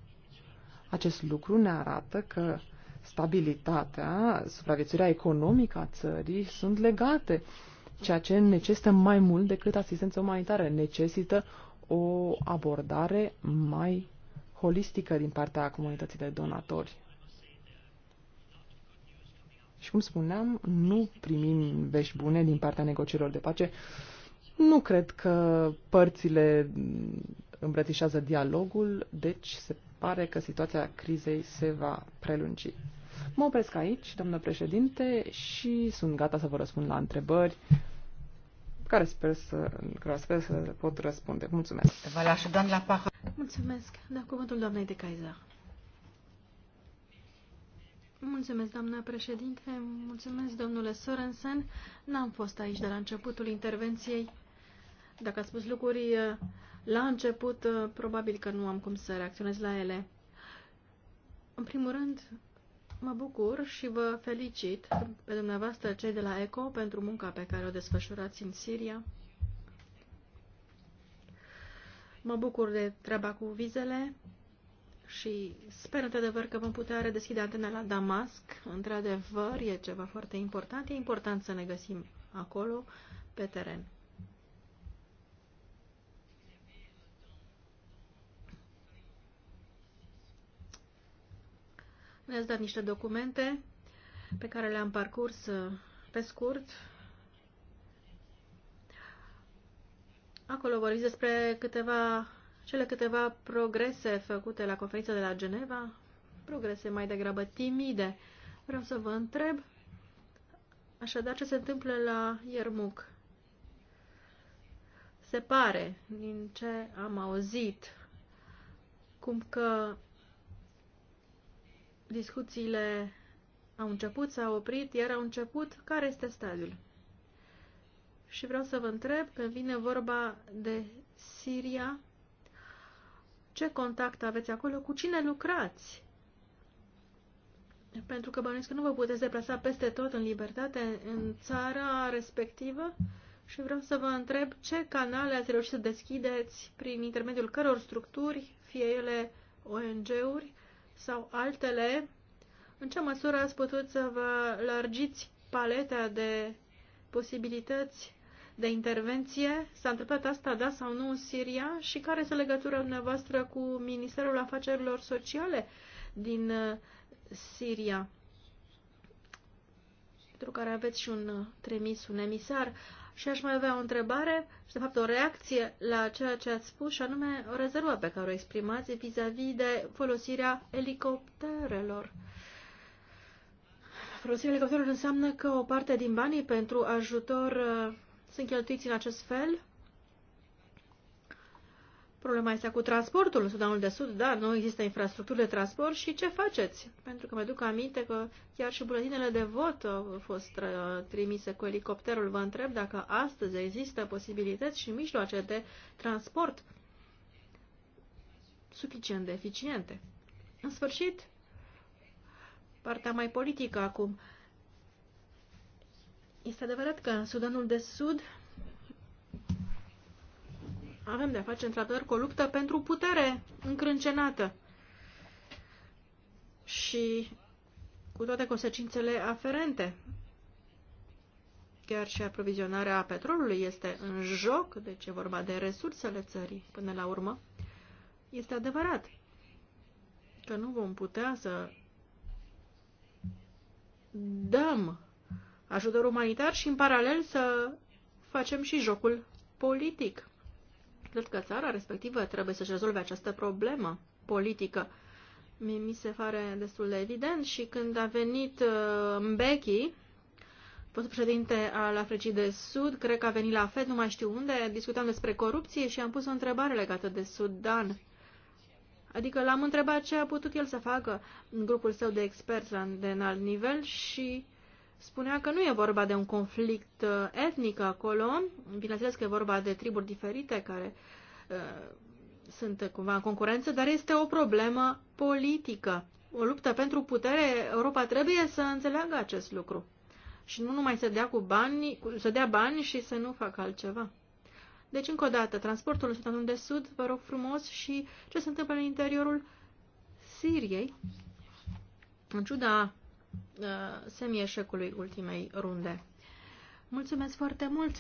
Acest lucru ne arată că stabilitatea, supraviețuirea economică a țării sunt legate, ceea ce necesită mai mult decât asistență umanitară. Necesită o abordare mai holistică din partea comunității de donatori. Și cum spuneam, nu primim vești bune din partea negocierilor de pace. Uh, nu cred că părțile îmbrățișează dialogul, deci se pare că situația crizei se va prelungi. Mă opresc aici, domnule președinte, și sunt gata să vă răspund la întrebări care sper să, care sper să pot răspunde. Mulțumesc. Vă lași, la pahă. Mulțumesc. Da, cuvântul doamnei de Kaiser. Mulțumesc, doamna președinte. Mulțumesc, domnule Sorensen. N-am fost aici de la începutul intervenției dacă ați spus lucruri la început, probabil că nu am cum să reacționez la ele. În primul rând, mă bucur și vă felicit pe dumneavoastră cei de la ECO pentru munca pe care o desfășurați în Siria. Mă bucur de treaba cu vizele și sper într-adevăr că vom putea redeschide antena la Damasc. Într-adevăr, e ceva foarte important. E important să ne găsim acolo, pe teren. Mi-ați dat niște documente pe care le-am parcurs uh, pe scurt. Acolo vorbiți despre câteva, cele câteva progrese făcute la conferința de la Geneva, progrese mai degrabă timide. Vreau să vă întreb, așadar, ce se întâmplă la Iermuc? Se pare, din ce am auzit, cum că Discuțiile au început, s-au oprit, iar au început care este stadiul. Și vreau să vă întreb, când vine vorba de Siria, ce contact aveți acolo, cu cine lucrați? Pentru că bănuiesc că nu vă puteți deplasa peste tot în libertate, în țara respectivă. Și vreau să vă întreb ce canale ați reușit să deschideți prin intermediul căror structuri, fie ele ONG-uri sau altele, în ce măsură ați putut să vă lărgiți paleta de posibilități de intervenție? S-a întâmplat asta, da sau nu, în Siria? Și care este legătura dumneavoastră cu Ministerul Afacerilor Sociale din uh, Siria? Pentru care aveți și un uh, trimis, un emisar. Și aș mai avea o întrebare și, de fapt, o reacție la ceea ce ați spus, și anume o rezervă pe care o exprimați vis-a-vis -vis de folosirea elicopterelor. Folosirea elicopterelor înseamnă că o parte din banii pentru ajutor uh, sunt cheltuiți în acest fel Problema este cu transportul în Sudanul de Sud, da, nu există infrastructură de transport și ce faceți? Pentru că mă duc aminte că chiar și buletinele de vot au fost uh, trimise cu elicopterul. Vă întreb dacă astăzi există posibilități și mijloace de transport suficient de eficiente. În sfârșit, partea mai politică acum. Este adevărat că în Sudanul de Sud avem de-a face, într-adevăr, cu o luptă pentru putere încrâncenată și cu toate consecințele aferente. Chiar și aprovizionarea petrolului este în joc, deci e vorba de resursele țării până la urmă. Este adevărat că nu vom putea să dăm ajutor umanitar și în paralel să facem și jocul politic. Cred că țara respectivă trebuie să-și rezolve această problemă politică. Mi se pare destul de evident și când a venit uh, Mbeki, fost președinte al Africii de Sud, cred că a venit la FED, nu mai știu unde, discutam despre corupție și am pus o întrebare legată de Sudan. Adică l-am întrebat ce a putut el să facă în grupul său de experți de înalt nivel și spunea că nu e vorba de un conflict uh, etnic acolo, bineînțeles că e vorba de triburi diferite care uh, sunt cumva în concurență, dar este o problemă politică. O luptă pentru putere, Europa trebuie să înțeleagă acest lucru. Și nu numai să dea, cu bani, să dea bani și să nu facă altceva. Deci, încă o dată, transportul în Sudanul de Sud, vă rog frumos, și ce se întâmplă în interiorul Siriei, în ciuda Uh, semieșecului ultimei runde. Mulțumesc foarte mult!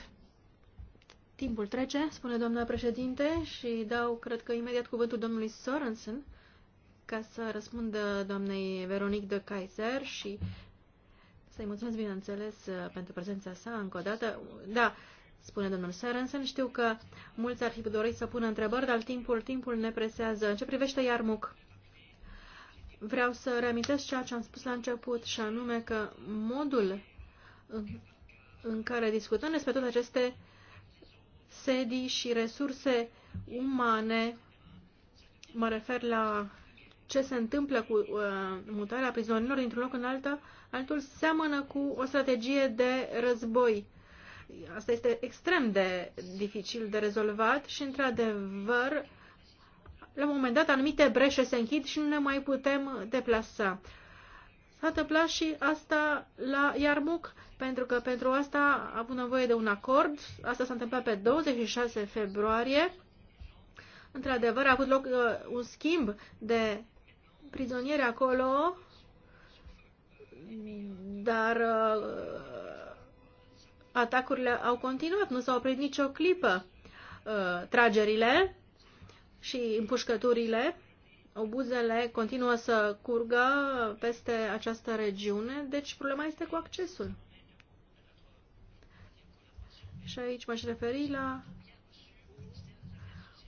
Timpul trece, spune doamna președinte, și dau, cred că, imediat cuvântul domnului Sorensen ca să răspundă doamnei Veronic de Kaiser și să-i mulțumesc, bineînțeles, uh, pentru prezența sa încă o dată. Da, spune domnul Sorensen, știu că mulți ar fi dorit să pună întrebări, dar timpul, timpul ne presează. În ce privește Iarmuc? Vreau să reamintesc ceea ce am spus la început și anume că modul în care discutăm despre toate aceste sedii și resurse umane, mă refer la ce se întâmplă cu uh, mutarea prizonierilor dintr-un loc în altă, altul seamănă cu o strategie de război. Asta este extrem de dificil de rezolvat și, într-adevăr, la un moment dat anumite breșe se închid și nu ne mai putem deplasa. S-a întâmplat și asta la Iarmuc, pentru că pentru asta a avut nevoie de un acord. Asta s-a întâmplat pe 26 februarie. Într-adevăr, a avut loc uh, un schimb de prizonieri acolo, dar uh, atacurile au continuat, nu s-au oprit nicio clipă uh, tragerile și împușcăturile, obuzele continuă să curgă peste această regiune, deci problema este cu accesul. Și aici m-aș referi la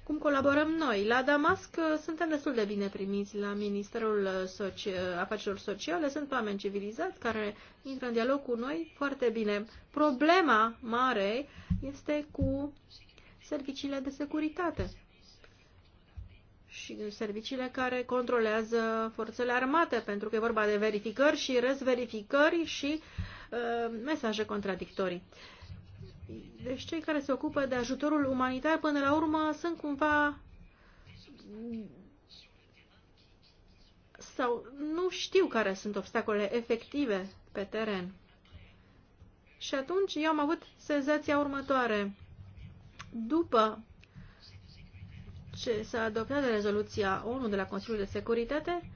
cum colaborăm noi. La Damasc uh, suntem destul de bine primiți la Ministerul Soci- uh, Afacerilor Sociale. Sunt oameni civilizați care intră în dialog cu noi foarte bine. Problema mare este cu serviciile de securitate și serviciile care controlează forțele armate, pentru că e vorba de verificări și rezverificări și uh, mesaje contradictorii. Deci cei care se ocupă de ajutorul umanitar, până la urmă, sunt cumva sau nu știu care sunt obstacole efective pe teren. Și atunci eu am avut senzația următoare. După ce s-a adoptat de rezoluția ONU de la Consiliul de Securitate,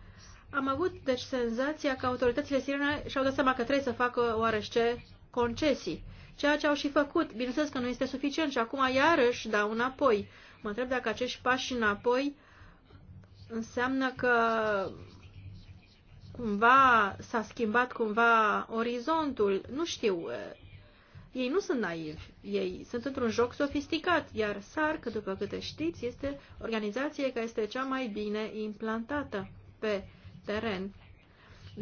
am avut deci senzația că autoritățile siriene și-au dat seama că trebuie să facă oarește concesii, ceea ce au și făcut. Bineînțeles că nu este suficient și acum iarăși dau înapoi. Mă întreb dacă acești pași înapoi înseamnă că cumva s-a schimbat cumva orizontul. Nu știu, ei nu sunt naivi, ei sunt într-un joc sofisticat, iar SARC, după câte știți, este organizație care este cea mai bine implantată pe teren.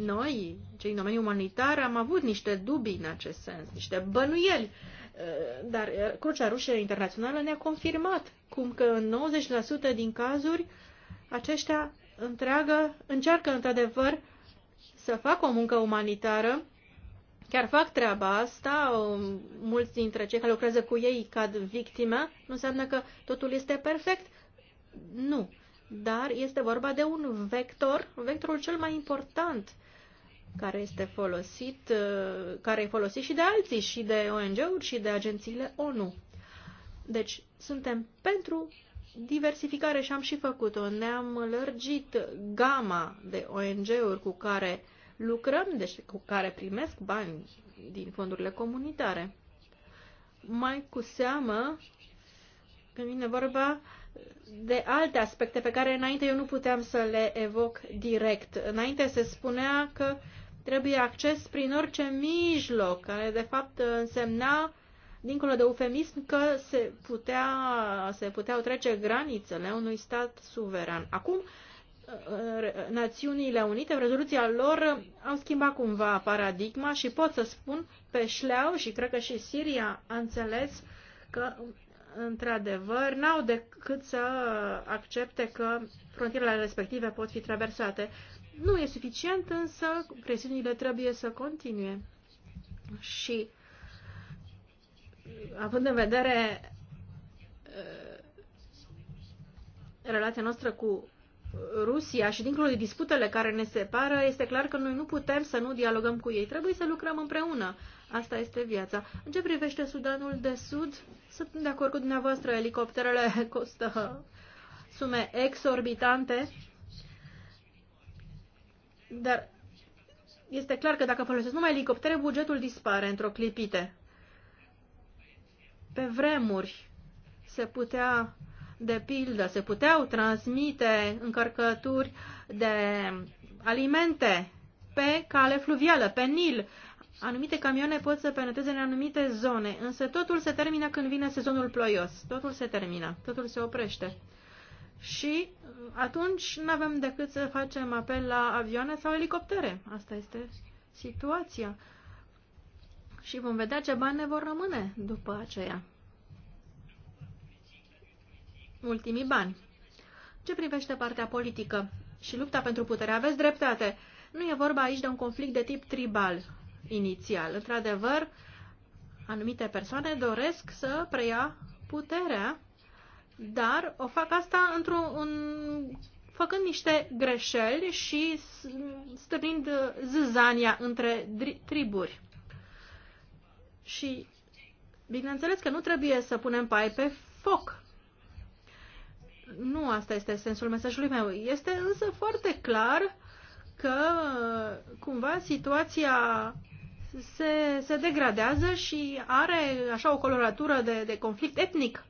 Noi, cei în domeniul umanitar, am avut niște dubii în acest sens, niște bănuieli, uh, dar uh, Crucea Rușie Internațională ne-a confirmat cum că în 90% din cazuri aceștia întreagă, încearcă într-adevăr să facă o muncă umanitară chiar fac treaba asta, mulți dintre cei care lucrează cu ei cad victime, nu înseamnă că totul este perfect. Nu. Dar este vorba de un vector, vectorul cel mai important care este folosit, uh, care e folosit și de alții, și de ONG-uri, și de agențiile ONU. Deci, suntem pentru diversificare și am și făcut-o. Ne-am lărgit gama de ONG-uri cu care lucrăm, deci cu care primesc bani din fondurile comunitare. Mai cu seamă când vine vorba de alte aspecte pe care înainte eu nu puteam să le evoc direct. Înainte se spunea că trebuie acces prin orice mijloc, care de fapt însemna, dincolo de eufemism, că se, putea, se puteau trece granițele unui stat suveran. Acum Națiunile Unite, rezoluția lor, au schimbat cumva paradigma și pot să spun pe șleau și cred că și Siria a înțeles că într-adevăr n-au decât să accepte că frontierele respective pot fi traversate. Nu e suficient, însă presiunile trebuie să continue. Și având în vedere uh, relația noastră cu Rusia și dincolo de disputele care ne separă, este clar că noi nu putem să nu dialogăm cu ei. Trebuie să lucrăm împreună. Asta este viața. În ce privește Sudanul de Sud, sunt de acord cu dumneavoastră, elicopterele costă sume exorbitante, dar este clar că dacă folosesc numai elicoptere, bugetul dispare într-o clipite. Pe vremuri se putea de pildă, se puteau transmite încărcături de alimente pe cale fluvială, pe Nil. Anumite camioane pot să penetreze în anumite zone, însă totul se termină când vine sezonul ploios. Totul se termină, totul se oprește. Și atunci nu avem decât să facem apel la avioane sau elicoptere. Asta este situația. Și vom vedea ce bani ne vor rămâne după aceea ultimii bani. Ce privește partea politică și lupta pentru putere, aveți dreptate. Nu e vorba aici de un conflict de tip tribal inițial. Într-adevăr, anumite persoane doresc să preia puterea, dar o fac asta într-un un, făcând niște greșeli și stârnind zâzania între triburi. Și bineînțeles că nu trebuie să punem pai pe foc nu asta este sensul mesajului meu. Este însă foarte clar că cumva situația se, se degradează și are așa o coloratură de, de conflict etnic.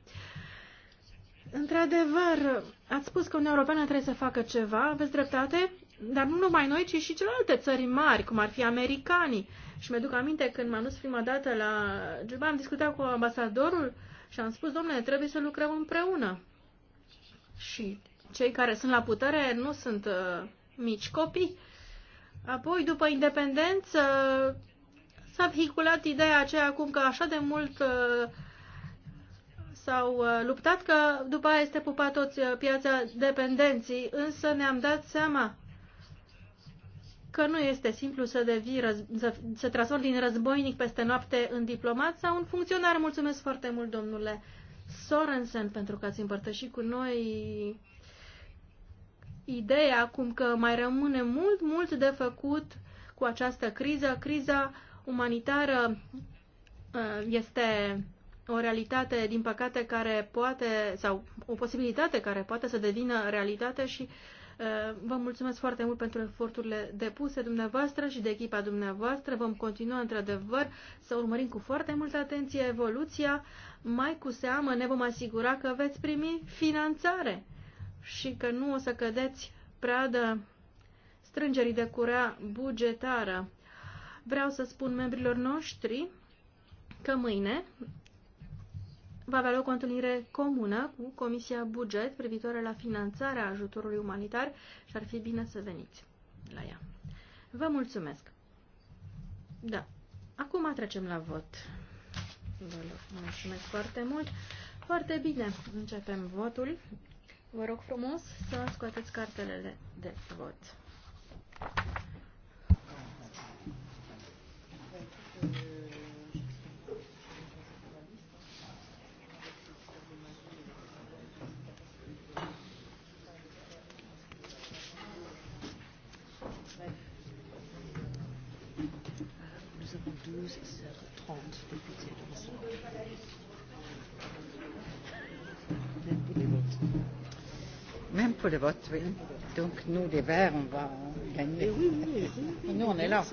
Într-adevăr, ați spus că Uniunea Europeană trebuie să facă ceva, aveți dreptate, dar nu numai noi, ci și celelalte țări mari, cum ar fi americanii. Și mi-aduc aminte când m-am dus prima dată la Juba, am discutat cu ambasadorul și am spus, domnule, trebuie să lucrăm împreună și cei care sunt la putere nu sunt uh, mici copii. Apoi, după independență, s-a vehiculat ideea aceea acum că așa de mult uh, s-au uh, luptat că după aia este pupat toți uh, piața dependenții, însă ne-am dat seama că nu este simplu să devii, să, să transformi din războinic peste noapte în diplomat sau un funcționar. Mulțumesc foarte mult, domnule Sorensen pentru că ați împărtășit cu noi ideea acum că mai rămâne mult, mult de făcut cu această criză. Criza umanitară uh, este o realitate, din păcate, care poate, sau o posibilitate care poate să devină realitate și uh, vă mulțumesc foarte mult pentru eforturile depuse dumneavoastră și de echipa dumneavoastră. Vom continua, într-adevăr, să urmărim cu foarte multă atenție evoluția mai cu seamă ne vom asigura că veți primi finanțare și că nu o să cădeți pradă strângerii de curea bugetară. Vreau să spun membrilor noștri că mâine va avea loc o întâlnire comună cu Comisia Buget privitoare la finanțarea ajutorului umanitar și ar fi bine să veniți la ea. Vă mulțumesc! Da, acum trecem la vot. Vă Mulțumesc foarte mult. Foarte bine. Începem votul. Vă rog frumos să scoateți cartelele de vot. avons 12 30 députés. pour le vote, oui. Donc nous, les Verts, on va gagner. Et oui, oui, oui, oui, nous, on est là.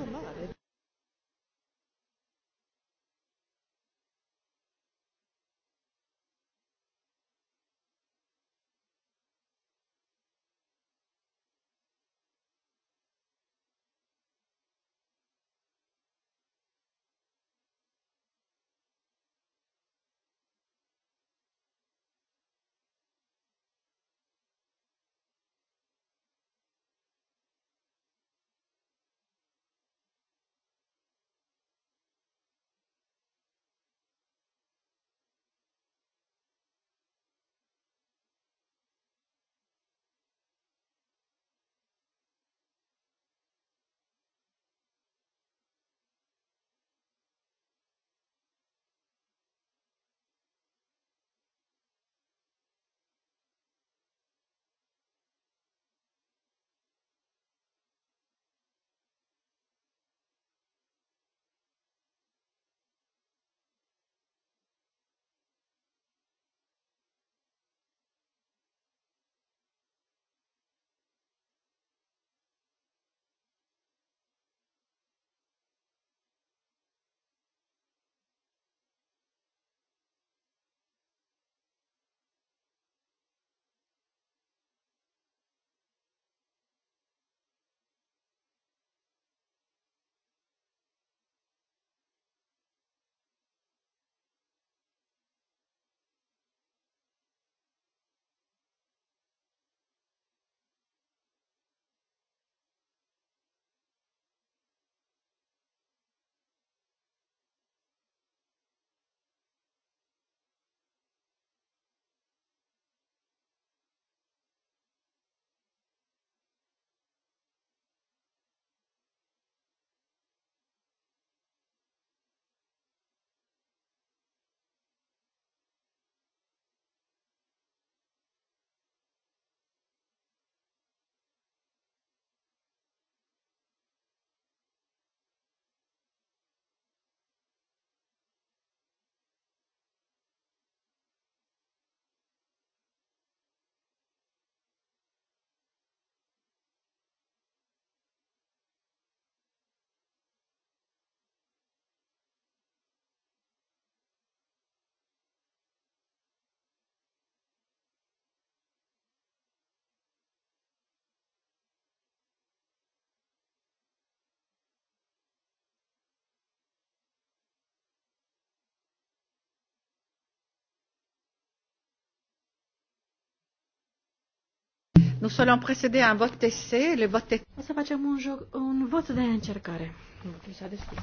Nous allons procéder à un vote essai. Le vote est... O să facem un, joc, un vot de încercare. Votul s-a deschis.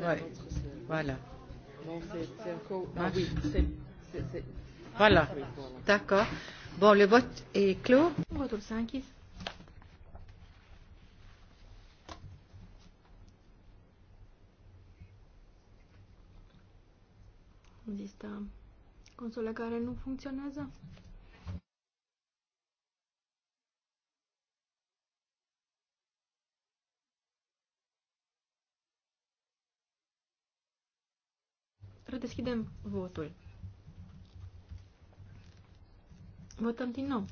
Ouais. Voilà. Ah voilà. D'accord. Bon, le vote est clos. Votul s-a închis. Există console care nu funcționează? Redeschidem votul. Votăm din nou.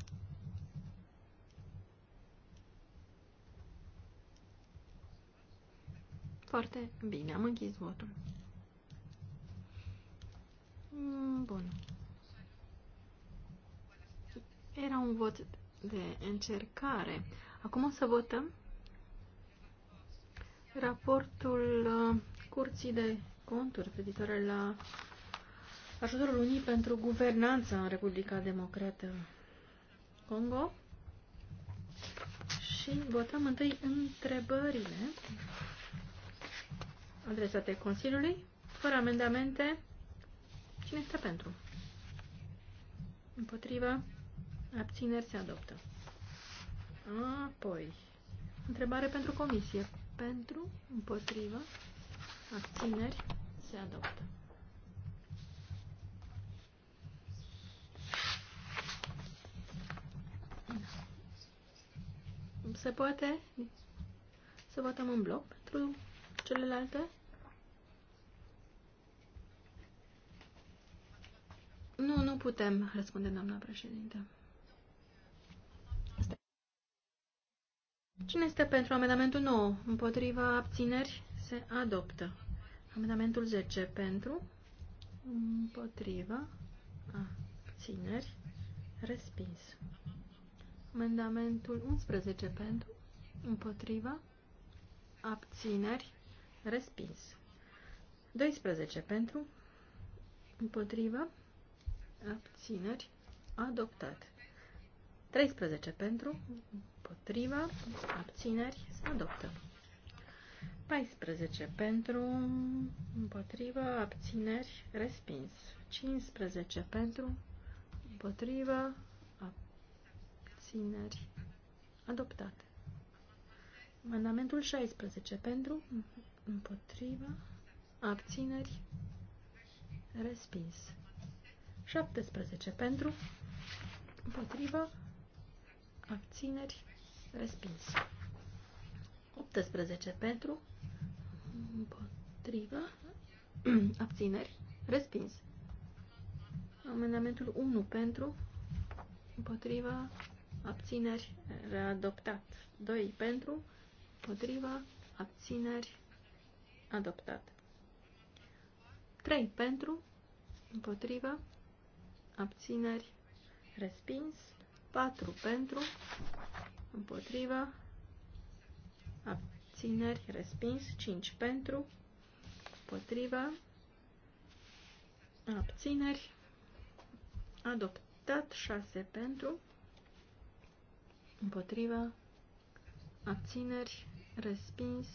Foarte bine, am închis votul. Mm, bun. Era un vot de încercare. Acum o să votăm raportul uh, Curții de Conturi privitoare la ajutorul Unii pentru Guvernanță în Republica Democrată Congo. Și votăm întâi întrebările adresate Consiliului, fără amendamente, Cine este pentru? împotriva Abțineri se adoptă. Apoi. Întrebare pentru comisie. Pentru, împotriva abțineri se adoptă. Se poate să votăm în bloc pentru celelalte Nu, nu putem, răspunde doamna președinte. Cine este pentru amendamentul 9? Împotriva abțineri se adoptă. Amendamentul 10 pentru, împotriva, abțineri, respins. Amendamentul 11 pentru, împotriva, abțineri, respins. 12 pentru, împotriva, abțineri, adoptat. 13 pentru, împotriva, abțineri, se adoptă. 14 pentru, împotriva, abțineri, respins. 15 pentru, împotriva, abțineri, adoptat. Mandamentul 16 pentru, împotriva, abțineri, respins. 17 pentru, împotrivă, abțineri, respins. 18 pentru, împotrivă, abțineri, respins. Amendamentul 1 pentru, împotrivă, abțineri, readoptat. 2 pentru, împotrivă, abțineri, adoptat. 3 pentru, împotrivă, abțineri, respins, 4 pentru, împotrivă, abțineri, respins, 5 pentru, împotrivă, abțineri, adoptat, 6 pentru, împotrivă, abțineri, respins,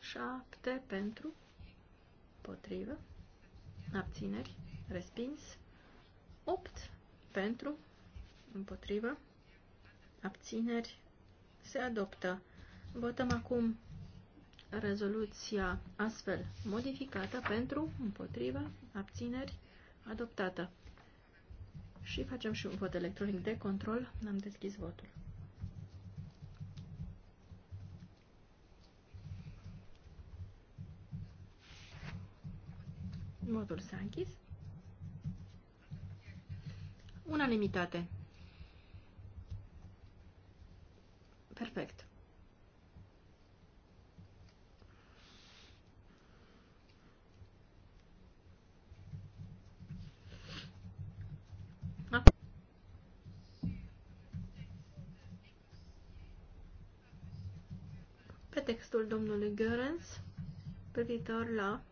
7 pentru, împotrivă, abțineri, respins, 8 pentru, împotrivă, abțineri, se adoptă. Votăm acum rezoluția astfel modificată pentru, împotrivă, abțineri, adoptată. Și facem și un vot electronic de control. Am deschis votul. Votul s-a închis. Unanimitate. Perfect. Da. Pe textul domnului Görens privitor la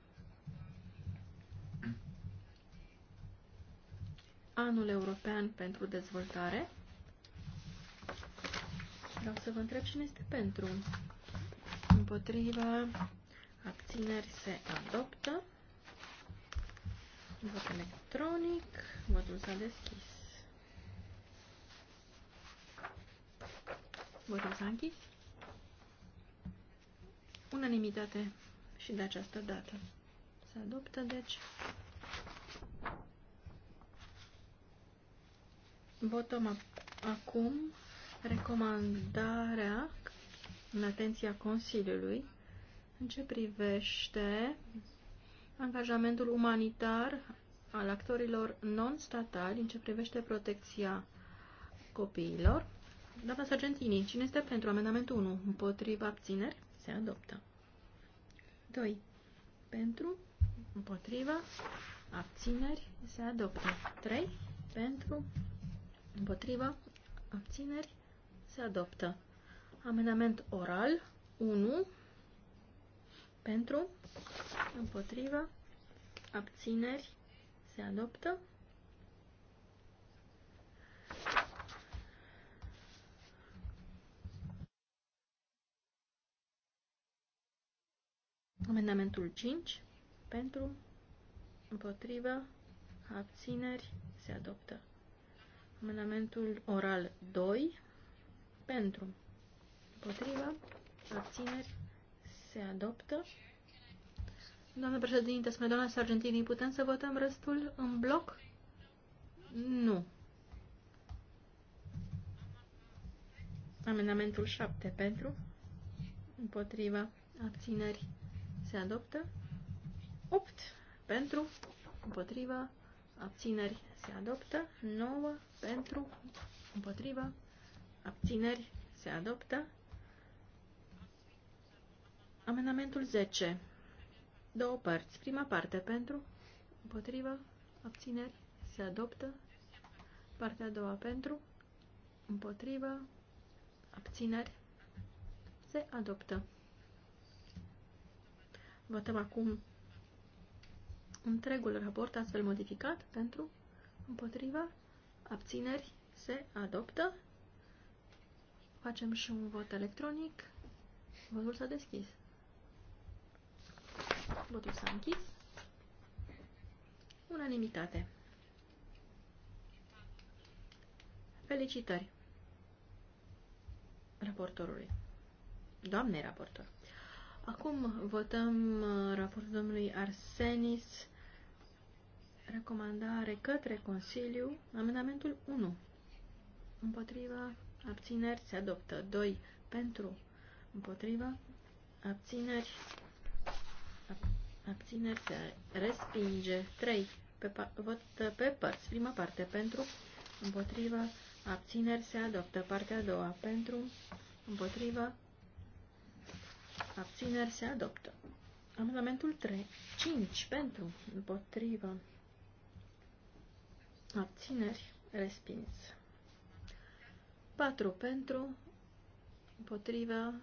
Anul European pentru Dezvoltare. Vreau să vă întreb cine este pentru. Împotriva, abțineri se adoptă. Vot electronic, votul s-a deschis. Votul s-a închis. Unanimitate și de această dată. Se adoptă, deci, Votăm acum recomandarea în atenția Consiliului în ce privește angajamentul umanitar al actorilor non-statali în ce privește protecția copiilor. Doamna Sargentini, cine este pentru amendamentul 1? Împotriva abțineri? Se adoptă. 2. Pentru? Împotriva? Abțineri? Se adoptă. 3. Pentru? Împotriva. Abțineri. Se adoptă. Amendament oral. 1. Pentru. Împotriva. Abțineri. Se adoptă. Amendamentul 5. Pentru. Împotriva. Abțineri. Se adoptă. Amendamentul oral 2 pentru împotriva abțineri se adoptă. Doamna președinte, spune doamna Sargentini, putem să votăm restul în bloc? Nu. Amendamentul 7 pentru împotriva abțineri se adoptă. 8 pentru împotriva abțineri se adoptă, 9 pentru, împotriva, abțineri se adoptă. Amendamentul 10, două părți, prima parte pentru, împotriva, abțineri se adoptă, partea a doua pentru, împotriva, abțineri se adoptă. Votăm acum întregul raport astfel modificat pentru, împotriva, abțineri, se adoptă. Facem și un vot electronic. Votul s-a deschis. Votul s-a închis. Unanimitate. Felicitări raportorului. Doamnei raportor. Acum votăm uh, raportul domnului Arsenis recomandare către Consiliu, amendamentul 1. Împotriva, abțineri, se adoptă. 2. Pentru, împotriva, abțineri, abțineri, se respinge. 3. Pe, vot pe părți. Prima parte pentru, împotriva, abțineri, se adoptă. Partea a doua pentru, împotriva, abțineri, se adoptă. Amendamentul 3. 5. Pentru, împotriva, abțineri, respins. 4 pentru, împotriva,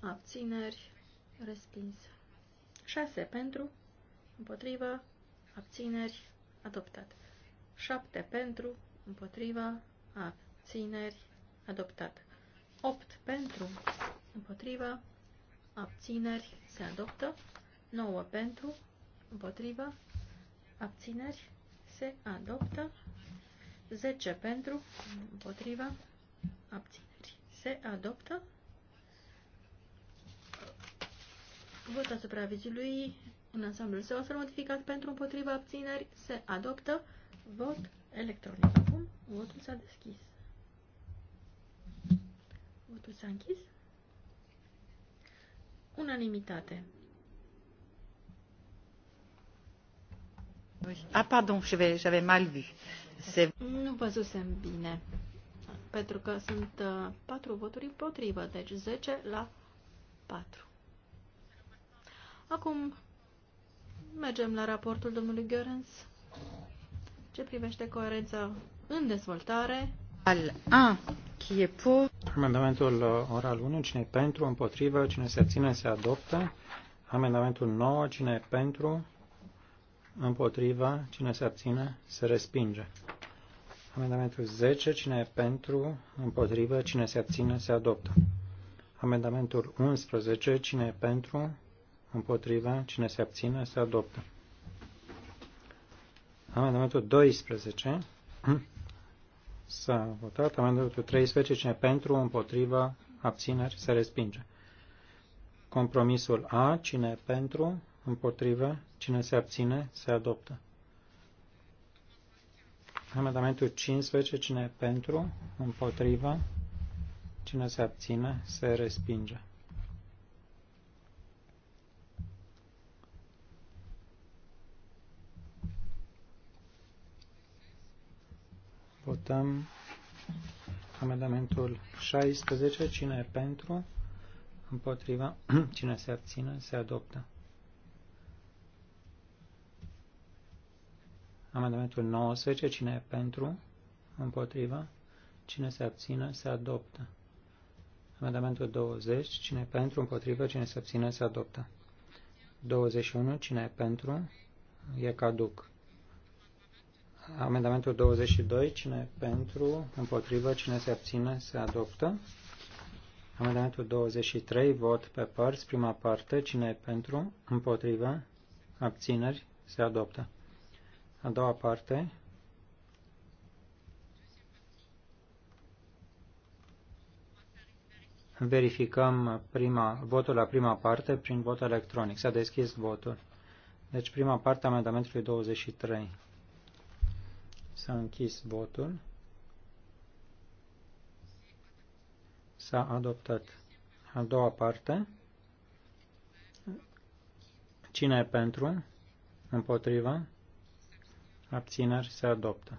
abțineri, respins. 6 pentru, împotriva, abțineri, adoptat. 7 pentru, împotriva, abțineri, adoptat. 8 pentru, împotriva, abțineri, se adoptă. 9 pentru, împotriva, abțineri, se adoptă. 10 pentru, împotriva, abțineri, se adoptă. Vot asupra vizului în ansamblul său astfel modificat pentru împotriva abțineri se adoptă. Vot electronic. Acum votul s-a deschis. Votul s-a închis. Unanimitate. Ah, pardon, j'avais mal vu. Nu văzusem bine, pentru că sunt uh, patru voturi împotrivă, deci 10 la 4. Acum mergem la raportul domnului Görens ce privește coerența în dezvoltare. Al 1, qui est pour... Amendamentul uh, oral 1, cine e pentru, împotrivă, cine se abține, se adoptă. Amendamentul 9, cine e pentru, împotriva, cine se abține, se respinge. Amendamentul 10, cine e pentru, împotrivă, cine se abține, se adoptă. Amendamentul 11, cine e pentru, împotriva, cine se abține, se adoptă. Amendamentul 12 s-a votat. Amendamentul 13, cine e pentru, împotriva, abțineri, se respinge. Compromisul A, cine e pentru, împotrivă, cine se abține, se adoptă. Amendamentul 15, cine e pentru, împotrivă, cine se abține, se respinge. Votăm amendamentul 16, cine e pentru, împotriva, cine se abține, se adoptă. Amendamentul 19, cine e pentru? Împotriva. Cine se abține, se adoptă. Amendamentul 20, cine e pentru? Împotriva. Cine se abține, se adoptă. 21, cine e pentru? E caduc. Amendamentul 22, cine e pentru? Împotriva. Cine se abține, se adoptă. Amendamentul 23, vot pe părți, prima parte, cine e pentru? Împotriva. Abțineri, se adoptă. A doua parte. Verificăm prima, votul la prima parte prin vot electronic. S-a deschis votul. Deci prima parte a amendamentului 23. S-a închis votul. S-a adoptat. A doua parte. Cine e pentru? Împotriva? abțineri se adoptă.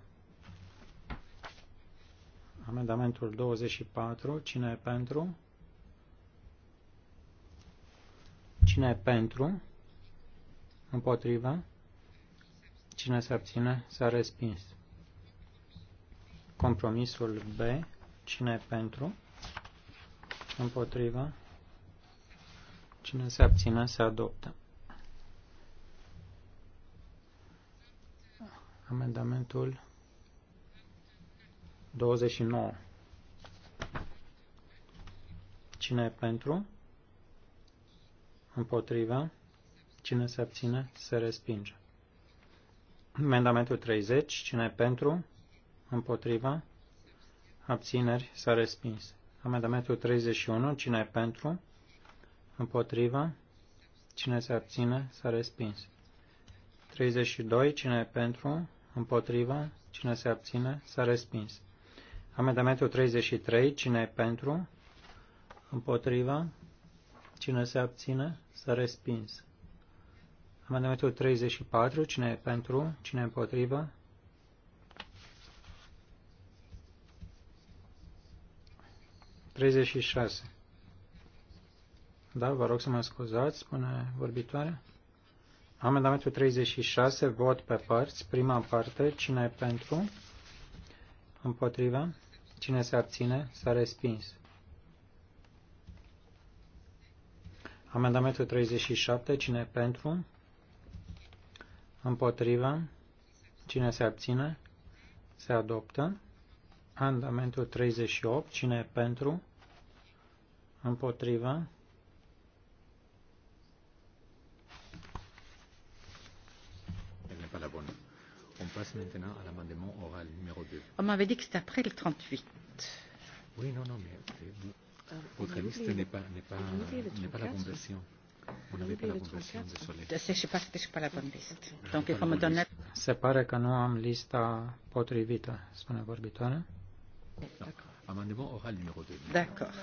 Amendamentul 24, cine e pentru? Cine e pentru? Împotriva? Cine se abține? S-a respins. Compromisul B, cine e pentru? Împotriva? Cine se abține? Se adoptă. Amendamentul 29. Cine e pentru? Împotriva? Cine se abține? Se respinge. Amendamentul 30. Cine e pentru? Împotriva? Abțineri? S-a respins. Amendamentul 31. Cine e pentru? Împotriva? Cine se abține? S-a respins. 32. Cine e pentru? Împotrivă. Cine se abține? S-a respins. Amendamentul 33. Cine e pentru? Împotrivă. Cine se abține? S-a respins. Amendamentul 34. Cine e pentru? Cine e împotrivă? Treizeci și șase. Da, vă rog să mă scuzați, spune vorbitoarea. Amendamentul 36, vot pe părți. Prima parte, cine e pentru? Împotriva? Cine se abține? S-a respins. Amendamentul 37, cine e pentru? Împotriva? Cine se abține? Se adoptă. Amendamentul 38, cine e pentru? Împotriva? passe maintenant à l'amendement oral numéro 2. On m'avait dit que c'était après le 38. Oui, non, non, mais euh, ah, votre liste n'est pas, pas, pas la conversion. Vous n'avez pas la conversion, désolé. Je pense que je pas la bonne liste. Donc, il faut me donner... Se pare că nu am lista potrivită, spune vorbitoarea. Amendement oral numéro 2. D'accord.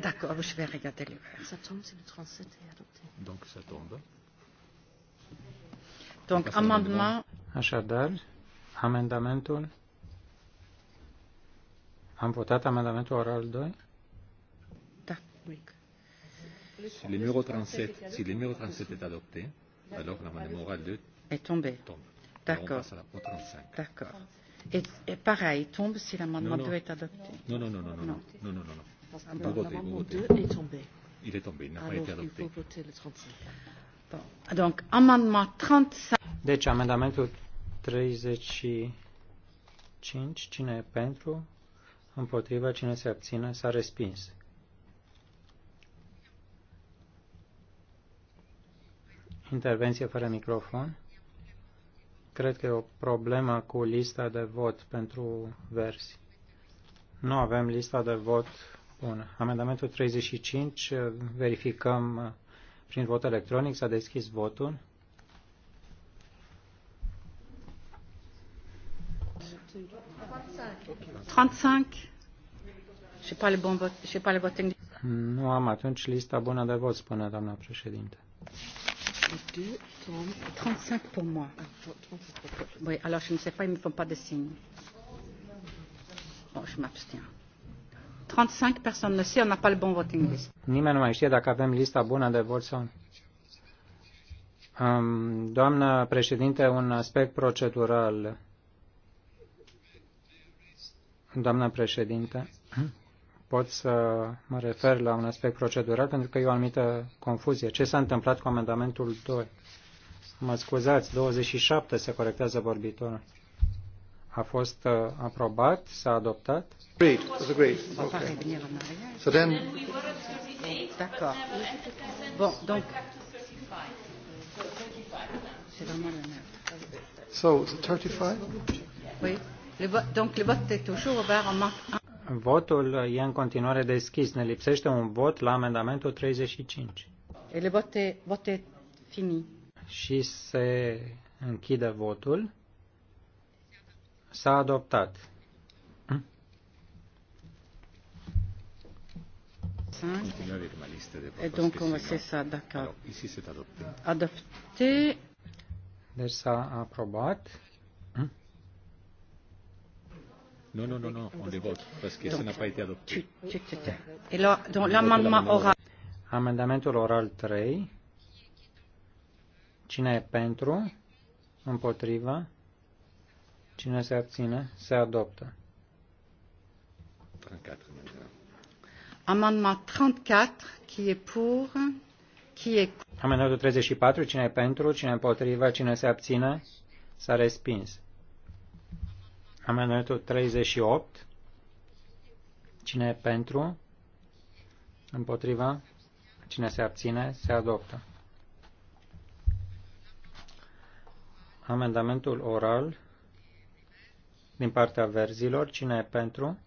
D'accord, je vais regarder le... Ça tombe, c'est le 37 et adopté. Donc, ça tombe. Donc, amendement... Așadar, amendamentul... Am votat amendamentul oral 2? Da, oui. Si le numéro 37, si le numéro 37 est adopté, alors l'amendement oral 2 est tombé. Tombe. D'accord. D'accord. Et, et pareil, tombe si l'amendement 2 est adopté. Non, non, non, non, non, non, non, non, non. non. Vous votez, vous votez. est tombé. Il est tombé, il n'a pas été adopté. Il faut voter le 35. Bon. Donc, amendement 35 deci, amendamentul 35, cine e pentru, împotriva, cine se abține, s-a respins. Intervenție fără microfon. Cred că e o problemă cu lista de vot pentru versi. Nu avem lista de vot bună. Amendamentul 35, verificăm prin vot electronic, s-a deschis votul. 35. Nu am atunci lista bună de vot, spune doamna președinte. 35 pentru moi. Ah, oui, alors je ne sais pas, ils ne me font pas de signe. Bon, je m'abstiens. 35 personnes ne sait, on n'a pas le bon voting list. Nimeni nu mai știe dacă avem lista bună de vot sau nu. doamnă președinte, un aspect procedural doamnă președinte. Pot să mă refer la un aspect procedural pentru că e o anumită confuzie. Ce s-a întâmplat cu amendamentul 2? Mă scuzați, 27 se corectează vorbitorul. A fost uh, aprobat? S-a adoptat? Agreed. Was agreed. Okay. So then... D'accord. Bon, donc... So, 35? Oui. Votul e în continuare deschis. Ne lipsește un vot la amendamentul 35. vote, vote fini. Și se închide votul. S-a adoptat. Et donc on faire ça, d'accord. Ici c'est adopté. Adopté. Deci s-a aprobat. Non, non, non, non, on les vote, parce que ça n'a pas été adopté. Et là, donc l'amendement oral. Amendamentul oral 3. Cine e pentru? Împotriva? Cine se abține? Se adoptă. 34 Amendement 34, qui est pour, qui est... Amendamentul 34, cine e pentru, cine e împotriva, cine se abține, s-a respins. Amendamentul 38. Cine e pentru? Împotriva? Cine se abține? Se adoptă. Amendamentul oral din partea verzilor. Cine e pentru?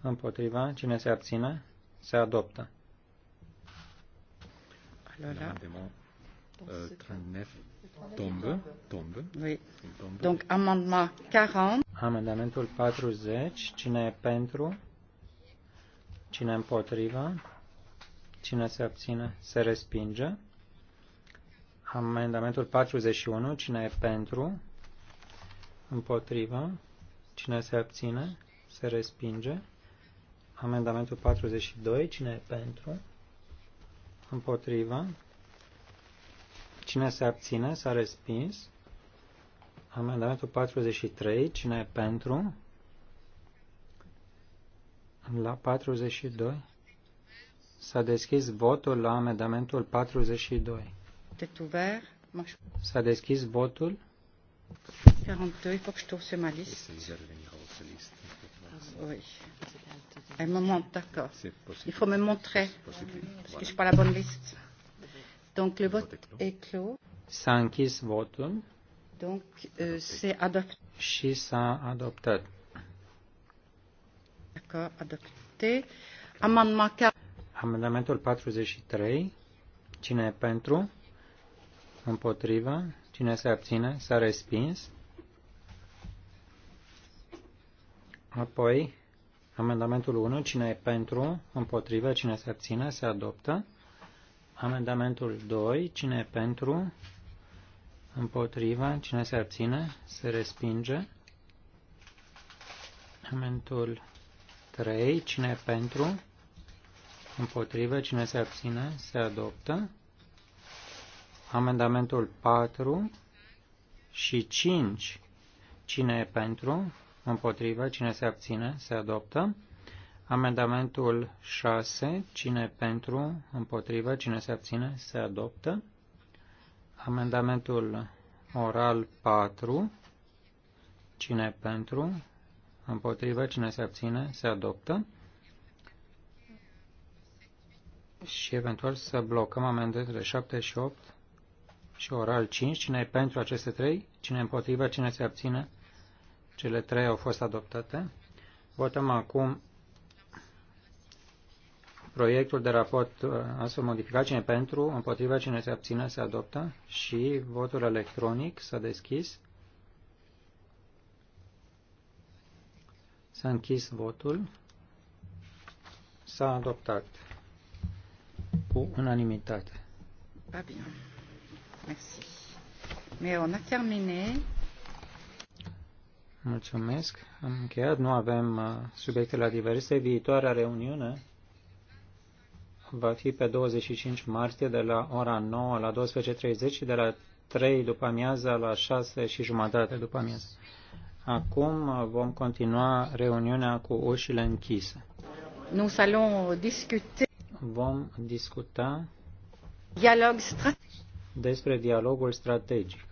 Împotriva? Cine se abține? Se adoptă. Alora, Tombe. Tombe. Oui. Tombe. Donc, amendement 40. Amendamentul 40. Cine e pentru? Cine împotriva? Cine se abține? Se respinge. Amendamentul 41. Cine e pentru? Împotriva? Cine se abține? Se respinge. Amendamentul 42. Cine e pentru? Împotriva? Cine se abține? S-a respins. Amendamentul 43. Cine e pentru? La 42. S-a deschis votul la amendamentul 42. S-a deschis votul. 42, ah Oui. Un moment, d'accord. Il faut me montrer, parce que je n'ai pas la bonne liste. Donc le vote est clos. S-a închis votul. Donc euh, se adopté. Și s-a adoptat. D'accord, adopté. Amendement Amendamentul 43. Cine e pentru? Împotrivă? Cine se abține? S-a respins. Apoi, amendamentul 1. Cine e pentru? Împotrivă? Cine se abține? Se adoptă. Amendamentul 2, cine e pentru, împotriva, cine se abține, se respinge. Amendamentul 3, cine e pentru, împotriva, cine se abține, se adoptă. Amendamentul 4 și 5, cine e pentru, împotriva, cine se abține, se adoptă. Amendamentul 6, cine pentru, împotrivă, cine se abține, se adoptă. Amendamentul oral 4, cine pentru, împotrivă, cine se abține, se adoptă. Și eventual să blocăm amendamentele 7 și 8 și oral 5, cine e pentru aceste trei, cine împotrivă, cine se abține, cele trei au fost adoptate. Votăm acum proiectul de raport uh, astfel modificat, cine pentru, împotriva, cine se abține, se adoptă și votul electronic s-a deschis. S-a închis votul. S-a adoptat cu unanimitate. Pas bine, Merci. Mais on a terminé. Mulțumesc. Am încheiat. Nu avem uh, subiecte la diverse. Viitoarea reuniune va fi pe 25 martie de la ora 9 la 12.30 și de la 3 după amiază la 6 și jumătate după amiază. Acum vom continua reuniunea cu ușile închise. Nous allons discuter. Vom discuta Dialog despre dialogul strategic.